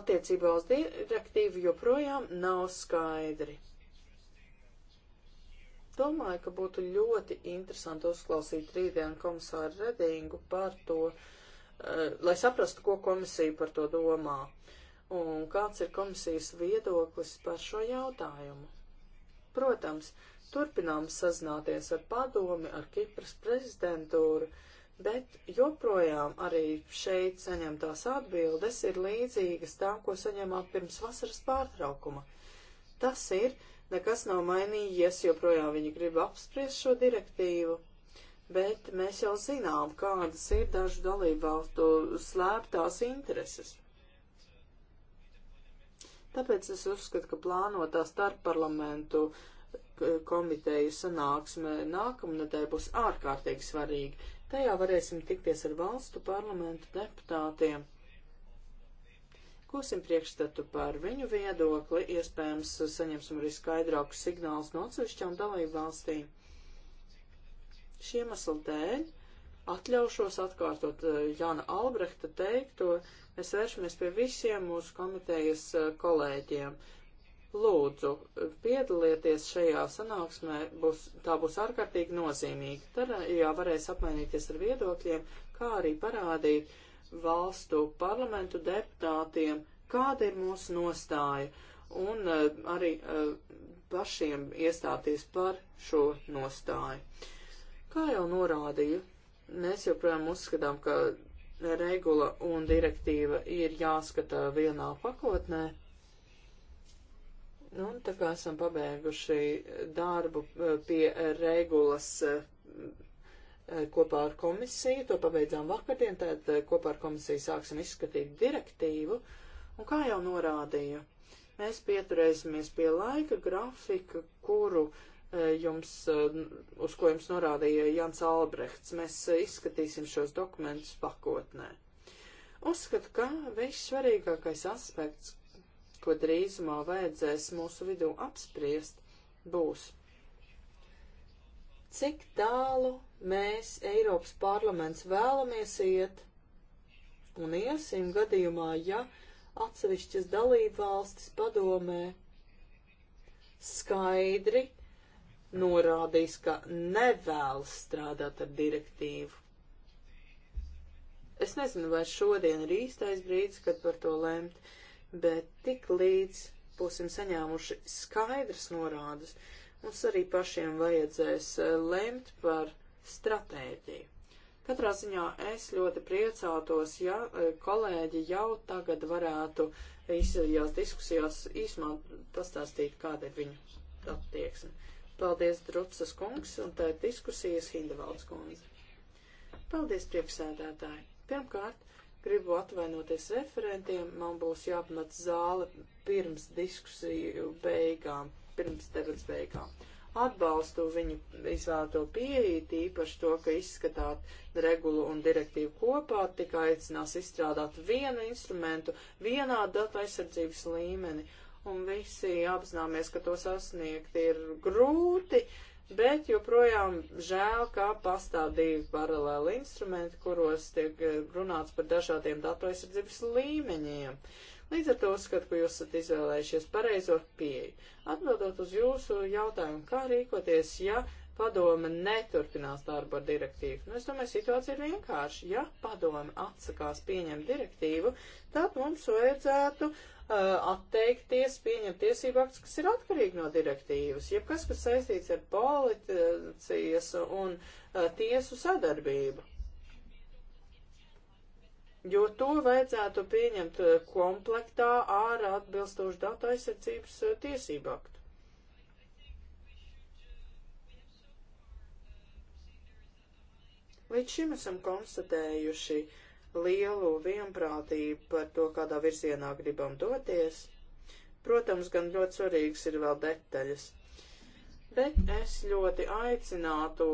attiecībā uz direktīvu joprojām nav skaidri. Domāju, ka būtu ļoti interesanti uzklausīt rītdienu komisāru Redingu par to, eh, lai saprastu, ko komisija par to domā un kāds ir komisijas viedoklis par šo jautājumu. Protams, turpinām sazināties ar padomi, ar Kipras prezidentūru bet joprojām arī šeit saņemtās atbildes ir līdzīgas tām, ko saņemām pirms vasaras pārtraukuma. Tas ir, nekas nav mainījies, joprojām viņi grib apspriest šo direktīvu, bet mēs jau zinām, kādas ir dažu dalībvalstu slēptās intereses. Tāpēc es uzskatu, ka plānotā starpparlamentu eh, komiteju sanāksme nākamnedēļ būs ārkārtīgi svarīga. Tajā varēsim tikties ar valstu parlamentu deputātiem. Kūsim priekšstatu par viņu viedokli, iespējams saņemsim arī skaidrākus signālus no atsevišķām dalību valstīm. Šiem aslu dēļ atļaušos atkārtot eh, Jāna Albrehta teikto, mēs vēršamies pie visiem mūsu komitejas eh, kolēģiem, Lūdzu, piedalieties šajā sanāksmē, būs, tā būs ārkārtīgi nozīmīga. Tad jā, varēs apmainīties ar viedokļiem, kā arī parādīt valstu parlamentu deputātiem, kāda ir mūsu nostāja, un uh, arī uh, pašiem iestāties par šo nostāju. Kā jau norādīju, mēs joprojām uzskatām, ka regula un direktīva ir jāskata vienā pakotnē Nu, un tā kā esam pabeiguši darbu eh, pie regulas eh, eh, kopā ar komisiju, to pabeidzām vakardien, tad kopā ar komisiju sāksim izskatīt direktīvu. Un kā jau norādīju, mēs pieturēsimies pie laika grafika, kuru jums, uz ko jums norādīja Jans Albrechts. Mēs izskatīsim šos dokumentus pakotnē. Uzskatu, ka viss svarīgākais aspekts, ko drīzumā vajadzēs mūsu vidū apspriest, būs. Cik tālu mēs, Eiropas parlaments, vēlamies iet un iesim gadījumā, ja atsevišķas dalībvalstis padomē skaidri norādījis, ka nevēlas strādāt ar direktīvu. Es nezinu, vai šodien ir īstais brīdis, kad par to lemt bet tik līdz būsim saņēmuši skaidrs norādes, mums arī pašiem vajadzēs eh, lemt par stratēģiju. Katrā ziņā es ļoti priecātos, ja eh, kolēģi jau tagad varētu izsajās diskusijās īsumā pastāstīt, kāda ir viņu attieksme. Paldies, Drucas kungs, un tā ir diskusijas Hindevalds kundze. Paldies, priekšsēdētāji. Pirmkārt, Gribu atvainoties referentiem, man būs jāpamat zāle pirms diskusiju beigām, pirms debats beigām. Atbalstu viņu izvēlēto pieeju, tīpaši to, ka izskatāt regulu un direktīvu kopā, tik aicinās izstrādāt vienu instrumentu, vienā datu aizsardzības līmeni, un visi apzināmies, ka to sasniegt ir grūti, uh, bet joprojām žēl, ka pastāv divi paralēli instrumenti, kuros tiek eh, runāts par dažādiem datu aizsardzības līmeņiem. Līdz ar to uzskatu, ka jūs esat izvēlējušies pareizo pieeju. Atbildot uz jūsu jautājumu, kā rīkoties, ja padome neturpinās darbu ar direktīvu. Nu, es domāju, situācija ir vienkārša. Ja padome atsakās pieņemt direktīvu, tad mums vajadzētu uh, Uh, atteikties pieņemt tiesību aktus, kas ir atkarīgi no direktīvas, jeb kas, kas saistīts ar policijas un uh, tiesu sadarbību. Jo to vajadzētu pieņemt uh, komplektā ar atbilstošu datu aizsardzības tiesību aktu. Līdz šim esam konstatējuši uh, lielu vienprātību par to, kādā virzienā gribam doties. Protams, gan ļoti svarīgas ir vēl detaļas. Bet es ļoti aicinātu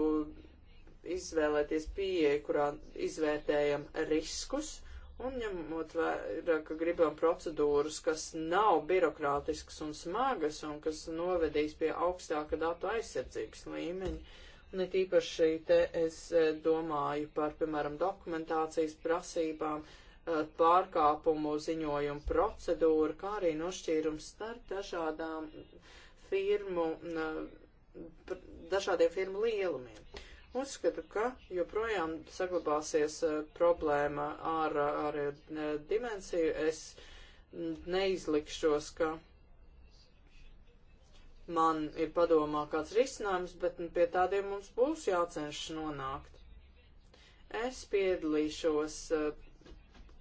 izvēlēties pieeja, kurā izvērtējam riskus un ņemot vērā, ka gribam procedūras, kas nav birokrātiskas un smagas un kas novedīs pie augstāka datu aizsardzības līmeņa Un it īpaši te es eh, domāju par, piemēram, dokumentācijas prasībām, eh, pārkāpumu ziņojumu procedūru, kā arī nošķīrums starp dažādām firmu, eh, dažādiem firmu lielumiem. Uzskatu, ka joprojām saglabāsies problēma ar, ar dimensiju. Es neizlikšos, ka man ir padomā kāds risinājums, bet nu, pie tādiem mums būs jācenšas nonākt. Es piedalīšos uh,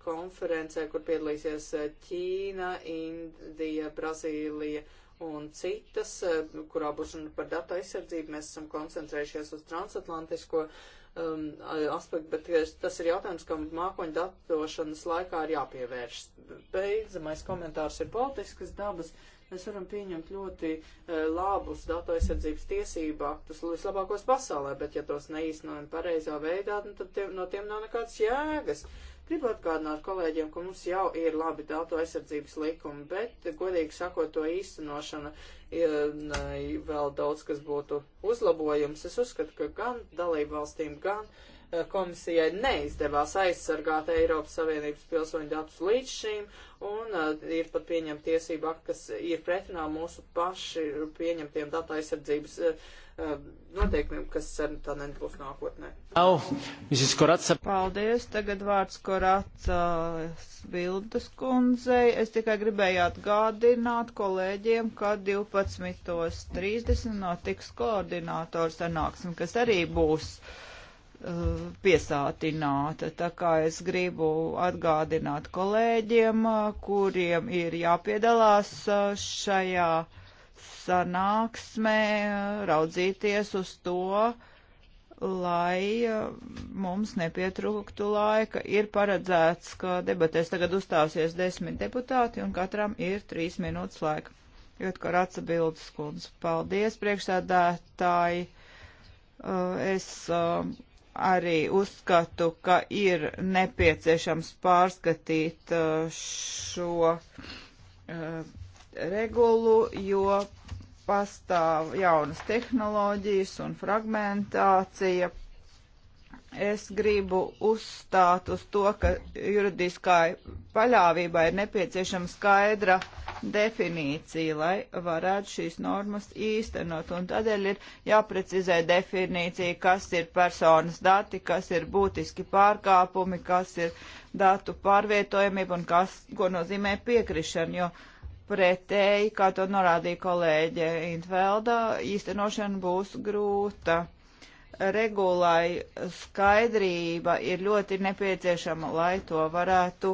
konferencē, kur piedalīsies uh, Ķīna, Indija, Brazīlija un citas, uh, kurā būs runa par datu aizsardzību. Mēs esam koncentrējušies uz transatlantisko um, aspektu, bet tas ir jautājums, kam mākoņu datošanas laikā ir jāpievērš. Beidzamais komentārs ir politiskas dabas. Uh, Mēs varam pieņemt ļoti e, labus datu aizsardzības tiesību aktus, vislabākos pasaulē, bet ja tos neīstenojam pareizā veidā, nu, tad tiem, no tiem nav nekādas jēgas. Gribu atgādināt kolēģiem, ka mums jau ir labi datu aizsardzības likumi, bet, godīgi sakot, to īstenošana ir e, ne, vēl daudz, kas būtu uzlabojums. Es uzskatu, ka gan dalību valstīm, gan uh, komisijai neizdevās aizsargāt Eiropas Savienības pilsoņu datus līdz šīm, un uh, ir pat pieņemta tiesība, kas ir pretinā mūsu paši pieņemtiem datu aizsardzības uh, uh noteikumiem, kas sen tā nebūs nākotnē. Paldies, tagad vārds Korats Bildes kundzei. Es tikai gribēju atgādināt kolēģiem, ka 12.30 notiks koordinātors sanāksme, kas arī būs piesātināta. Tā kā es gribu atgādināt kolēģiem, kuriem ir jāpiedalās šajā sanāksmē, raudzīties uz to, lai mums nepietrūktu laika. Ir paredzēts, ka debatēs tagad uzstāsies desmit deputāti un katram ir trīs minūtes laika. Jotkar atsabildes kundze. Paldies, priekšsēdētāji. Es arī uzskatu, ka ir nepieciešams pārskatīt uh, šo uh, regulu, jo pastāv jaunas tehnoloģijas un fragmentācija es gribu uzstāt uz to, ka juridiskai paļāvībai ir nepieciešama skaidra definīcija, lai varētu šīs normas īstenot. Un tādēļ ir jāprecizē definīcija, kas ir personas dati, kas ir būtiski pārkāpumi, kas ir datu pārvietojamība un kas, ko nozīmē piekrišana. Jo pretēji, kā to norādīja kolēģe Intvelda, īstenošana būs grūta regulai skaidrība ir ļoti nepieciešama, lai to varētu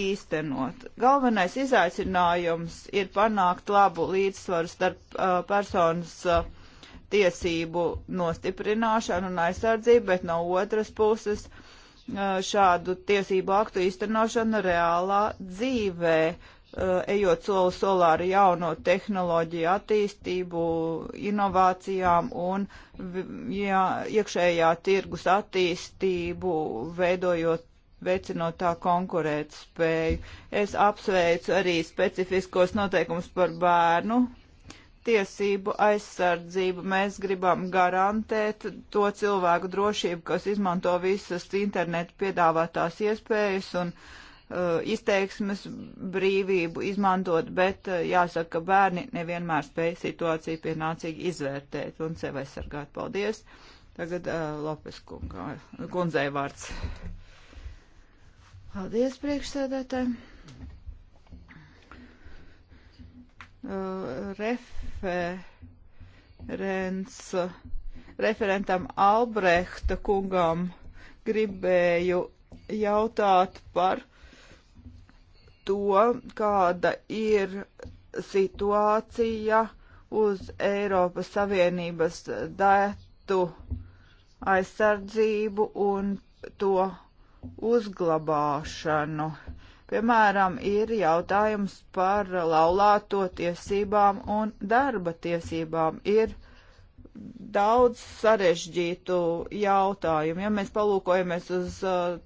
īstenot. Galvenais izaicinājums ir panākt labu līdzsvaru starp uh, personas uh, tiesību nostiprināšanu un aizsardzību, bet no otras puses uh, šādu tiesību aktu īstenošanu reālā dzīvē. Uh, Eh, ejot soli solā ar jauno tehnoloģiju attīstību, inovācijām un jā, iekšējā tirgus attīstību, veidojot veicinot tā konkurēt spēju. Es apsveicu arī specifiskos noteikumus par bērnu tiesību aizsardzību. Mēs gribam garantēt to cilvēku drošību, kas izmanto visas internetu piedāvātās iespējas un uh, Uh, izteiksmes brīvību izmantot, bet uh, jāsaka, ka bērni nevienmēr spēj situāciju pienācīgi izvērtēt un sev aizsargāt. Paldies! Tagad uh, Lopes kungā, kundzei vārds. Paldies, priekšsēdētāji! Referents, referentam Albrehta kungam gribēju jautāt par to, kāda ir situācija uz Eiropas Savienības datu aizsardzību un to uzglabāšanu. Piemēram, ir jautājums par laulāto tiesībām un darba tiesībām. Ir daudz sarežģītu jautājumu. Ja mēs palūkojamies uz uh,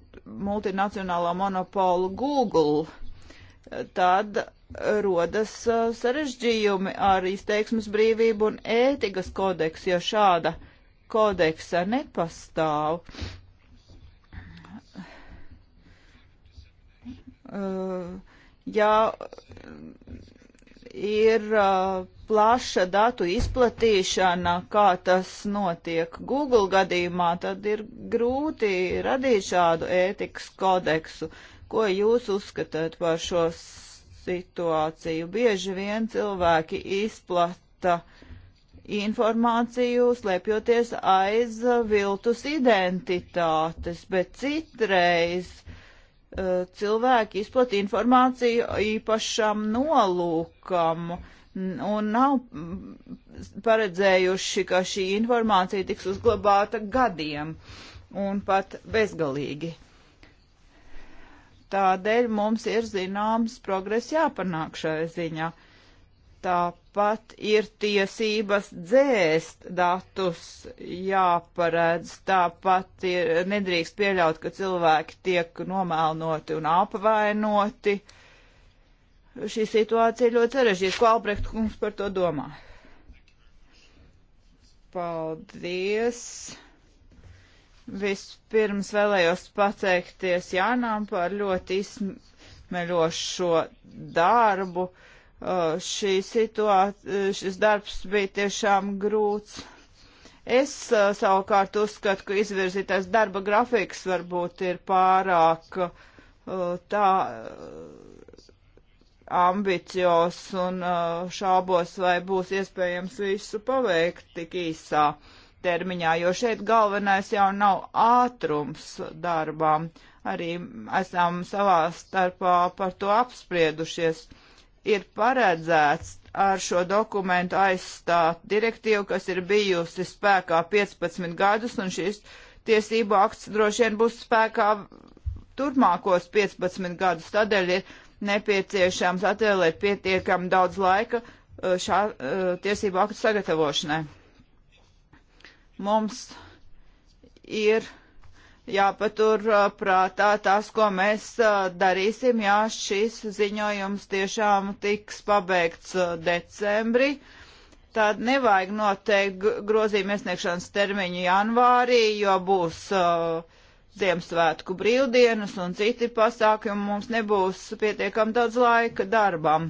multinacionālo monopolu Google, tad rodas uh, sarežģījumi ar izteiksmes brīvību un ētikas kodeksu, jo šāda kodeksa nepastāv. Uh, ja ir uh, plaša datu izplatīšana, kā tas notiek Google gadījumā, tad ir grūti radīt šādu ētikas kodeksu. Uh, Ko jūs uzskatāt par šo situāciju? Bieži vien cilvēki izplata informāciju, slēpjoties aiz viltus identitātes, bet citreiz uh, cilvēki izplata informāciju īpašam nolūkam un nav paredzējuši, ka šī informācija tiks uzglabāta gadiem un pat bezgalīgi. Tādēļ mums ir zināms progress jāpanāk šai ziņā. Tāpat ir tiesības dzēst datus jāparedz, tāpat ir, nedrīkst pieļaut, ka cilvēki tiek nomēlnoti un apvainoti. Šī situācija ir ļoti sarežģīta. Ko Albrecht kungs par to domā? Paldies! Vispirms vēlējos pateikties Jānām par ļoti izsmeļošo darbu. Uh, šī situācija, uh, šis darbs bija tiešām grūts. Es uh, savukārt uzskatu, ka izvirzītais darba grafiks varbūt ir pārāk uh, tā uh, ambicios un uh, šābos, vai būs iespējams visu paveikt tik īsā ilgtermiņā, jo šeit galvenais jau nav ātrums darbām. Arī esam savā starpā par to apspriedušies. Ir paredzēts ar šo dokumentu aizstāt direktīvu, kas ir bijusi spēkā 15 gadus, un šis tiesību akts droši vien būs spēkā turpmākos 15 gadus. Tādēļ ir nepieciešams atvēlēt pietiekam daudz laika uh, šā uh, tiesību aktu sagatavošanai. Mums ir jāpatur uh, prātā tas, ko mēs uh, darīsim, ja šis ziņojums tiešām tiks pabeigts uh, decembrī. Tad nevajag noteikt grozījuma iesniegšanas termiņu janvārī, jo būs uh, Ziemassvētku brīvdienas un citi pasākumi, mums nebūs pietiekami daudz laika darbam.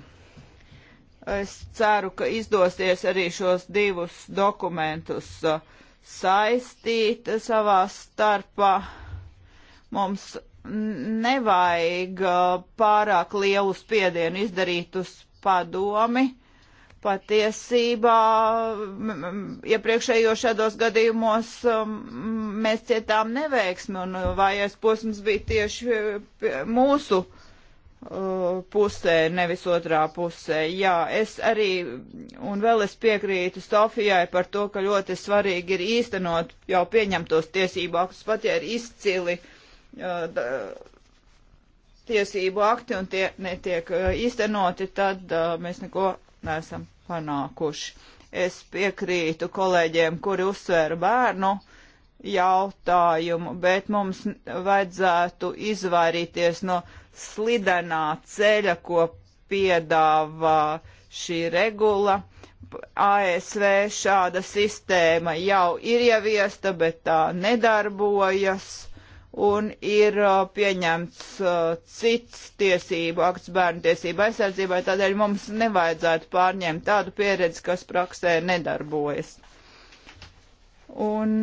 Es ceru, ka izdosies arī šos divus dokumentus uh, saistīti savā starpā. Mums nevajag uh, pārāk lielu spiedienu izdarīt uz padomi. Patiesībā iepriekšējo ja šādos gadījumos um, mēs cietām neveiksmi un vājais posms bija tieši uh, mūsu Uh, pusē, nevis otrā pusē. Jā, es arī, un vēl es piekrītu Sofijai par to, ka ļoti svarīgi ir īstenot jau pieņemtos tiesību aktus, pat ja ir izcili uh, da, tiesību akti un tie netiek uh, īstenoti, tad uh, mēs neko neesam panākuši. Es piekrītu kolēģiem, kuri uzsvēra bērnu jautājumu, bet mums vajadzētu izvairīties no. No slidenā ceļa, ko piedāvā šī regula. ASV šāda sistēma jau ir ieviesta, bet tā nedarbojas un ir uh, pieņemts uh, cits tiesību akts bērnu tiesību aizsardzībai, tādēļ mums nevajadzētu pārņemt tādu pieredzi, kas praksē nedarbojas. Un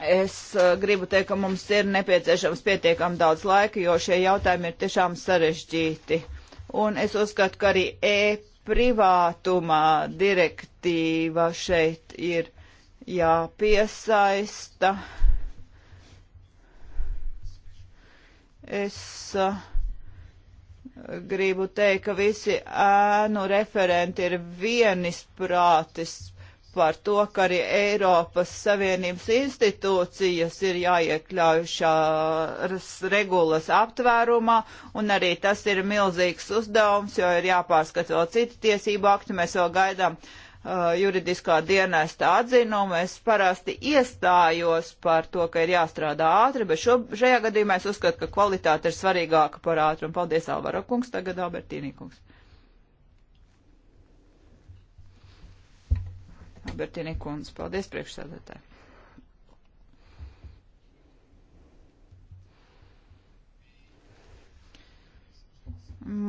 Es eh, gribu teikt, ka mums ir nepieciešams pietiekam daudz laika, jo šie jautājumi ir tiešām sarežģīti. Un es uzskatu, ka arī e-privātumā direktīva šeit ir jāpiesaista. Es uh, gribu teikt, ka visi ēnu referenti ir vienisprātis par to, ka arī Eiropas Savienības institūcijas ir jāiekļauj šās regulas aptvērumā, un arī tas ir milzīgs uzdevums, jo ir jāpārskata vēl citi tiesību akti, mēs vēl gaidām uh, juridiskā dienesta atzinumu. Es parasti iestājos par to, ka ir jāstrādā ātri, bet šo, šajā gadījumā es uzskatu, ka kvalitāte ir svarīgāka par ātrumu. Paldies, Alvaro kungs, tagad Albertīnī kungs. Albertīni Kunz. Paldies priekšsēdētāji.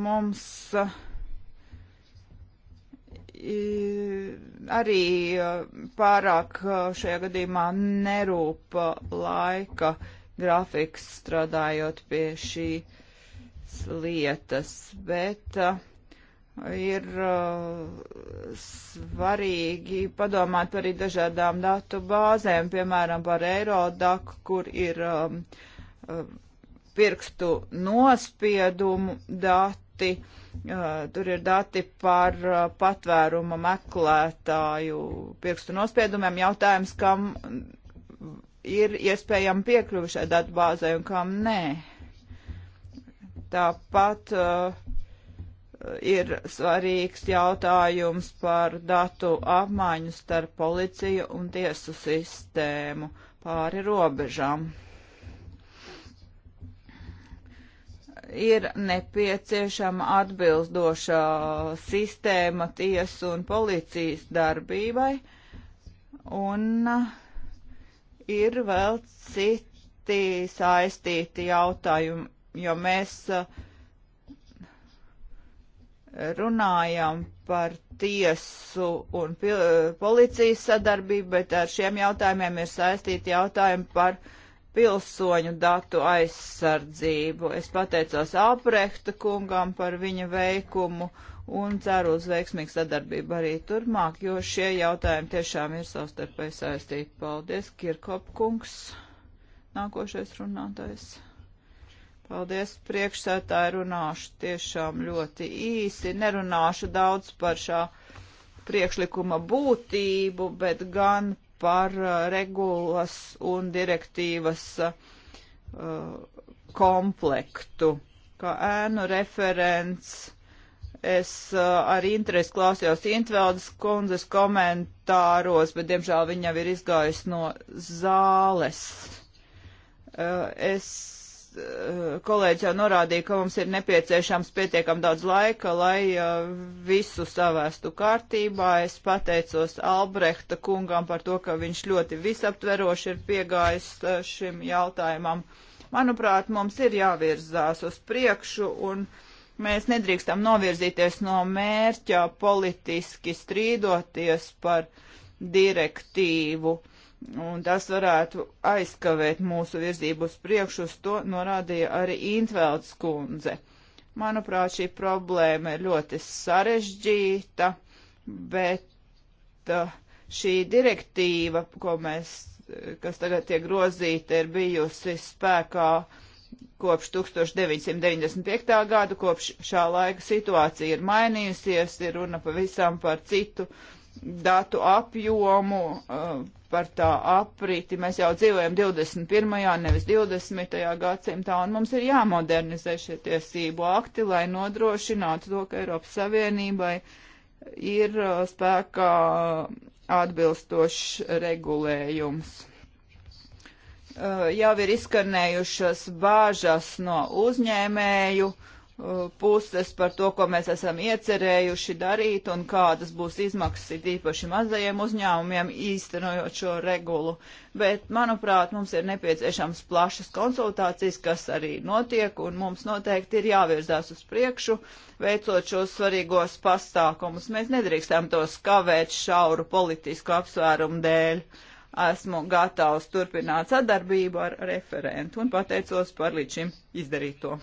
Mums uh, arī uh, pārāk uh, šajā gadījumā nerūpa laika grafiks strādājot pie šīs lietas, bet uh, ir uh, svarīgi padomāt par dažādām datu bāzēm, piemēram, par Eirodaku, kur ir um, um, pirkstu nospiedumu dati, uh, tur ir dati par uh, patvēruma meklētāju pirkstu nospiedumiem, jautājums, kam ir iespējama piekļuva šai datu bāzai un kam nē. Tāpat uh, ir svarīgs jautājums par datu apmaiņu starp policiju un tiesu sistēmu pāri robežām. Ir nepieciešama atbildošā sistēma tiesu un policijas darbībai, un ir vēl citi saistīti jautājumi, jo mēs uh, runājam par tiesu un policijas sadarbību, bet ar šiem jautājumiem ir saistīti jautājumi par pilsoņu datu aizsardzību. Es pateicos Alprehta kungam par viņa veikumu un ceru uz veiksmīgu sadarbību arī turpmāk, jo šie jautājumi tiešām ir savstarpēji saistīti. Paldies, Kirkop kungs, nākošais runātājs. Paldies, priekšsētāji, runāšu tiešām ļoti īsi. Nerunāšu daudz par šā priekšlikuma būtību, bet gan par uh, regulas un direktīvas uh, komplektu. Kā ēnu referents, es uh, ar interesi klausījos Intveldes kundzes komentāros, bet diemžēl viņa jau ir izgājusi no zāles. Uh, es Eh, kolēģis jau norādīja, ka mums ir nepieciešams pietiekam daudz laika, lai eh, visu savēstu kārtībā. Es pateicos Albrehta kungam par to, ka viņš ļoti visaptveroši ir piegājis eh, šim jautājumam. Manuprāt, mums ir jāvirzās uz priekšu un mēs nedrīkstam novirzīties no mērķa politiski strīdoties par direktīvu. Uh, un tas varētu aizkavēt mūsu virzību uz priekšu, uz to norādīja arī Intvelds kundze. Manuprāt, šī problēma ir ļoti sarežģīta, bet uh, šī direktīva, ko mēs, kas tagad tiek grozīta, ir bijusi spēkā kopš 1995. gada, kopš šā laika situācija ir mainījusies, ir runa pavisam par citu uh, datu apjomu, uh, par tā aprīti. Mēs jau dzīvojam 21. nevis 20. gadsimtā, un mums ir jāmodernizē šie tiesību akti, lai nodrošinātu to, ka Eiropas Savienībai ir uh, spēkā atbilstošs regulējums uh, jau ir izskanējušas bāžas no uzņēmēju Uh, puses par to, ko mēs esam iecerējuši darīt un kādas būs izmaksas it īpaši mazajiem uzņēmumiem īstenojot šo regulu. Bet, manuprāt, mums ir nepieciešams plašas konsultācijas, kas arī notiek, un mums noteikti ir jāvirzās uz priekšu, veicot šos svarīgos pastākumus. Mēs nedrīkstam tos kavēt šauru politisku apsvērumu dēļ. Esmu gatavs turpināt sadarbību ar referentu un pateicos par līdz šim izdarīto.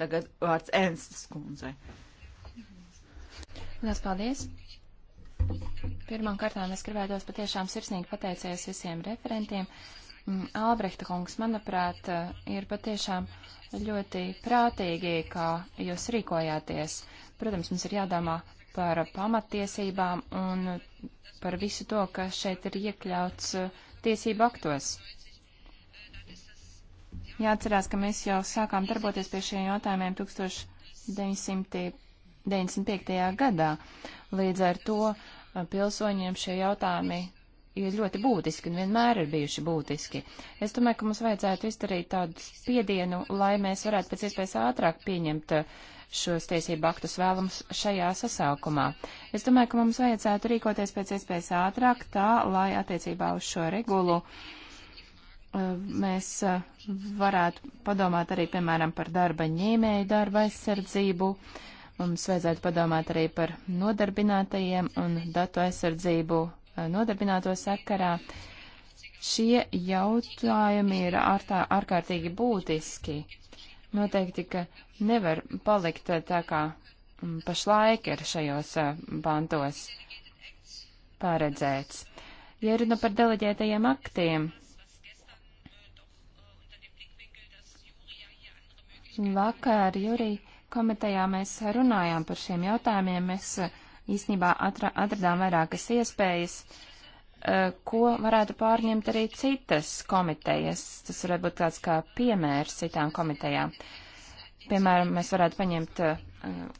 Tagad vārds Enstas kundzei. Lielas paldies! Pirmām kārtām es gribētos patiešām sirsnīgi pateicties visiem referentiem. Mm, Albrehta kungs, manuprāt, ir patiešām ļoti prātīgi, kā jūs rīkojāties. Protams, mums ir jādomā par pamatiesībām un par visu to, kas šeit ir iekļauts uh, tiesību aktos. Jāatcerās, ka mēs jau sākām darboties pie šiem jautājumiem 1995. gadā. Līdz ar to uh, pilsoņiem šie jautājumi ir ļoti būtiski un vienmēr ir bijuši būtiski. Es domāju, ka mums vajadzētu izdarīt tādu spiedienu, lai mēs varētu pēc iespējas ātrāk pieņemt uh, šos tiesību aktus vēlams šajā sasaukumā. Es domāju, ka mums vajadzētu rīkoties pēc iespējas ātrāk tā, lai attiecībā uz šo regulu uh, Eh, mēs eh, varētu padomāt arī, piemēram, par darba ņēmēju darba aizsardzību. Mums vajadzētu padomāt arī par nodarbinātajiem un datu aizsardzību eh, nodarbināto sakarā. Šie jautājumi ir ārtā, ārkārtīgi būtiski. Noteikti, ka nevar palikt tā kā mm, pašlaik ir šajos pantos paredzēts. Ja runa par deleģētajiem aktiem, Vakar Jurī komitejā mēs runājām par šiem jautājumiem. Mēs eh, īsnībā atra, atradām vairākas iespējas, eh, ko varētu pārņemt arī citas komitejas. Tas varētu būt tāds kā piemērs citām komitejām. Piemēram, mēs varētu paņemt eh,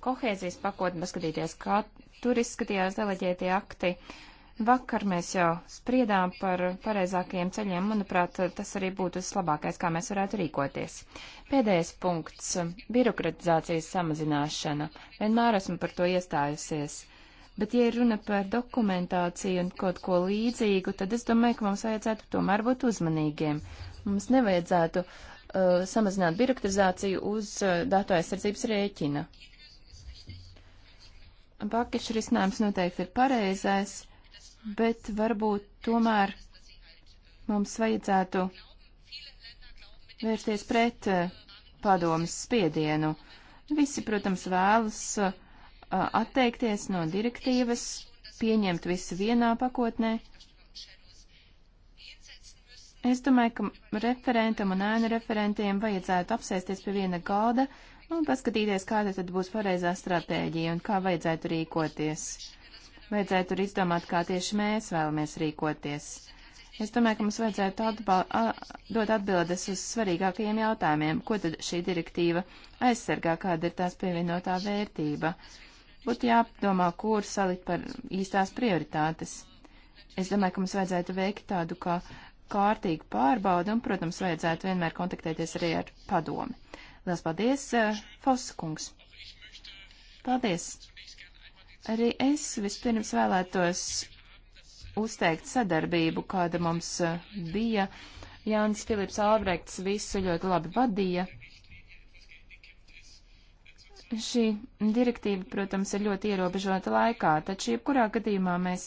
kohēzijas pakotni, paskatīties, kā tur izskatījās deleģētie akti. Uh, Vakar mēs jau spriedām par pareizākajiem ceļiem. Manuprāt, tas arī būtu vislabākais, kā mēs varētu rīkoties. Pēdējais punkts - birokratizācijas samazināšana. Vienmēr esmu par to iestājusies. Bet, ja runa par dokumentāciju un kaut ko līdzīgu, tad es domāju, ka mums vajadzētu tomēr būt uzmanīgiem. Mums nevajadzētu uh, samazināt birokratizāciju uz uh, datu aizsardzības rēķina. Pakešu risinājums noteikti ir pareizais bet varbūt tomēr mums vajadzētu vērsties pret eh, padomas spiedienu. Visi, protams, vēlas eh, atteikties no direktīvas, pieņemt visu vienā pakotnē. Es domāju, ka referentam un ēnu referentiem vajadzētu apsēsties pie viena galda un paskatīties, kāda tad būs pareizā stratēģija un kā vajadzētu rīkoties. Vajadzētu tur izdomāt, kā tieši mēs vēlamies rīkoties. Es domāju, ka mums vajadzētu atbal, a, dot atbildes uz svarīgākajiem jautājumiem, ko tad šī direktīva aizsargā, kāda ir tās pievienotā vērtība. Būtu jāpadomā, kur salikt par īstās prioritātes. Es domāju, ka mums vajadzētu veikt tādu kā kārtīgu pārbaudu un, protams, vajadzētu vienmēr kontaktēties arī ar padomi. Lielas paldies, eh, Foss kungs! Paldies! Arī es vispirms vēlētos uzteikt sadarbību, kāda mums eh, bija. Jānis Filips Albrekts visu ļoti labi vadīja. Šī direktīva, protams, ir ļoti ierobežota laikā, taču jebkurā gadījumā mēs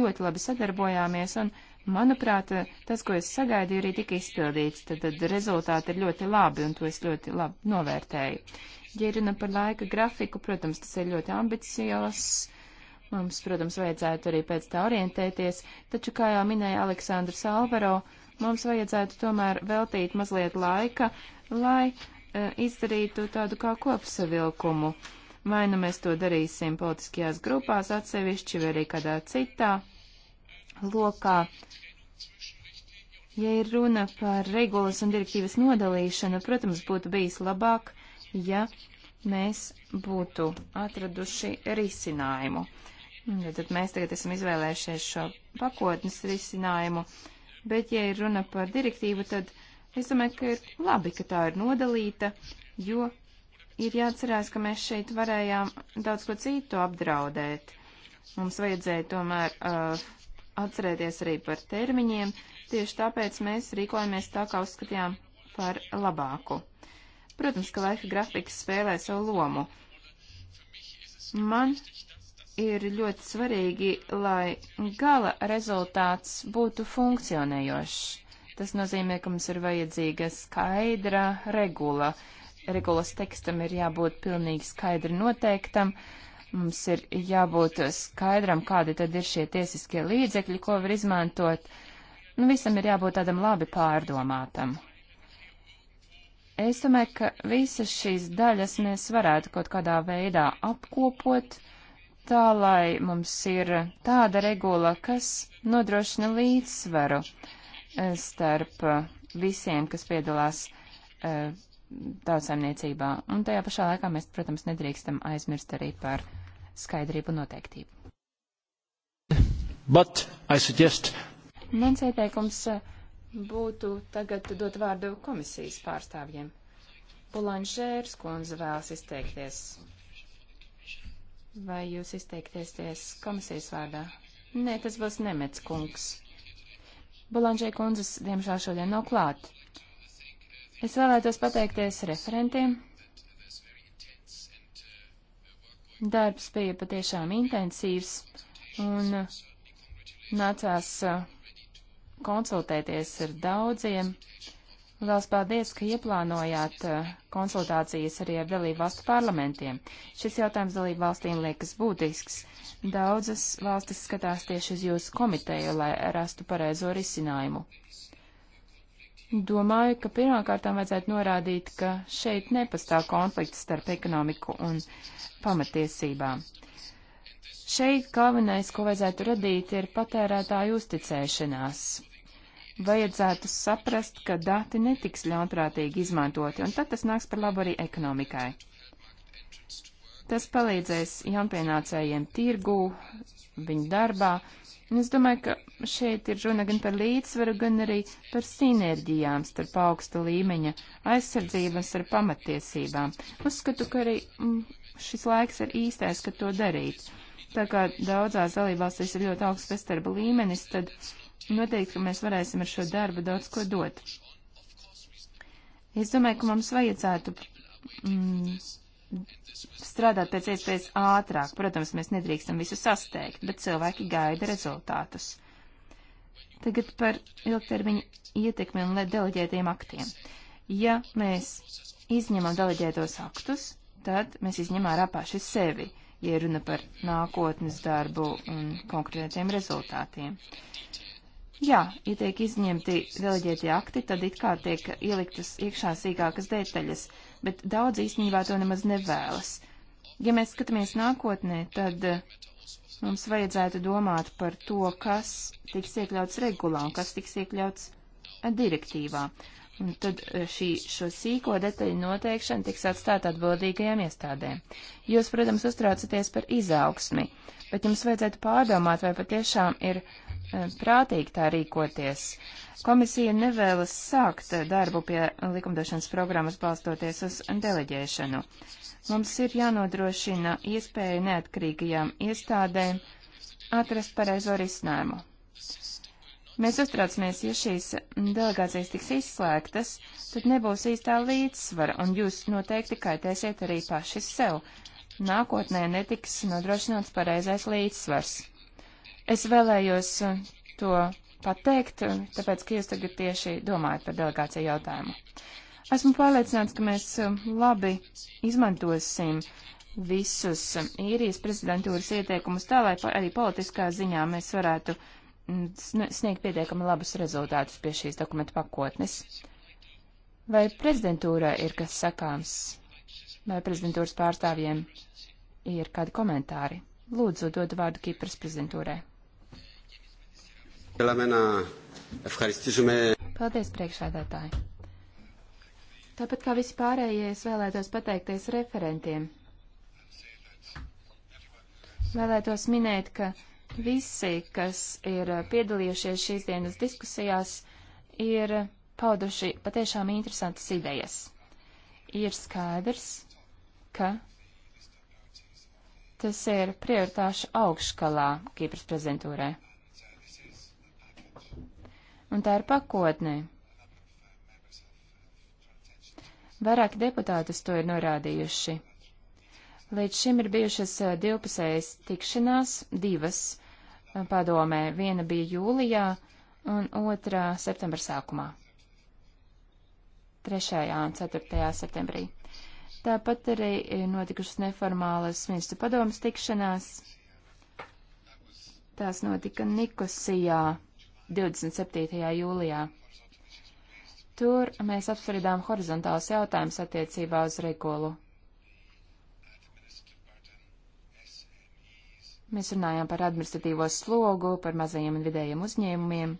ļoti labi sadarbojāmies un, manuprāt, tas, ko es sagaidīju, arī tika izpildīts. Tad, tad rezultāti ir ļoti labi un to es ļoti labi novērtēju. Ja runa par laika grafiku, protams, tas ir ļoti ambiciozs. Mums, protams, vajadzētu arī pēc tā orientēties, taču, kā jau minēja Aleksandrs Alvaro, mums vajadzētu tomēr veltīt mazliet laika, lai e, izdarītu tādu kā kopsavilkumu. Vai nu mēs to darīsim politiskajās grupās atsevišķi vai arī kādā citā lokā. Ja ir runa par regulas un direktīvas nodalīšanu, protams, būtu bijis labāk ja mēs būtu atraduši risinājumu. Ja tad mēs tagad esam izvēlējušies šo pakotnes risinājumu, bet ja ir runa par direktīvu, tad es domāju, ka ir labi, ka tā ir nodalīta, jo ir jāatcerās, ka mēs šeit varējām daudz ko citu apdraudēt. Mums vajadzēja tomēr uh, atcerēties arī par termiņiem, tieši tāpēc mēs rīkojamies tā, kā uzskatījām par labāku. Protams, ka laika grafiks spēlē savu lomu. Man ir ļoti svarīgi, lai gala rezultāts būtu funkcionējošs. Tas nozīmē, ka mums ir vajadzīga skaidra regula. Regulas tekstam ir jābūt pilnīgi skaidri noteiktam. Mums ir jābūt skaidram, kādi tad ir šie tiesiskie līdzekļi, ko var izmantot. Nu, visam ir jābūt tādam labi pārdomātam. Es domāju, ka visas šīs daļas mēs varētu kaut kādā veidā apkopot, tā lai mums ir tāda regula, kas nodrošina līdzsvaru eh, starp eh, visiem, kas piedalās eh, tautsēmniecībā. Un tajā pašā laikā mēs, protams, nedrīkstam aizmirst arī par skaidrību un noteiktību. But I suggest. Mans ieteikums uh, būtu tagad dot vārdu komisijas pārstāvjiem. Bulanžērs kundze vēlas izteikties. Vai jūs izteiktieties komisijas vārdā? Nē, tas būs Nemets kungs. Bulanžē kundzes, diemžēl, šodien nav klāt. Es vēlētos pateikties referentiem. Darbs bija patiešām intensīvs un nācās uh, konsultēties ar daudziem. Liels paldies, ka ieplānojāt eh, konsultācijas arī ar dalību valstu parlamentiem. Šis jautājums dalību valstīm liekas būtisks. Daudzas valstis skatās tieši uz jūsu komiteju, lai rastu pareizo risinājumu. Domāju, ka pirmkārtām vajadzētu norādīt, ka šeit nepastāv konflikts starp ekonomiku un pamatiesībām. Šeit galvenais, ko vajadzētu radīt, ir patērētāju uzticēšanās vajadzētu saprast, ka dati netiks ļaunprātīgi izmantoti, un tad tas nāks par labu arī ekonomikai. Tas palīdzēs jaunpienācējiem tirgū, viņu darbā, un es domāju, ka šeit ir runa gan par līdzsvaru, gan arī par sinerģijām starp augsta līmeņa aizsardzības ar pamatiesībām. Uzskatu, ka arī mm, šis laiks ir īstais, kad to darīt. Tā kā daudzās dalībvalstīs ir ļoti augsts vestarba līmenis, tad uh, noteikti, ka mēs varēsim ar šo darbu daudz ko dot. Es domāju, ka mums vajadzētu mm, strādāt pēc iespējas ātrāk. Protams, mēs nedrīkstam visu sasteigt, bet cilvēki gaida rezultātus. Tagad par ilgtermiņa ietekmi un deleģētiem aktiem. Ja mēs izņemam deleģētos aktus, tad mēs izņemam ārā paši sevi, ja runa par nākotnes darbu un konkrētiem rezultātiem. Uh, Jā, ja tiek izņemti deleģētie akti, tad it kā tiek ieliktas iekšā sīkākas detaļas, bet daudz īstenībā to nemaz nevēlas. Ja mēs skatāmies nākotnē, tad eh, mums vajadzētu domāt par to, kas tiks iekļauts regulā un kas tiks iekļauts eh, direktīvā. Un tad eh, šī, šo sīko detaļu noteikšana tiks atstāta atbildīgajām iestādēm. Jūs, protams, uztraucaties par izaugsmi, bet jums vajadzētu pārdomāt, vai patiešām ir uh, prātīgi tā rīkoties. Komisija nevēlas sākt darbu pie likumdošanas programmas balstoties uz deleģēšanu. Mums ir jānodrošina iespēja neatkarīgajām iestādēm atrast pareizo risinājumu. Mēs uztraucamies, ja šīs delegācijas tiks izslēgtas, tad nebūs īstā līdzsvara, un jūs noteikti kaitēsiet arī paši sev. Nākotnē netiks nodrošināts pareizais līdzsvars. Es vēlējos uh, to pateikt, uh, tāpēc, ka jūs tagad tieši domājat par delegāciju jautājumu. Esmu pārliecināts, ka mēs uh, labi izmantosim visus īrijas prezidentūras ieteikumus tā, lai arī politiskā ziņā mēs varētu mm, sniegt pietiekami labus rezultātus pie šīs dokumentu pakotnes. Vai prezidentūrā ir kas sakāms? Vai prezidentūras pārstāvjiem ir kādi komentāri? Lūdzu, dod vārdu Kipras prezidentūrai. Paldies, priekšsēdētāji! Tāpat kā visi pārējie, es vēlētos pateikties referentiem. Vēlētos minēt, ka visi, kas ir piedalījušies šīs dienas diskusijās, ir pauduši patiešām interesantas idejas. Ir skaidrs, ka tas ir prioritāšu augškalā Kīpras prezidentūrai un tā ir pakotnē. Vairāki deputāti to ir norādījuši. Līdz šim ir bijušas eh, divpusējas tikšanās, divas eh, padomē. Viena bija jūlijā un otrā septembra sākumā. 3. un 4. septembrī. Tāpat arī ir notikušas neformālas ministru padomas tikšanās. Tās notika Nikosijā 27. jūlijā. Tur mēs apspriedām horizontāls jautājums attiecībā uz regulu. Mēs runājām par administratīvo slogu, par mazajiem un vidējiem uzņēmumiem,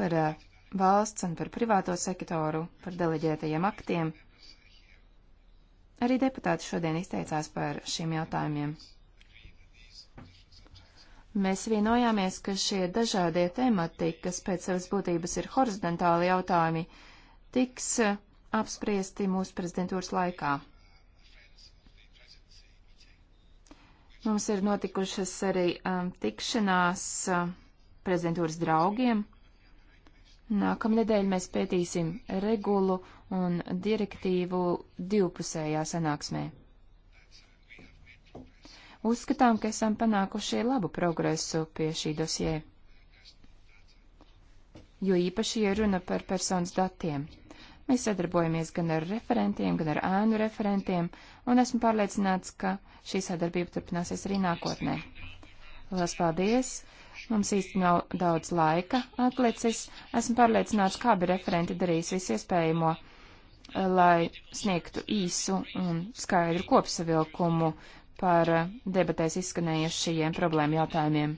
par eh, valsts un par privāto sektoru, par deleģētajiem aktiem. Arī deputāti šodien izteicās par šiem jautājumiem. Mēs vienojāmies, ka šie dažādie temati, kas pēc savas būtības ir horizontāli jautājumi, tiks eh, apspriesti mūsu prezidentūras laikā. Mums ir notikušas arī um, tikšanās um, prezidentūras draugiem. Nākamnedēļ mēs pētīsim regulu un direktīvu divpusējā sanāksmē. Uzskatām, ka esam panākuši labu progresu pie šī dosie, jo īpaši, ja runa par personas datiem. Mēs sadarbojamies gan ar referentiem, gan ar ēnu referentiem, un esmu pārliecināts, ka šī sadarbība turpināsies arī nākotnē. Lielas paldies! Mums īsti nav daudz laika atlicis. Esmu pārliecināts, kā abi referenti darīs visu iespējamo, lai sniegtu īsu un skaidru kopsavilkumu par eh, debatēs izskanējušajiem problēmu jautājumiem.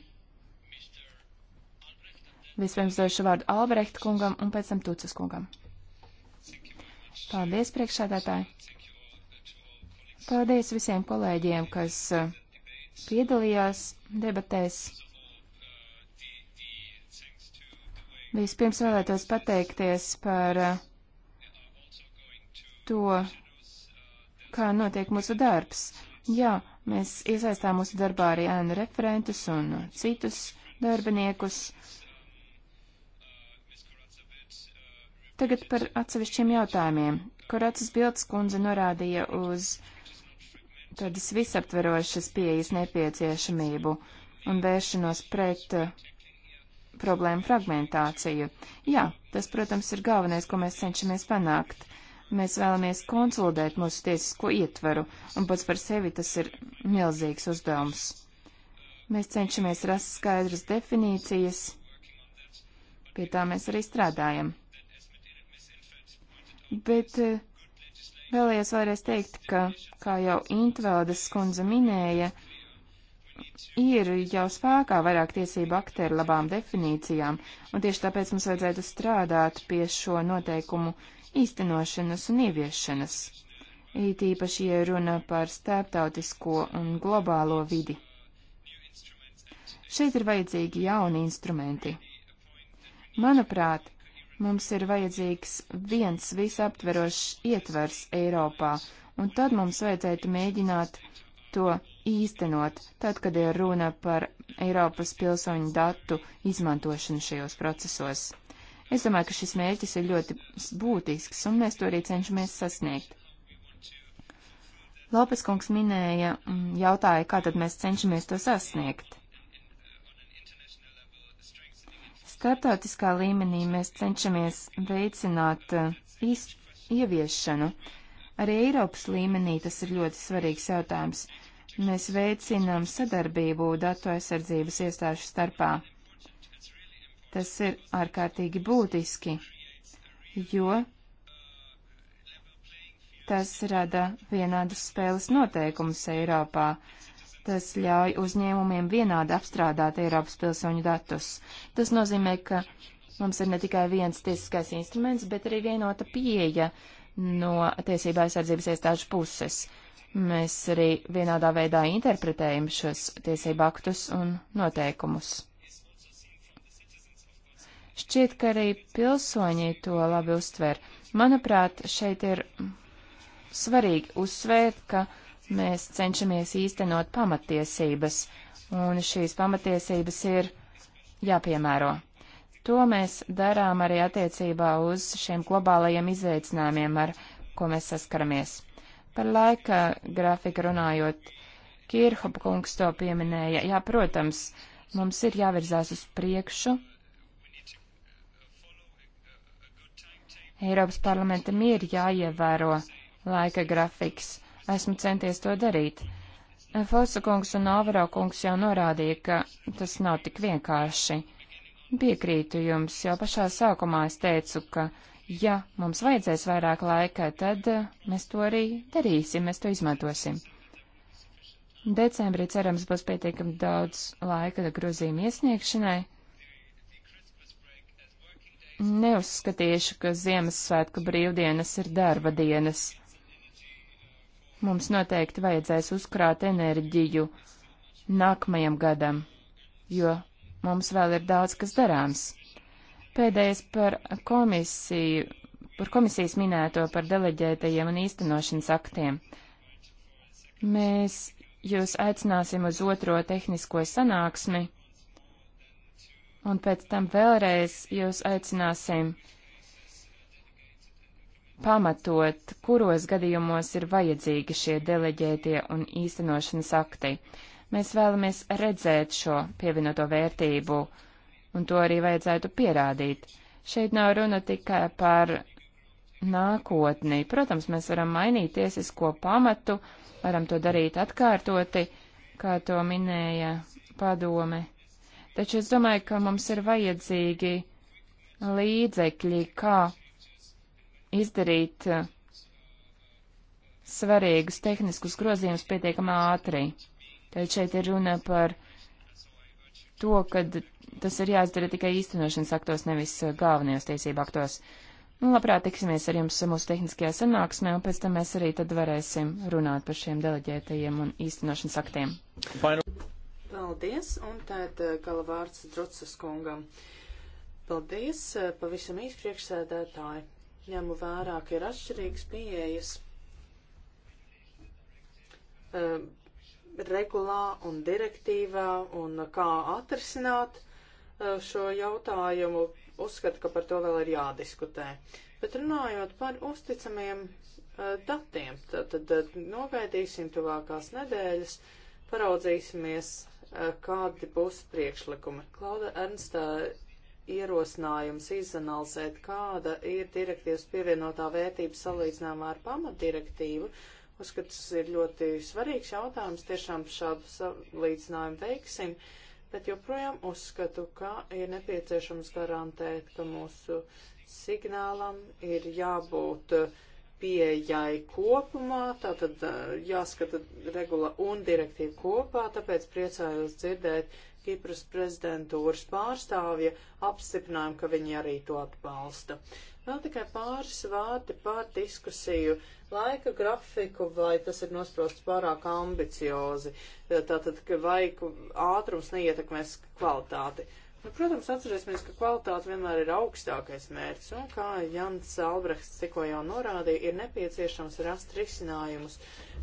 Vispirms došu vārdu Albrecht kungam un pēc tam Tucas kungam. Paldies, priekšsēdētāji! Paldies visiem kolēģiem, kas eh, piedalījās debatēs. Vispirms vēlētos pateikties par eh, to, kā notiek mūsu darbs. Jā, mēs iesaistām mūsu darbā arī ēnu referentus un citus darbiniekus. Tagad par atsevišķiem jautājumiem. Korācis Bildes kundze norādīja uz tādas visaptverošas pieejas nepieciešamību un vēršanos pret uh, problēmu fragmentāciju. Jā, tas, protams, ir galvenais, ko mēs cenšamies panākt. Uh, Mēs vēlamies konsolidēt mūsu tiesisko ietvaru, un pats par sevi tas ir milzīgs uzdevums. Mēs cenšamies rast skaidras definīcijas, pie tā mēs arī strādājam. Bet eh, vēlējos vēlreiz teikt, ka, kā jau Intveldes skundze minēja, ir jau spēkā vairāk tiesību akti ar labām definīcijām, un tieši tāpēc mums vajadzētu strādāt pie šo noteikumu īstenošanas un ieviešanas, it īpaši, ja runa par starptautisko un globālo vidi. Šeit ir vajadzīgi jauni instrumenti. Manuprāt, mums ir vajadzīgs viens visaptverošs ietvers Eiropā, un tad mums vajadzētu mēģināt to īstenot, tad, kad ir runa par Eiropas pilsoņu datu izmantošanu šajos procesos. Es domāju, ka šis mērķis ir ļoti būtisks, un mēs to arī cenšamies sasniegt. Lopes kungs minēja, mm, jautāja, kā tad mēs cenšamies to sasniegt. Startautiskā līmenī mēs cenšamies veicināt uh, iz, ieviešanu. Arī Eiropas līmenī tas ir ļoti svarīgs jautājums. Mēs veicinām sadarbību datu aizsardzības iestāžu starpā. Tas ir ārkārtīgi būtiski, jo tas rada vienādas spēles noteikumus Eiropā. Tas ļauj uzņēmumiem vienādi apstrādāt Eiropas pilsoņu datus. Tas nozīmē, ka mums ir ne tikai viens tiesiskais instruments, bet arī vienota pieeja no tiesībā aizsardzības iestāžu puses. Mēs arī vienādā veidā interpretējam šos tiesību aktus un noteikumus. Šķiet, ka arī pilsoņi to labi uztver. Manuprāt, šeit ir svarīgi uzsvērt, ka mēs cenšamies īstenot pamatiesības, un šīs pamatiesības ir jāpiemēro. To mēs darām arī attiecībā uz šiem globālajiem izaicinājumiem, ar ko mēs saskaramies. Par laika grafiku runājot, Kirhopa kungs to pieminēja. Jā, protams, mums ir jāvirzās uz priekšu, Eiropas parlamentam ir jāievēro laika grafiks. Esmu centies to darīt. Fosa kungs un Alvaro kungs jau norādīja, ka tas nav tik vienkārši. Piekrītu jums, jo pašā sākumā es teicu, ka ja mums vajadzēs vairāk laika, tad eh, mēs to arī darīsim, mēs to izmantosim. Decembrī cerams būs pietiekami daudz laika grozījuma iesniegšanai neuzskatīšu, ka Ziemassvētku brīvdienas ir darba dienas. Mums noteikti vajadzēs uzkrāt enerģiju nākamajam gadam, jo mums vēl ir daudz kas darāms. Pēdējais par komisiju, par komisijas minēto par deleģētajiem un īstenošanas aktiem. Mēs jūs aicināsim uz otro tehnisko sanāksmi un pēc tam vēlreiz jūs aicināsim pamatot, kuros gadījumos ir vajadzīgi šie deleģētie un īstenošanas akti. Mēs vēlamies redzēt šo pievienoto vērtību, un to arī vajadzētu pierādīt. Šeit nav runa tikai par nākotni. Protams, mēs varam mainīt tiesisko pamatu, varam to darīt atkārtoti, kā to minēja padome. Taču es domāju, ka mums ir vajadzīgi līdzekļi, kā izdarīt eh, svarīgus tehniskus grozījumus pietiekami ātri. Tad šeit ir runa par to, ka tas ir jāizdara tikai īstenošanas aktos, nevis eh, galvenajos tiesību aktos. Nu, labprāt, tiksimies ar jums mūsu tehniskajā sanāksmē, un pēc tam mēs arī tad varēsim runāt par šiem deleģētajiem un īstenošanas aktiem. Final. Paldies, un tad eh, gala vārds Drucas kungam. Paldies, eh, pavisam īsti priekšsēdētāji. Ņemu vērā, ka ir atšķirīgas pieejas uh, regulā un direktīvā un kā atrisināt uh, šo jautājumu. Uzskatu, ka par to vēl ir jādiskutē. Bet runājot par uzticamiem uh, datiem, tad, tad nogaidīsim tuvākās nedēļas, paraudzīsimies, kādi būs priekšlikumi. Klauda Ernstā ierosinājums izanalizēt, kāda ir direktīvas pievienotā vērtība salīdzinājumā ar pamatdirektīvu. Uzskats ir ļoti svarīgs jautājums, tiešām šādu salīdzinājumu veiksim, bet joprojām uzskatu, ka ir nepieciešams garantēt, ka mūsu signālam ir jābūt uh, pieejai kopumā, tātad jāskata regula un direktīva kopā, tāpēc priecājos dzirdēt Kipras prezidentūras pārstāvja apstiprinājumu, ka viņi arī to atbalsta. Vēl tikai pāris vārdi par diskusiju laika grafiku, vai tas ir nosprosts pārāk ambiciozi, tātad, vai ātrums neietekmēs kvalitāti. Nu, protams, atcerēsimies, ka kvalitāte vienmēr ir augstākais mērķis, un kā Jans Albrechts tikko jau norādīja, ir nepieciešams rast risinājumus,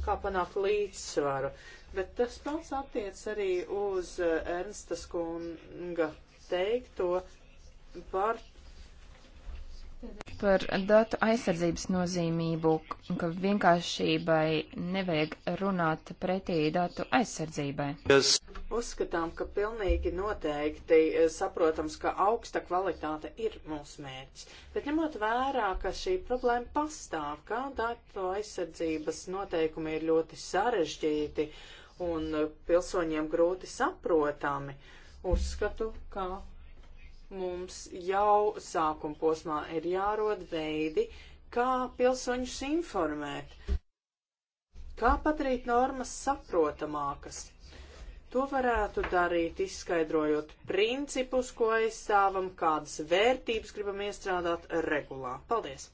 kā panākt līdzsvaru. Bet tas pats attiec arī uz Ernsta Skunga teikto par Par datu aizsardzības nozīmību, ka vienkāršībai nevajag runāt pretī datu aizsardzībai. Yes. Uzskatām, ka pilnīgi noteikti e, saprotams, ka augsta kvalitāte ir mūsu mērķis. Bet ņemot vērā, ka šī problēma pastāv, kā datu aizsardzības noteikumi ir ļoti sarežģīti un e, pilsoņiem grūti saprotami, uzskatu, ka mums jau sākuma posmā ir jārod veidi, kā pilsoņus informēt, kā padarīt normas saprotamākas. To varētu darīt, izskaidrojot principus, ko aizstāvam, kādas vērtības gribam iestrādāt regulā. Paldies!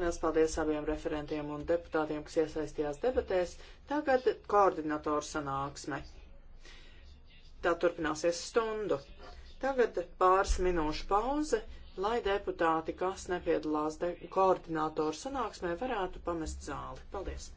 Liels paldies abiem referentiem un deputātiem, kas iesaistījās debatēs. Tagad koordinatoru sanāksme. Tā turpināsies stundu. Tagad pāris minūšu pauze, lai deputāti, kas nepiedalās de koordinātoru sanāksmē, varētu pamest zāli. Paldies!